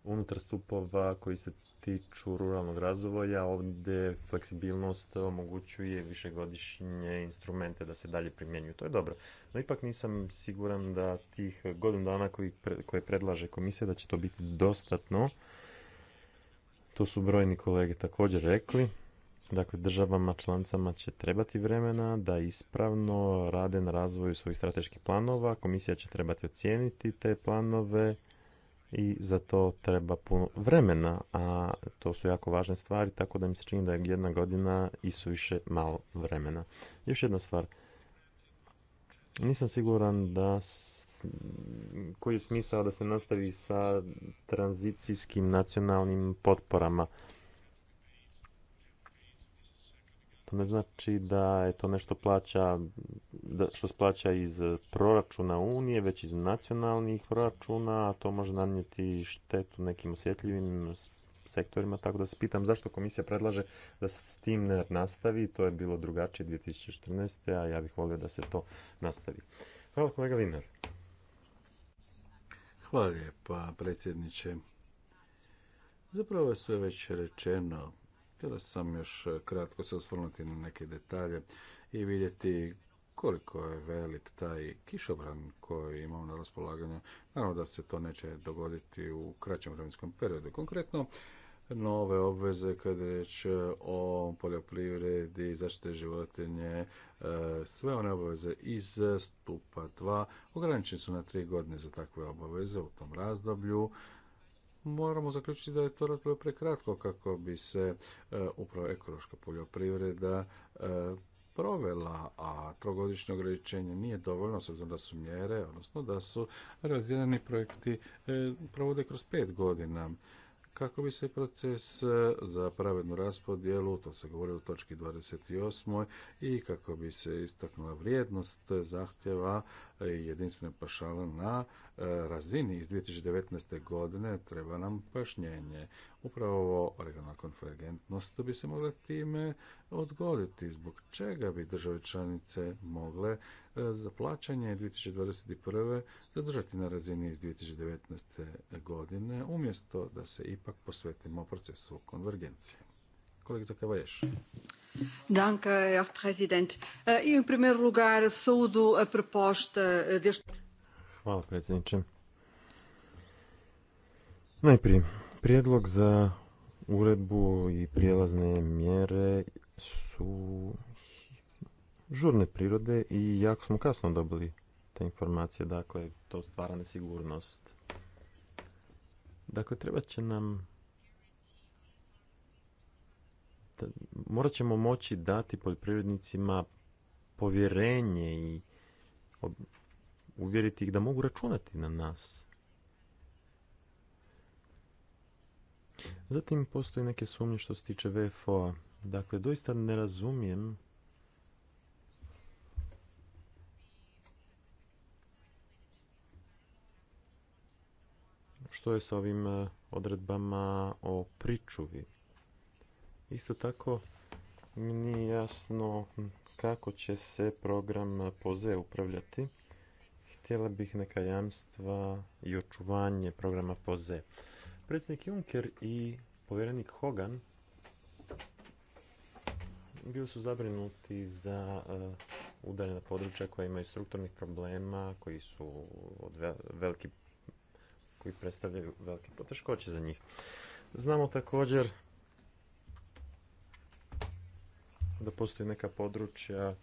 unutar stupova koji se tiču ruralnog razvoja. Ovdje fleksibilnost omogućuje višegodišnje instrumente da se dalje primjenjuju. To je dobro. No ipak nisam siguran da tih godinu dana koje predlaže komisija da će to biti dostatno. To su brojni kolege također rekli. Dakle, državama članicama će trebati vremena da ispravno rade na razvoju svojih strateških planova. Komisija će trebati ocijeniti te planove i za to treba puno vremena, a to su jako važne stvari, tako da mi se čini da je jedna godina i suviše malo vremena. Još jedna stvar. Nisam siguran da koji je smisao da se nastavi sa tranzicijskim nacionalnim potporama. To ne znači da je to nešto plaća, da, što se plaća iz proračuna Unije, već iz nacionalnih proračuna, a to može nanijeti štetu nekim osjetljivim sektorima, tako da se pitam zašto komisija predlaže da se s tim ne nastavi, to je bilo drugačije 2014. a ja bih volio da se to nastavi. Hvala kolega Vinar. Hvala lijepa predsjedniče. Zapravo je sve već rečeno Htjela sam još e, kratko se osvrnuti na neke detalje i vidjeti koliko je velik taj kišobran koji imamo na raspolaganju. Naravno da se to neće dogoditi u kraćem vremenskom periodu. Konkretno, nove obveze kada je riječ e, o poljoprivredi, zaštite životinje, e, sve one obaveze iz stupa 2 ograničene su na tri godine za takve obaveze u tom razdoblju moramo zaključiti da je to razpravo prekratko kako bi se e, upravo ekološka poljoprivreda e, provela, a trogodišnje ograničenje nije dovoljno, s obzirom da su mjere, odnosno da su realizirani projekti e, provode kroz pet godina kako bi se proces e, za pravednu raspodjelu, to se govori u točki 28. i kako bi se istaknula vrijednost zahtjeva e, jedinstvene pašala na e, razini iz 2019. godine treba nam pašnjenje. Upravo regionalna konvergentnost bi se mogla time odgoditi. Zbog čega bi države članice mogle e, za plaćanje 2021. zadržati na razini iz 2019. godine, umjesto da se ipak posvetimo procesu konvergencije? Kolegica Kavaješ. Danke, ja, prezident. E, I u primer lugar saudu e, proposta Hvala, predsjedniče. Najprije, Prijedlog za uredbu i prijelazne mjere su žurne prirode i jako smo kasno dobili te informacije, dakle to stvara nesigurnost. Dakle, treba će nam morat ćemo moći dati poljoprivrednicima povjerenje i uvjeriti ih da mogu računati na nas. Zatim postoje neke sumnje što se tiče VFO-a. Dakle, doista ne razumijem što je sa ovim e, odredbama o pričuvi. Isto tako mi nije jasno kako će se program POZE upravljati. Htjela bih neka jamstva i očuvanje programa POZE. Predsjednik Juncker i povjerenik Hogan bili su zabrinuti za eh, udaljena područja koja imaju strukturnih problema, koji su koji predstavljaju velike poteškoće za njih. Znamo također da postoji neka područja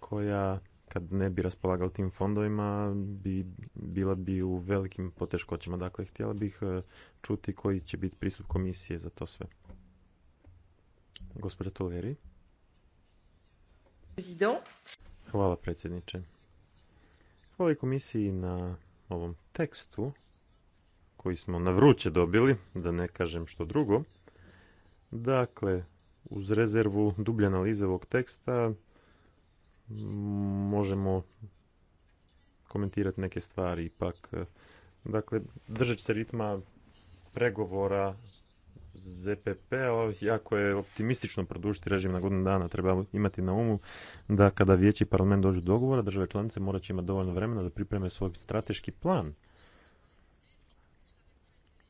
koja kad ne bi raspolagao tim fondovima, bi, bila bi u velikim poteškoćama. Dakle, htjela bih e, čuti koji će biti pristup komisije za to sve. Gospođa Toleri. Hvala predsjedniče. Hvala komisiji na ovom tekstu koji smo na vruće dobili, da ne kažem što drugo. Dakle, uz rezervu dublje analize ovog teksta možemo komentirati neke stvari ipak. Dakle, držat se ritma pregovora ZPP, p-a. jako je optimistično produžiti režim na godinu dana. Treba imati na umu da kada vijeći parlament dođu do dogovora, države članice morat će imati dovoljno vremena da pripreme svoj strateški plan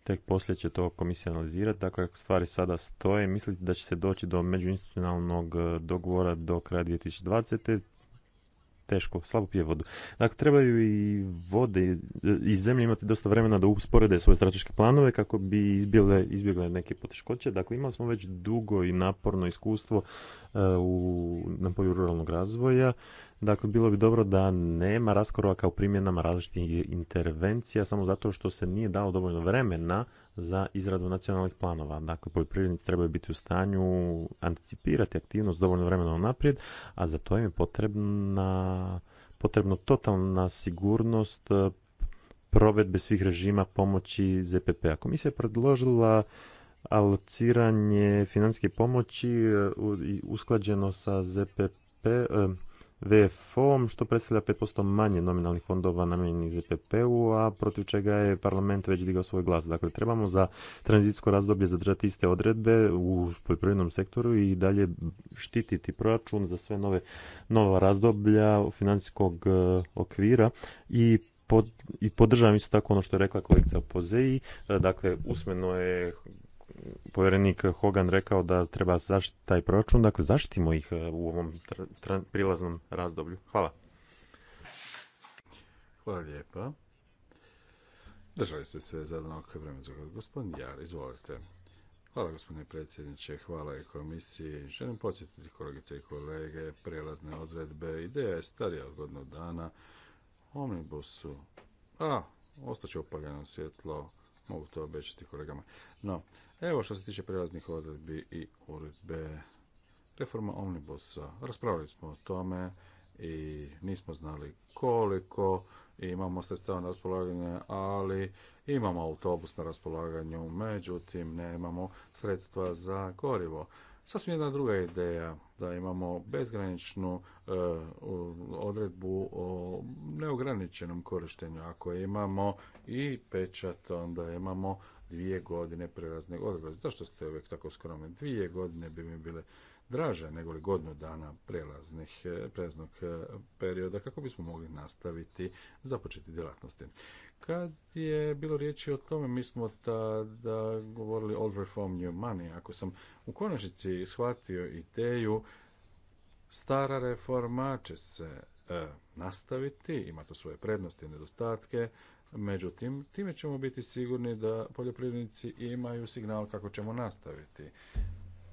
tek poslije će to komisija analizirati. Dakle, ako stvari sada stoje, mislite da će se doći do međuinstitucionalnog e, dogovora do kraja 2020. Teško, slabo pije vodu. Dakle, trebaju i vode e, i zemlje imati dosta vremena da usporede svoje strateške planove kako bi izbjegle, izbjegle neke poteškoće. Dakle, imali smo već dugo i naporno iskustvo e, u, na polju ruralnog razvoja. Dakle, bilo bi dobro da nema raskoraka u primjenama različitih intervencija samo zato što se nije dao dovoljno vremena za izradu nacionalnih planova. Dakle, poljoprivrednici trebaju biti u stanju anticipirati aktivnost dovoljno vremena unaprijed, a za to im je potrebna, potrebno totalna sigurnost eh, provedbe svih režima pomoći ZPP-a. Komisija je predložila alociranje financijske pomoći eh, usklađeno sa ZPP, eh, VFO-om, što predstavlja 5% manje nominalnih fondova namijenjenih ZPP-u, a protiv čega je parlament već digao svoj glas. Dakle, trebamo za tranzitsko razdoblje zadržati iste odredbe u poljoprivrednom sektoru i dalje štititi proračun za sve nove nova razdoblja financijskog e, okvira i pod, i podržavam isto tako ono što je rekla kolegica Pozeji, e, dakle usmeno je povjerenik Hogan rekao da treba zaštiti taj proračun, dakle zaštitimo ih e, u ovom prilaznom razdoblju. Hvala. Hvala lijepa. Držali ste se zadanog vremenskog. Gospodin Jar, izvolite. Hvala gospodine predsjedniče, hvala i komisiji. Želim podsjetiti kolegice i kolege, prelazne odredbe, ideja je starija od godinu dana, omnibusu, a, ostaće upaljeno svjetlo, mogu to obećati kolegama. No, Evo što se tiče prelaznih odredbi i uredbe reforma omnibusa. Raspravili smo o tome i nismo znali koliko imamo sredstava na raspolaganju, ali imamo autobus na raspolaganju, međutim nemamo sredstva za gorivo. Sasvim jedna druga ideja da imamo bezgraničnu e, odredbu o neograničenom korištenju. Ako imamo i pečat, onda imamo dvije godine prelazne odlaza. Zašto ste uvijek tako skromni? Dvije godine bi mi bile draže nego li godinu dana prelaznih, e, prelaznog e, perioda kako bismo mogli nastaviti započeti djelatnosti. Kad je bilo riječi o tome, mi smo tada govorili old reform new money. Ako sam u konačnici shvatio ideju, stara reforma će se e, nastaviti, ima to svoje prednosti i nedostatke, Međutim, time ćemo biti sigurni da poljoprivrednici imaju signal kako ćemo nastaviti.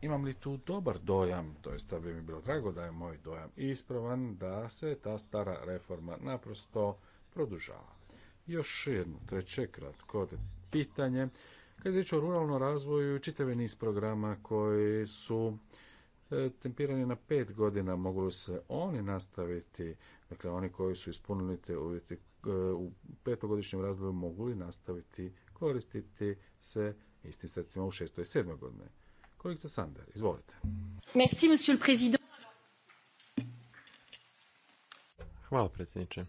Imam li tu dobar dojam, to jest da bi mi bilo drago da je moj dojam ispravan, da se ta stara reforma naprosto produžava. Još jedno, treće kratko pitanje. Kad je riječ o ruralnom razvoju, čitave niz programa koji su e, tempirani na pet godina, mogu li se oni nastaviti, dakle oni koji su ispunili te uvjeti E, u petogodišnjem razdoblju mogli nastaviti koristiti se istim srcima u šestoj i sedmoj godini. Kolegica Sander, izvolite. Hvala predsjedniče.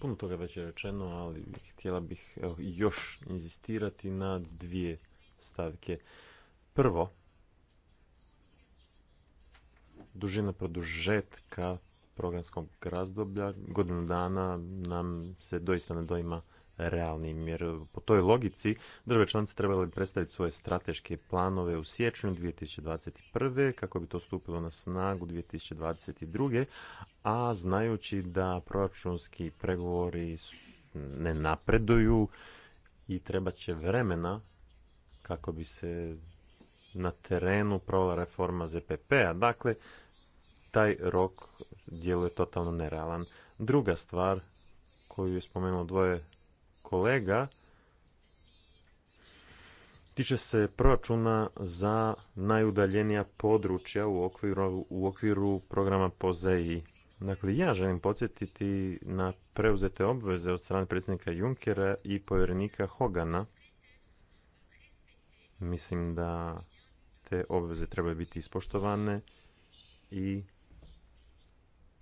Puno toga već je rečeno, ali htjela bih još inzistirati na dvije stavke. Prvo, dužina produžetka programskog razdoblja, godinu dana nam se doista ne doima realnim, jer po toj logici države članice trebali bi predstaviti svoje strateške planove u siječnju 2021. kako bi to stupilo na snagu 2022. A znajući da proračunski pregovori ne napreduju i treba će vremena kako bi se na terenu provela reforma ZPP-a. Dakle, taj rok djeluje totalno nerealan. Druga stvar koju je spomenulo dvoje kolega tiče se proračuna za najudaljenija područja u okviru, u okviru programa POZEI. Dakle, ja želim podsjetiti na preuzete obveze od strane predsjednika Junkera i povjerenika Hogana. Mislim da te obveze trebaju biti ispoštovane i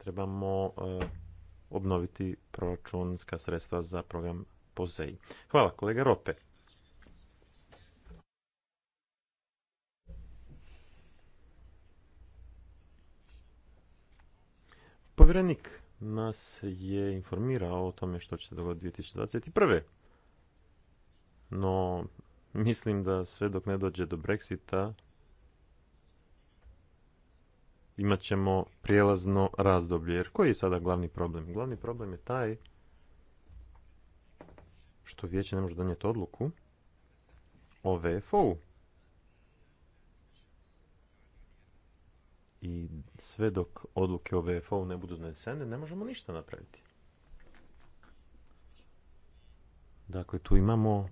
trebamo eh, obnoviti proračunska sredstva za program POSEI. Hvala kolega Rope. Povjerenik nas je informirao o tome što će se dogoditi 2021. No, mislim da sve dok ne dođe do Brexita, imat ćemo prijelazno razdoblje. Jer koji je sada glavni problem? Glavni problem je taj što vijeće ne može donijeti odluku o VFO-u. I sve dok odluke o VFO-u ne budu donesene, ne možemo ništa napraviti. Dakle, tu imamo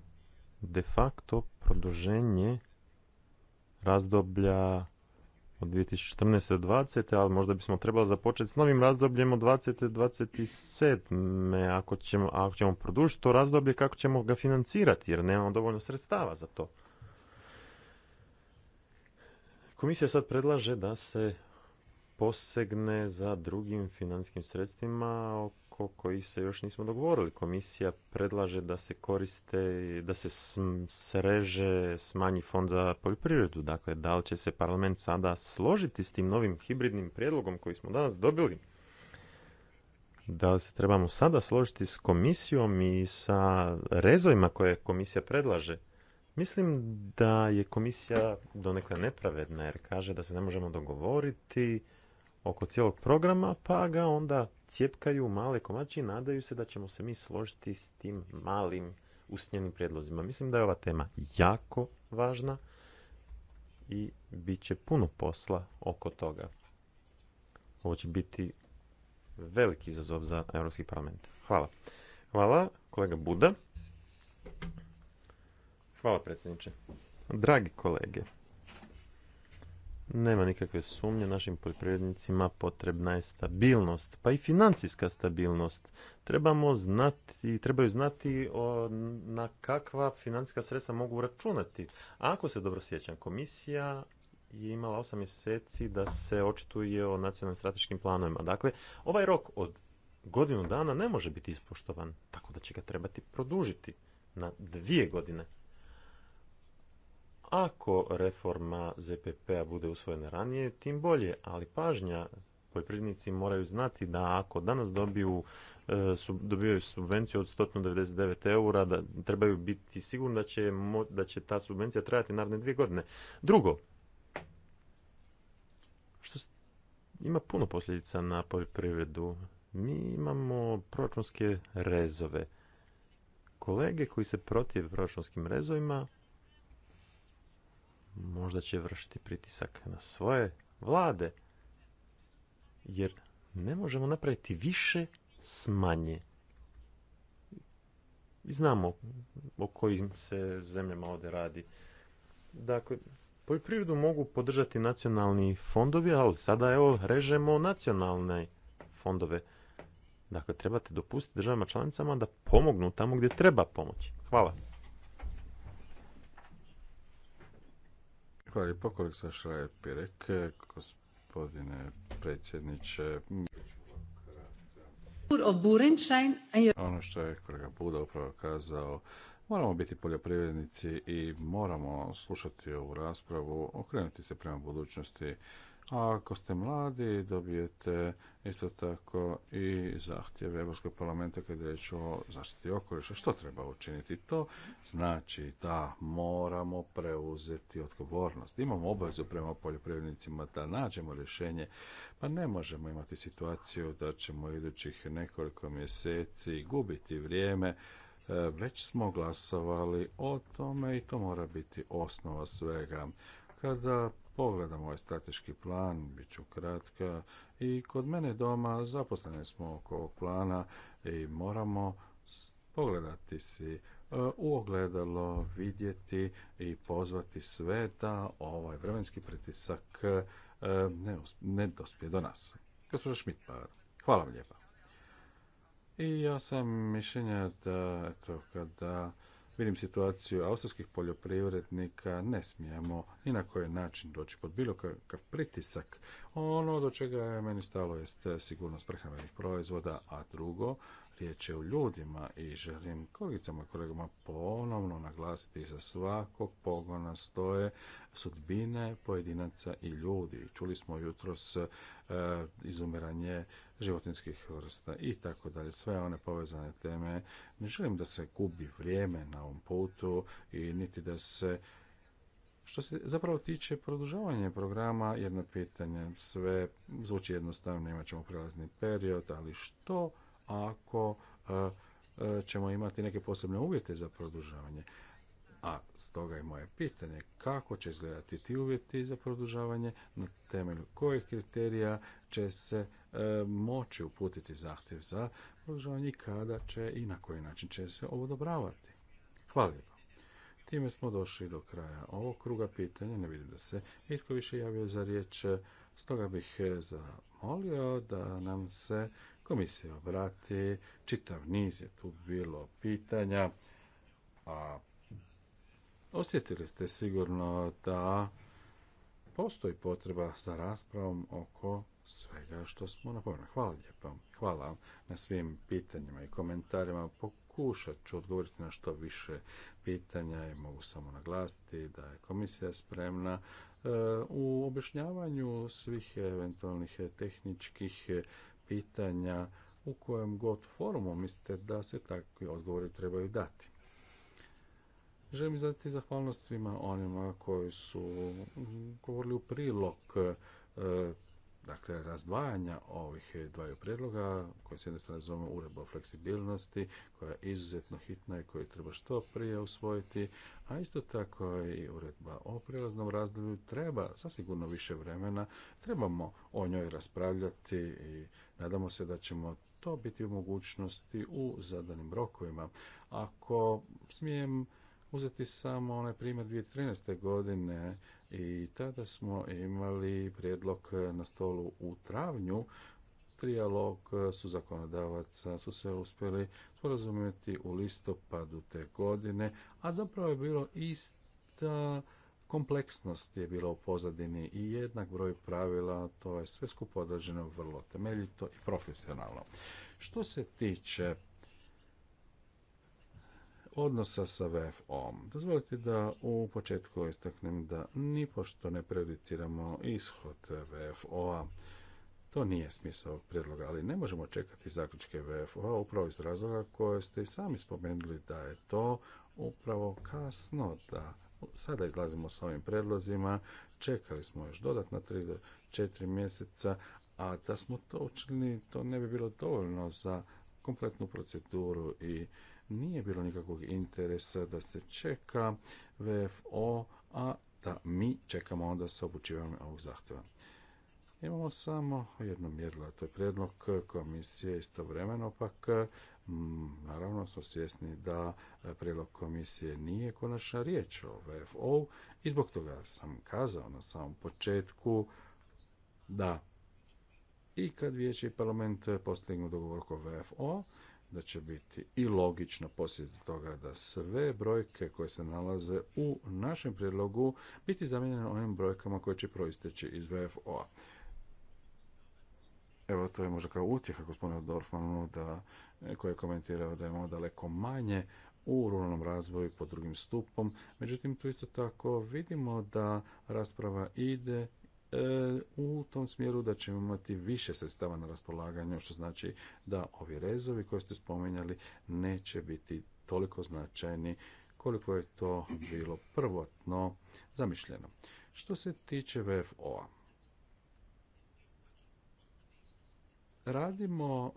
de facto produženje razdoblja od 2014. do 2020. ali možda bismo trebali započeti s novim razdobljem od 2027. Ako ćemo, ako ćemo produžiti to razdoblje, kako ćemo ga financirati jer nemamo dovoljno sredstava za to. Komisija sad predlaže da se posegne za drugim financijskim sredstvima oko kojih se još nismo dogovorili. Komisija predlaže da se koriste, da se sreže, smanji fond za poljoprivredu. Dakle, da li će se parlament sada složiti s tim novim hibridnim prijedlogom koji smo danas dobili? Da li se trebamo sada složiti s komisijom i sa rezovima koje komisija predlaže? Mislim da je komisija donekle nepravedna jer kaže da se ne možemo dogovoriti oko cijelog programa, pa ga onda cijepkaju male komači i nadaju se da ćemo se mi složiti s tim malim usnjenim prijedlozima. Mislim da je ova tema jako važna i bit će puno posla oko toga. Ovo će biti veliki izazov za Europski parlament. Hvala. Hvala, kolega Buda. Hvala, predsjedniče. Dragi kolege, nema nikakve sumnje, našim poljoprivrednicima potrebna je stabilnost, pa i financijska stabilnost. Trebamo znati, trebaju znati na kakva financijska sredstva mogu računati. A ako se dobro sjećam, komisija je imala 8 mjeseci da se očituje o nacionalnim strateškim planovima. Dakle, ovaj rok od godinu dana ne može biti ispoštovan, tako da će ga trebati produžiti na dvije godine. Ako reforma ZPP-a bude usvojena ranije, tim bolje, ali pažnja poljoprivrednici moraju znati da ako danas dobiju e, dobivaju subvenciju od 199 eura, da trebaju biti sigurni da će, da će ta subvencija trajati naredne dvije godine. Drugo, što ima puno posljedica na poljoprivredu. Mi imamo proračunske rezove. Kolege koji se protive proračunskim rezovima možda će vršiti pritisak na svoje vlade, jer ne možemo napraviti više s manje. I znamo o kojim se zemljama ovdje radi. Dakle, poljoprivredu mogu podržati nacionalni fondovi, ali sada evo režemo nacionalne fondove. Dakle, trebate dopustiti državama članicama da pomognu tamo gdje treba pomoći. Hvala. Hvala lijepo, kolega Šraje Pirek, gospodine predsjedniče. Ono što je kolega Buda upravo kazao, moramo biti poljoprivrednici i moramo slušati ovu raspravu, okrenuti se prema budućnosti. A ako ste mladi, dobijete isto tako i zahtjeve Evropskog parlamenta kada je riječ o zaštiti okoliša. Što treba učiniti? To znači da moramo preuzeti odgovornost. Imamo obavezu prema poljoprivrednicima da nađemo rješenje, pa ne možemo imati situaciju da ćemo idućih nekoliko mjeseci gubiti vrijeme e, već smo glasovali o tome i to mora biti osnova svega. Kada pogledam ovaj strateški plan, bit ću kratka, i kod mene doma zaposleni smo oko ovog plana i moramo pogledati si e, u ogledalo, vidjeti i pozvati sve da ovaj vremenski pritisak e, ne, dospije do nas. Gospodin Šmit, hvala vam lijepa. I ja sam mišljenja da, eto, kada vidim situaciju austrijskih poljoprivrednika, ne smijemo ni na koji način doći pod bilo kakav pritisak. Ono do čega je meni stalo jest sigurnost prehrambenih proizvoda, a drugo, riječ je o ljudima i želim kolegicama i kolegama ponovno naglasiti za svakog pogona stoje sudbine pojedinaca i ljudi. Čuli smo jutros e, izumiranje životinskih vrsta i tako dalje, sve one povezane teme. Ne želim da se gubi vrijeme na ovom putu i niti da se što se zapravo tiče produžavanja programa, jedno pitanje, sve zvuči jednostavno, imat ćemo prelazni period, ali što ako e, e, ćemo imati neke posebne uvjete za produžavanje. A stoga je moje pitanje kako će izgledati ti uvjeti za produžavanje, na temelju kojih kriterija će se e, moći uputiti zahtjev za produžavanje i kada će i na koji način će se odobravati. Hvala lijepo. Time smo došli do kraja ovog kruga pitanja. Ne vidim da se itko više javio za riječ. Stoga bih zamolio da nam se komisija obrati. Čitav niz je tu bilo pitanja, a osjetili ste sigurno da postoji potreba za raspravom oko svega što smo napomenuli. Hvala lijepo. Hvala na svim pitanjima i komentarima. Pokušat ću odgovoriti na što više pitanja i mogu samo naglasiti da je komisija spremna e, u objašnjavanju svih eventualnih tehničkih pitanja u kojem god forumu mislite da se takvi odgovori trebaju dati. Želim izraziti zahvalnost svima onima koji su govorili u prilog e, dakle, razdvajanja ovih dvaju predloga, koje se jednostavno zove uredba o fleksibilnosti, koja je izuzetno hitna i koju treba što prije usvojiti, a isto tako i uredba o prijelaznom razdoblju treba sasigurno više vremena, trebamo o njoj raspravljati i nadamo se da ćemo to biti u mogućnosti u zadanim rokovima. Ako smijem uzeti samo onaj primjer 2013. godine, i tada smo imali prijedlog na stolu u travnju trijalog su zakonodavaca su se uspjeli sporazumjeti u listopadu te godine, a zapravo je bilo ista kompleksnost je bila u pozadini i jednak broj pravila, to je sve skupo odrađeno vrlo temeljito i profesionalno. Što se tiče odnosa sa VFO-om. Dozvolite da u početku istaknem da nipošto ne prejudiciramo ishod VFO-a. To nije smisao ovog prijedloga, ali ne možemo čekati zaključke VFO-a upravo iz razloga koje ste i sami spomenuli da je to upravo kasno da sada izlazimo s ovim predlozima, čekali smo još dodatno 3 do 4 mjeseca, a da smo to učinili, to ne bi bilo dovoljno za kompletnu proceduru i nije bilo nikakvog interesa da se čeka VFO, a da mi čekamo onda sa obučivanjem ovog zahtjeva. Imamo samo jedno mjerilo, to je predlog komisije istovremeno, pak naravno smo svjesni da predlog komisije nije konačna riječ o VFO i zbog toga sam kazao na samom početku da i kad vijeće i parlament postignu dogovor oko VFO, da će biti i logično poslije toga da sve brojke koje se nalaze u našem prijedlogu biti zamijenjene onim brojkama koje će proisteći iz VFO-a. Evo, to je možda kao utjeha gospodina Dorfmanu da, koji je komentirao da imamo daleko manje u ruralnom razvoju pod drugim stupom. Međutim, tu isto tako vidimo da rasprava ide E, u tom smjeru da ćemo imati više sredstava na raspolaganju, što znači da ovi rezovi koje ste spomenjali neće biti toliko značajni koliko je to bilo prvotno zamišljeno. Što se tiče VFO-a, radimo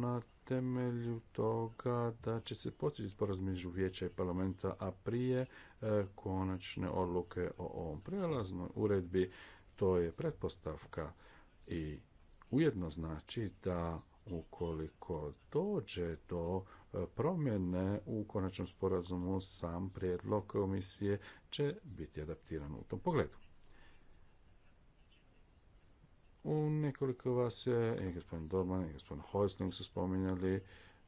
na temelju toga da će se postići sporazum između vijeća i parlamenta, a prije e, konačne odluke o ovom prelaznoj uredbi to je pretpostavka i ujedno znači da ukoliko dođe do e, promjene u konačnom sporazumu sam prijedlog komisije će biti adaptiran u tom pogledu. U nekoliko vas je i gospodin Dorman i gospodin Hojsling su spominjali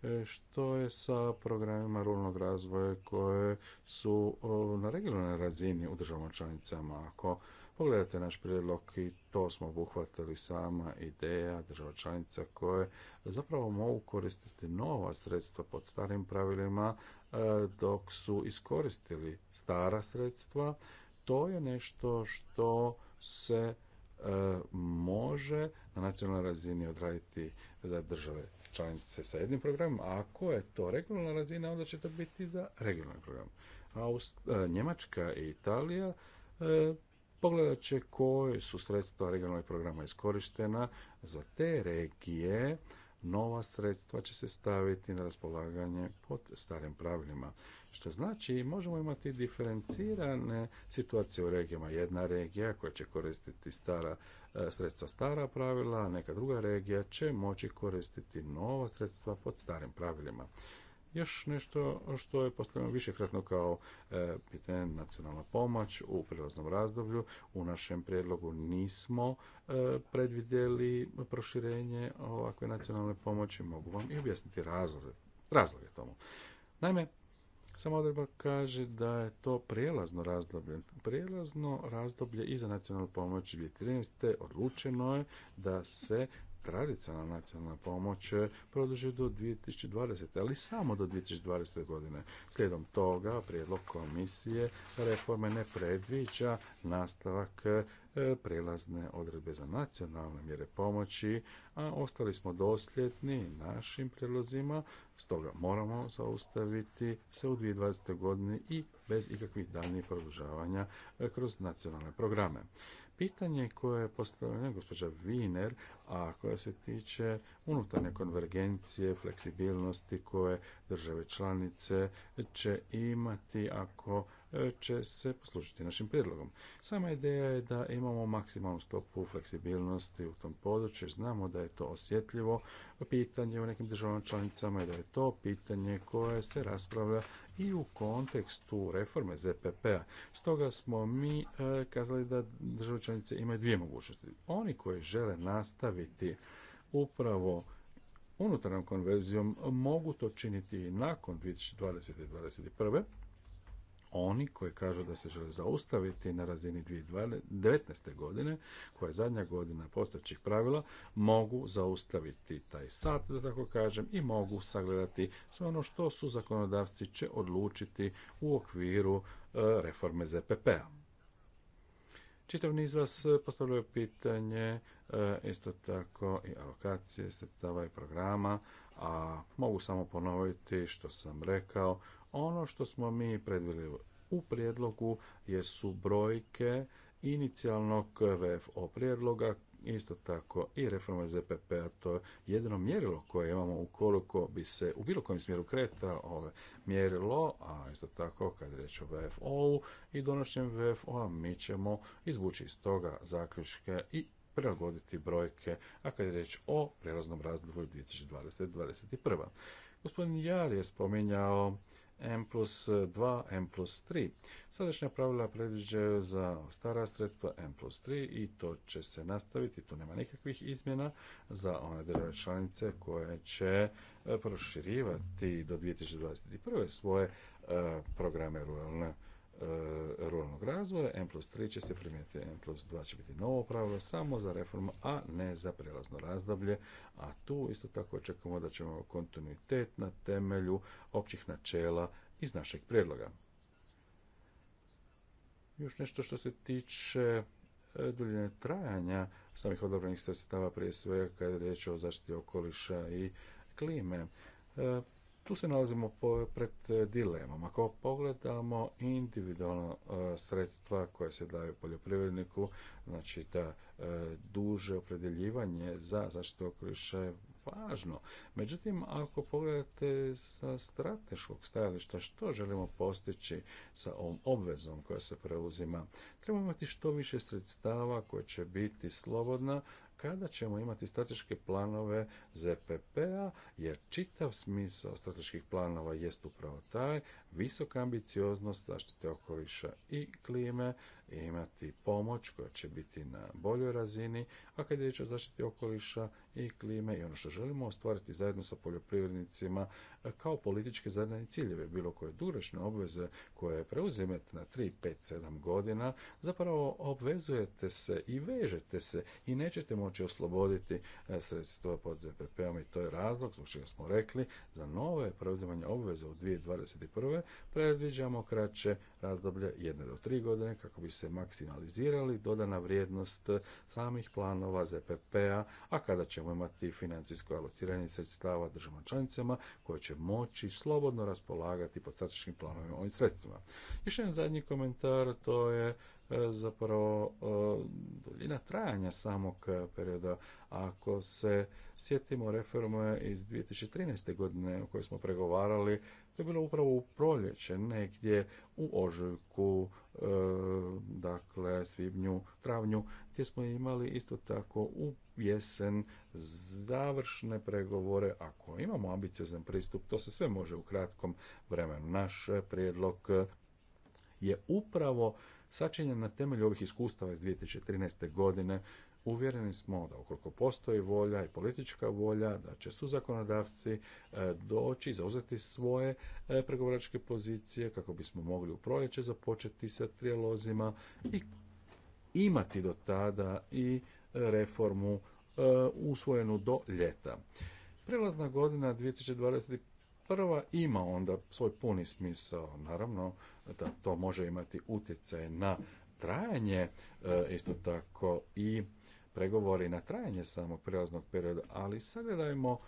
e, što je sa programima ruralnog razvoja koje su e, na regionalnoj razini u državama članicama. Ako Pogledajte naš prijedlog i to smo obuhvatili sama ideja država članica koje zapravo mogu koristiti nova sredstva pod starim pravilima e, dok su iskoristili stara sredstva. To je nešto što se e, može na nacionalnoj razini odraditi za države članice sa jednim programom, ako je to regionalna razina, onda će to biti za regionalni program. A e, Njemačka i Italija pogledat će koje su sredstva regionalnih programa iskorištena za te regije, nova sredstva će se staviti na raspolaganje pod starim pravilima. Što znači možemo imati diferencirane situacije u regijama. Jedna regija koja će koristiti stara, e, sredstva stara pravila, a neka druga regija će moći koristiti nova sredstva pod starim pravilima. Još nešto što je postavljeno višekratno kao e, pitanje nacionalna pomoć u prilaznom razdoblju. U našem prijedlogu nismo e, predvidjeli proširenje ovakve nacionalne pomoći. Mogu vam i objasniti razloge, razloge tomu. Naime, sama odreba kaže da je to prijelazno razdoblje. Prijelazno razdoblje i za nacionalnu pomoć 2013. odlučeno je da se tradicionalna nacionalna pomoć produži do 2020. ali samo do 2020. godine. Slijedom toga, prijedlog komisije reforme ne predviđa nastavak e, prelazne odredbe za nacionalne mjere pomoći, a ostali smo dosljedni našim prijedlozima, stoga moramo zaustaviti se u 2020. godini i bez ikakvih daljnjih produžavanja e, kroz nacionalne programe. Pitanje koje je postavljeno gospođa Viner, a koja se tiče unutarnje konvergencije, fleksibilnosti koje države članice će imati ako e, će se poslužiti našim prijedlogom. Sama ideja je da imamo maksimalnu stopu fleksibilnosti u tom području, znamo da je to osjetljivo pitanje u nekim državama članicama i da je to pitanje koje se raspravlja i u kontekstu reforme ZPP-a. Stoga smo mi e, kazali da države članice imaju dvije mogućnosti. Oni koji žele nastaviti upravo unutarnjom konverzijom mogu to činiti i nakon 2020. i 2021 oni koji kažu da se žele zaustaviti na razini 2019. godine, koja je zadnja godina postojećih pravila, mogu zaustaviti taj sat, da tako kažem, i mogu sagledati sve ono što su zakonodavci će odlučiti u okviru e, reforme ZPP-a. Čitav niz vas postavljaju pitanje, e, isto tako i alokacije sredstava i programa, a mogu samo ponoviti što sam rekao, ono što smo mi predvili u prijedlogu jesu brojke inicijalnog VFO prijedloga, isto tako i reforma ZPP-a, to je jedino mjerilo koje imamo ukoliko bi se u bilo kojem smjeru kreta ove mjerilo, a isto tako kad je reč o VFO-u i donošenjem VFO-a mi ćemo izvući iz toga zaključke i prilagoditi brojke, a kad je reč o prijelaznom razdoblju 2020-2021. Gospodin Jar je spominjao M plus 2, M plus 3. Sadašnja pravila predviđaju za stara sredstva M plus 3 i to će se nastaviti, tu nema nikakvih izmjena za one države članice koje će e, proširivati do 2021. svoje e, programe ruralne E, ruralnog razvoja, M plus 3 će se primijeniti, M plus 2 će biti novo pravilo samo za reformu, a ne za prelazno razdoblje, a tu isto tako očekujemo da ćemo kontinuitet na temelju općih načela iz našeg prijedloga. Još nešto što se tiče e, duljine trajanja samih odobrenih sredstava, prije svega kada je riječ o zaštiti okoliša i klime. E, tu se nalazimo pred e, dilemom. Ako pogledamo individualno e, sredstva koje se daju poljoprivredniku, znači da e, duže opredeljivanje za zaštitu okoliša je važno. Međutim, ako pogledate sa strateškog stajališta što želimo postići sa ovom obvezom koja se preuzima, trebamo imati što više sredstava koje će biti slobodna kada ćemo imati strateške planove ZPP-a, jer čitav smisao strateških planova jest upravo taj, visoka ambicioznost zaštite okoliša i klime, imati pomoć koja će biti na boljoj razini, a kad je riječ o zaštiti okoliša i klime i ono što želimo ostvariti zajedno sa poljoprivrednicima e, kao političke zadane ciljeve, bilo koje dugoročne obveze koje preuzimete na 3, 5, 7 godina, zapravo obvezujete se i vežete se i nećete moći osloboditi e, sredstva pod ZPP-om i to je razlog zbog čega smo rekli za nove preuzimanje obveza u 2021. predviđamo kraće razdoblje jedne do 3 godine kako bi se se maksimalizirali dodana vrijednost samih planova ZPP-a, a kada ćemo imati financijsko alociranje sredstava državama članicama koje će moći slobodno raspolagati pod strateškim planovima ovim sredstvima. Još jedan zadnji komentar, to je e, zapravo e, duljina trajanja samog perioda. Ako se sjetimo reforme iz 2013. godine o kojoj smo pregovarali, to je bilo upravo u proljeće, negdje u ožujku, e, dakle svibnju, travnju, gdje smo imali isto tako u jesen završne pregovore. Ako imamo ambiciozan pristup, to se sve može u kratkom vremenu. Naš prijedlog je upravo sačinjen na temelju ovih iskustava iz 2013. godine Uvjereni smo da ukoliko postoji volja i politička volja, da će su zakonodavci e, doći, zauzeti svoje e, pregovaračke pozicije kako bismo mogli u proljeće započeti sa trijalozima i imati do tada i reformu e, usvojenu do ljeta. Prelazna godina 2021. ima onda svoj puni smisao. Naravno da to može imati utjecaj na trajanje, isto tako i pregovori na trajanje samog prijelaznog perioda, ali sagledajmo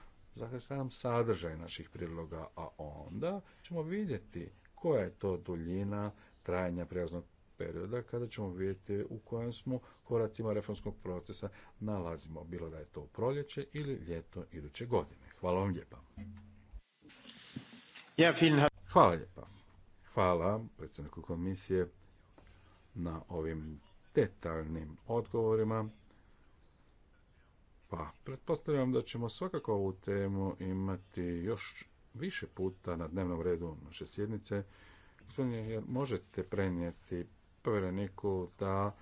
sam sadržaj naših prijedloga, a onda ćemo vidjeti koja je to duljina trajanja prijelaznog perioda kada ćemo vidjeti u kojem smo koracima reformskog procesa nalazimo, bilo da je to proljeće ili ljeto iduće godine. Hvala vam lijepa. Hvala lijepa. Hvala predsjedniku komisije na ovim detaljnim odgovorima. Pa, pretpostavljam da ćemo svakako ovu temu imati još više puta na dnevnom redu naše sjednice. Gospodine, možete prenijeti povjereniku da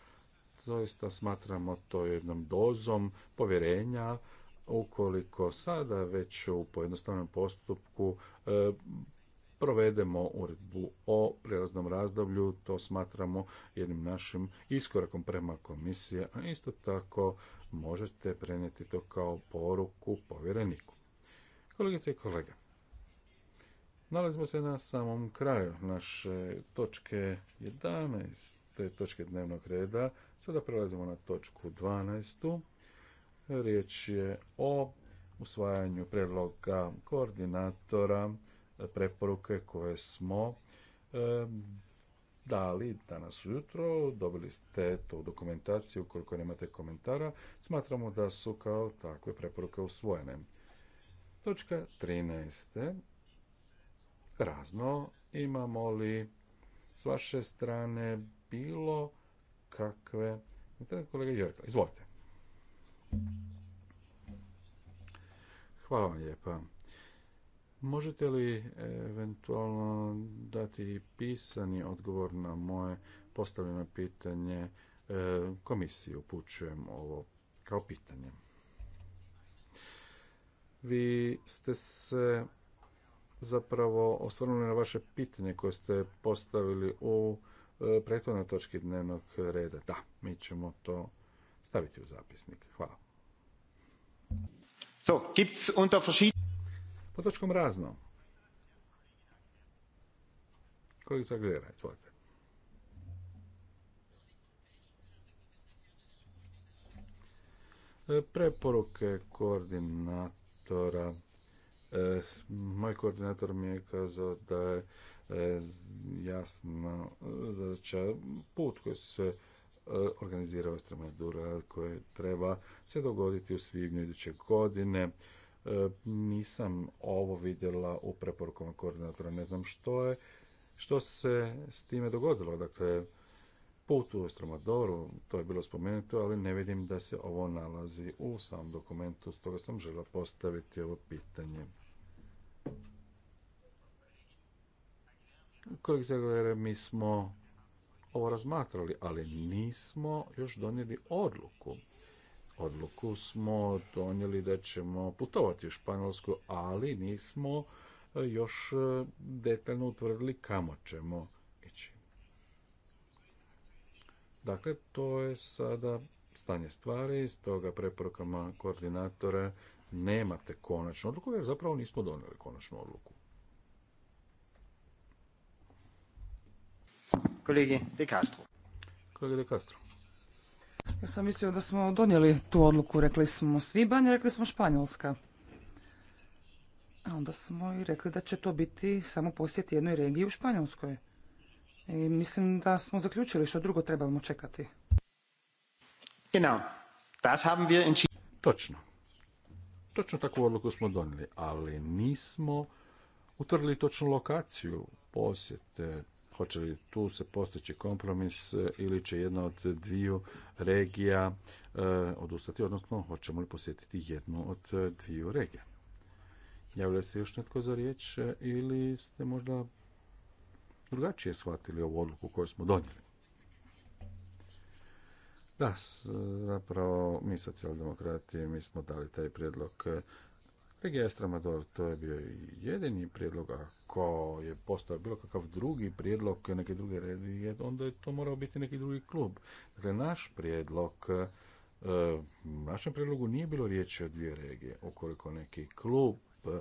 doista smatramo to jednom dozom povjerenja ukoliko sada već u pojednostavnom postupku e, provedemo uredbu o prijelaznom razdoblju, to smatramo jednim našim iskorakom prema komisije, a isto tako možete prenijeti to kao poruku povjereniku. Kolegice i kolega, nalazimo se na samom kraju naše točke 11. Te točke dnevnog reda. Sada prelazimo na točku 12. Riječ je o usvajanju predloga koordinatora preporuke koje smo e, dali danas ujutro. Dobili ste tu dokumentaciju ukoliko nemate komentara. Smatramo da su kao takve preporuke usvojene. Točka 13. Razno imamo li s vaše strane bilo kakve... Kolega izvolite. Hvala vam lijepa. Možete li eventualno dati pisani odgovor na moje postavljeno pitanje e, komisiji? Upućujem ovo kao pitanje. Vi ste se zapravo osvrnuli na vaše pitanje koje ste postavili u e, prethodnoj točki dnevnog reda. Da, mi ćemo to staviti u zapisnik. Hvala. So, gibt's unter točkom razno. Kolegica Glera, izvolite. E, preporuke koordinatora. E, moj koordinator mi je kazao da je e, jasno jasna zadaća put koji se organizirao Estremadura koje treba se dogoditi u svibnju iduće godine. E, nisam ovo vidjela u preporukama koordinatora. Ne znam što je, što se s time dogodilo. Dakle, put u Estromadoru, to je bilo spomenuto, ali ne vidim da se ovo nalazi u samom dokumentu, stoga sam žela postaviti ovo pitanje. Kolik govore mi smo ovo razmatrali, ali nismo još donijeli odluku odluku smo donijeli da ćemo putovati u Španjolsku, ali nismo e, još e, detaljno utvrdili kamo ćemo ići. Dakle, to je sada stanje stvari, stoga preporukama koordinatora nemate konačnu odluku, jer zapravo nismo donijeli konačnu odluku. Kolegi De Castro. Kolegi De Castro. Ja sam mislio da smo donijeli tu odluku, rekli smo Svibanj, rekli smo Španjolska. A onda smo i rekli da će to biti samo posjet jednoj regiji u Španjolskoj. I mislim da smo zaključili što drugo trebamo čekati. Genau. Das haben wir Točno. Točno takvu odluku smo donijeli, ali nismo utvrdili točnu lokaciju posjete Hoće li tu se postići kompromis e, ili će jedna od dviju regija e, odustati, odnosno hoćemo li posjetiti jednu od e, dviju regija? Javlja se još netko za riječ ili ste možda drugačije shvatili ovu odluku koju smo donijeli? Da, zapravo mi socijaldemokrati mi smo dali taj prijedlog registra Estramador, to je bio jedini prijedlog, ako je postao bilo kakav drugi prijedlog neke druge regije, onda je to morao biti neki drugi klub. Dakle, naš prijedlog, e, u našem prijedlogu nije bilo riječi o dvije regije. Ukoliko neki klub e,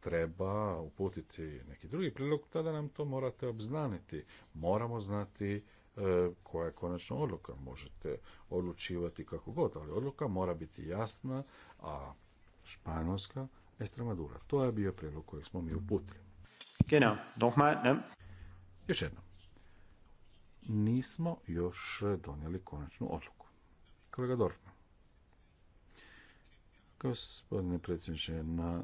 treba uputiti neki drugi prijedlog, tada nam to morate obznaniti. Moramo znati e, koja je konačna odluka. Možete odlučivati kako god, ali odluka mora biti jasna, a Španjolska, Estramadura. To je bio prijedlog kojeg smo mi uputili. Genau, ne? Još jedno. Nismo još donijeli konačnu odluku. Kolega Dorfman. Gospodine predsjedniče, na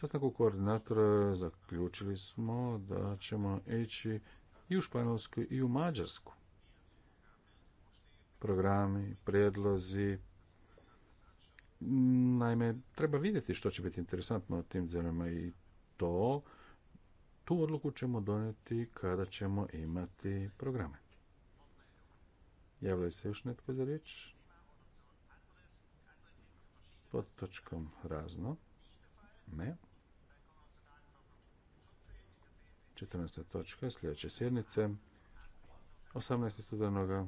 sastanku koordinatora zaključili smo da ćemo ići i u Španjolsku i u Mađarsku. Programi, prijedlozi, Naime, treba vidjeti što će biti interesantno u tim zemljama i to tu odluku ćemo donijeti kada ćemo imati programe. Javlja se još netko za riječ? Pod točkom razno. Ne. 14. točka sljedeće sjednice. 18. studenoga,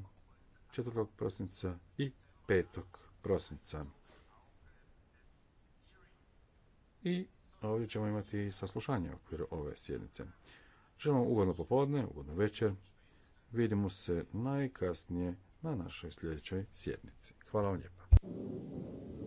4. prosinca i 5. prosinca i ovdje ćemo imati saslušanje u okviru ove sjednice. Želim vam ugodno popodne, ugodno večer. Vidimo se najkasnije na našoj sljedećoj sjednici. Hvala vam lijepa.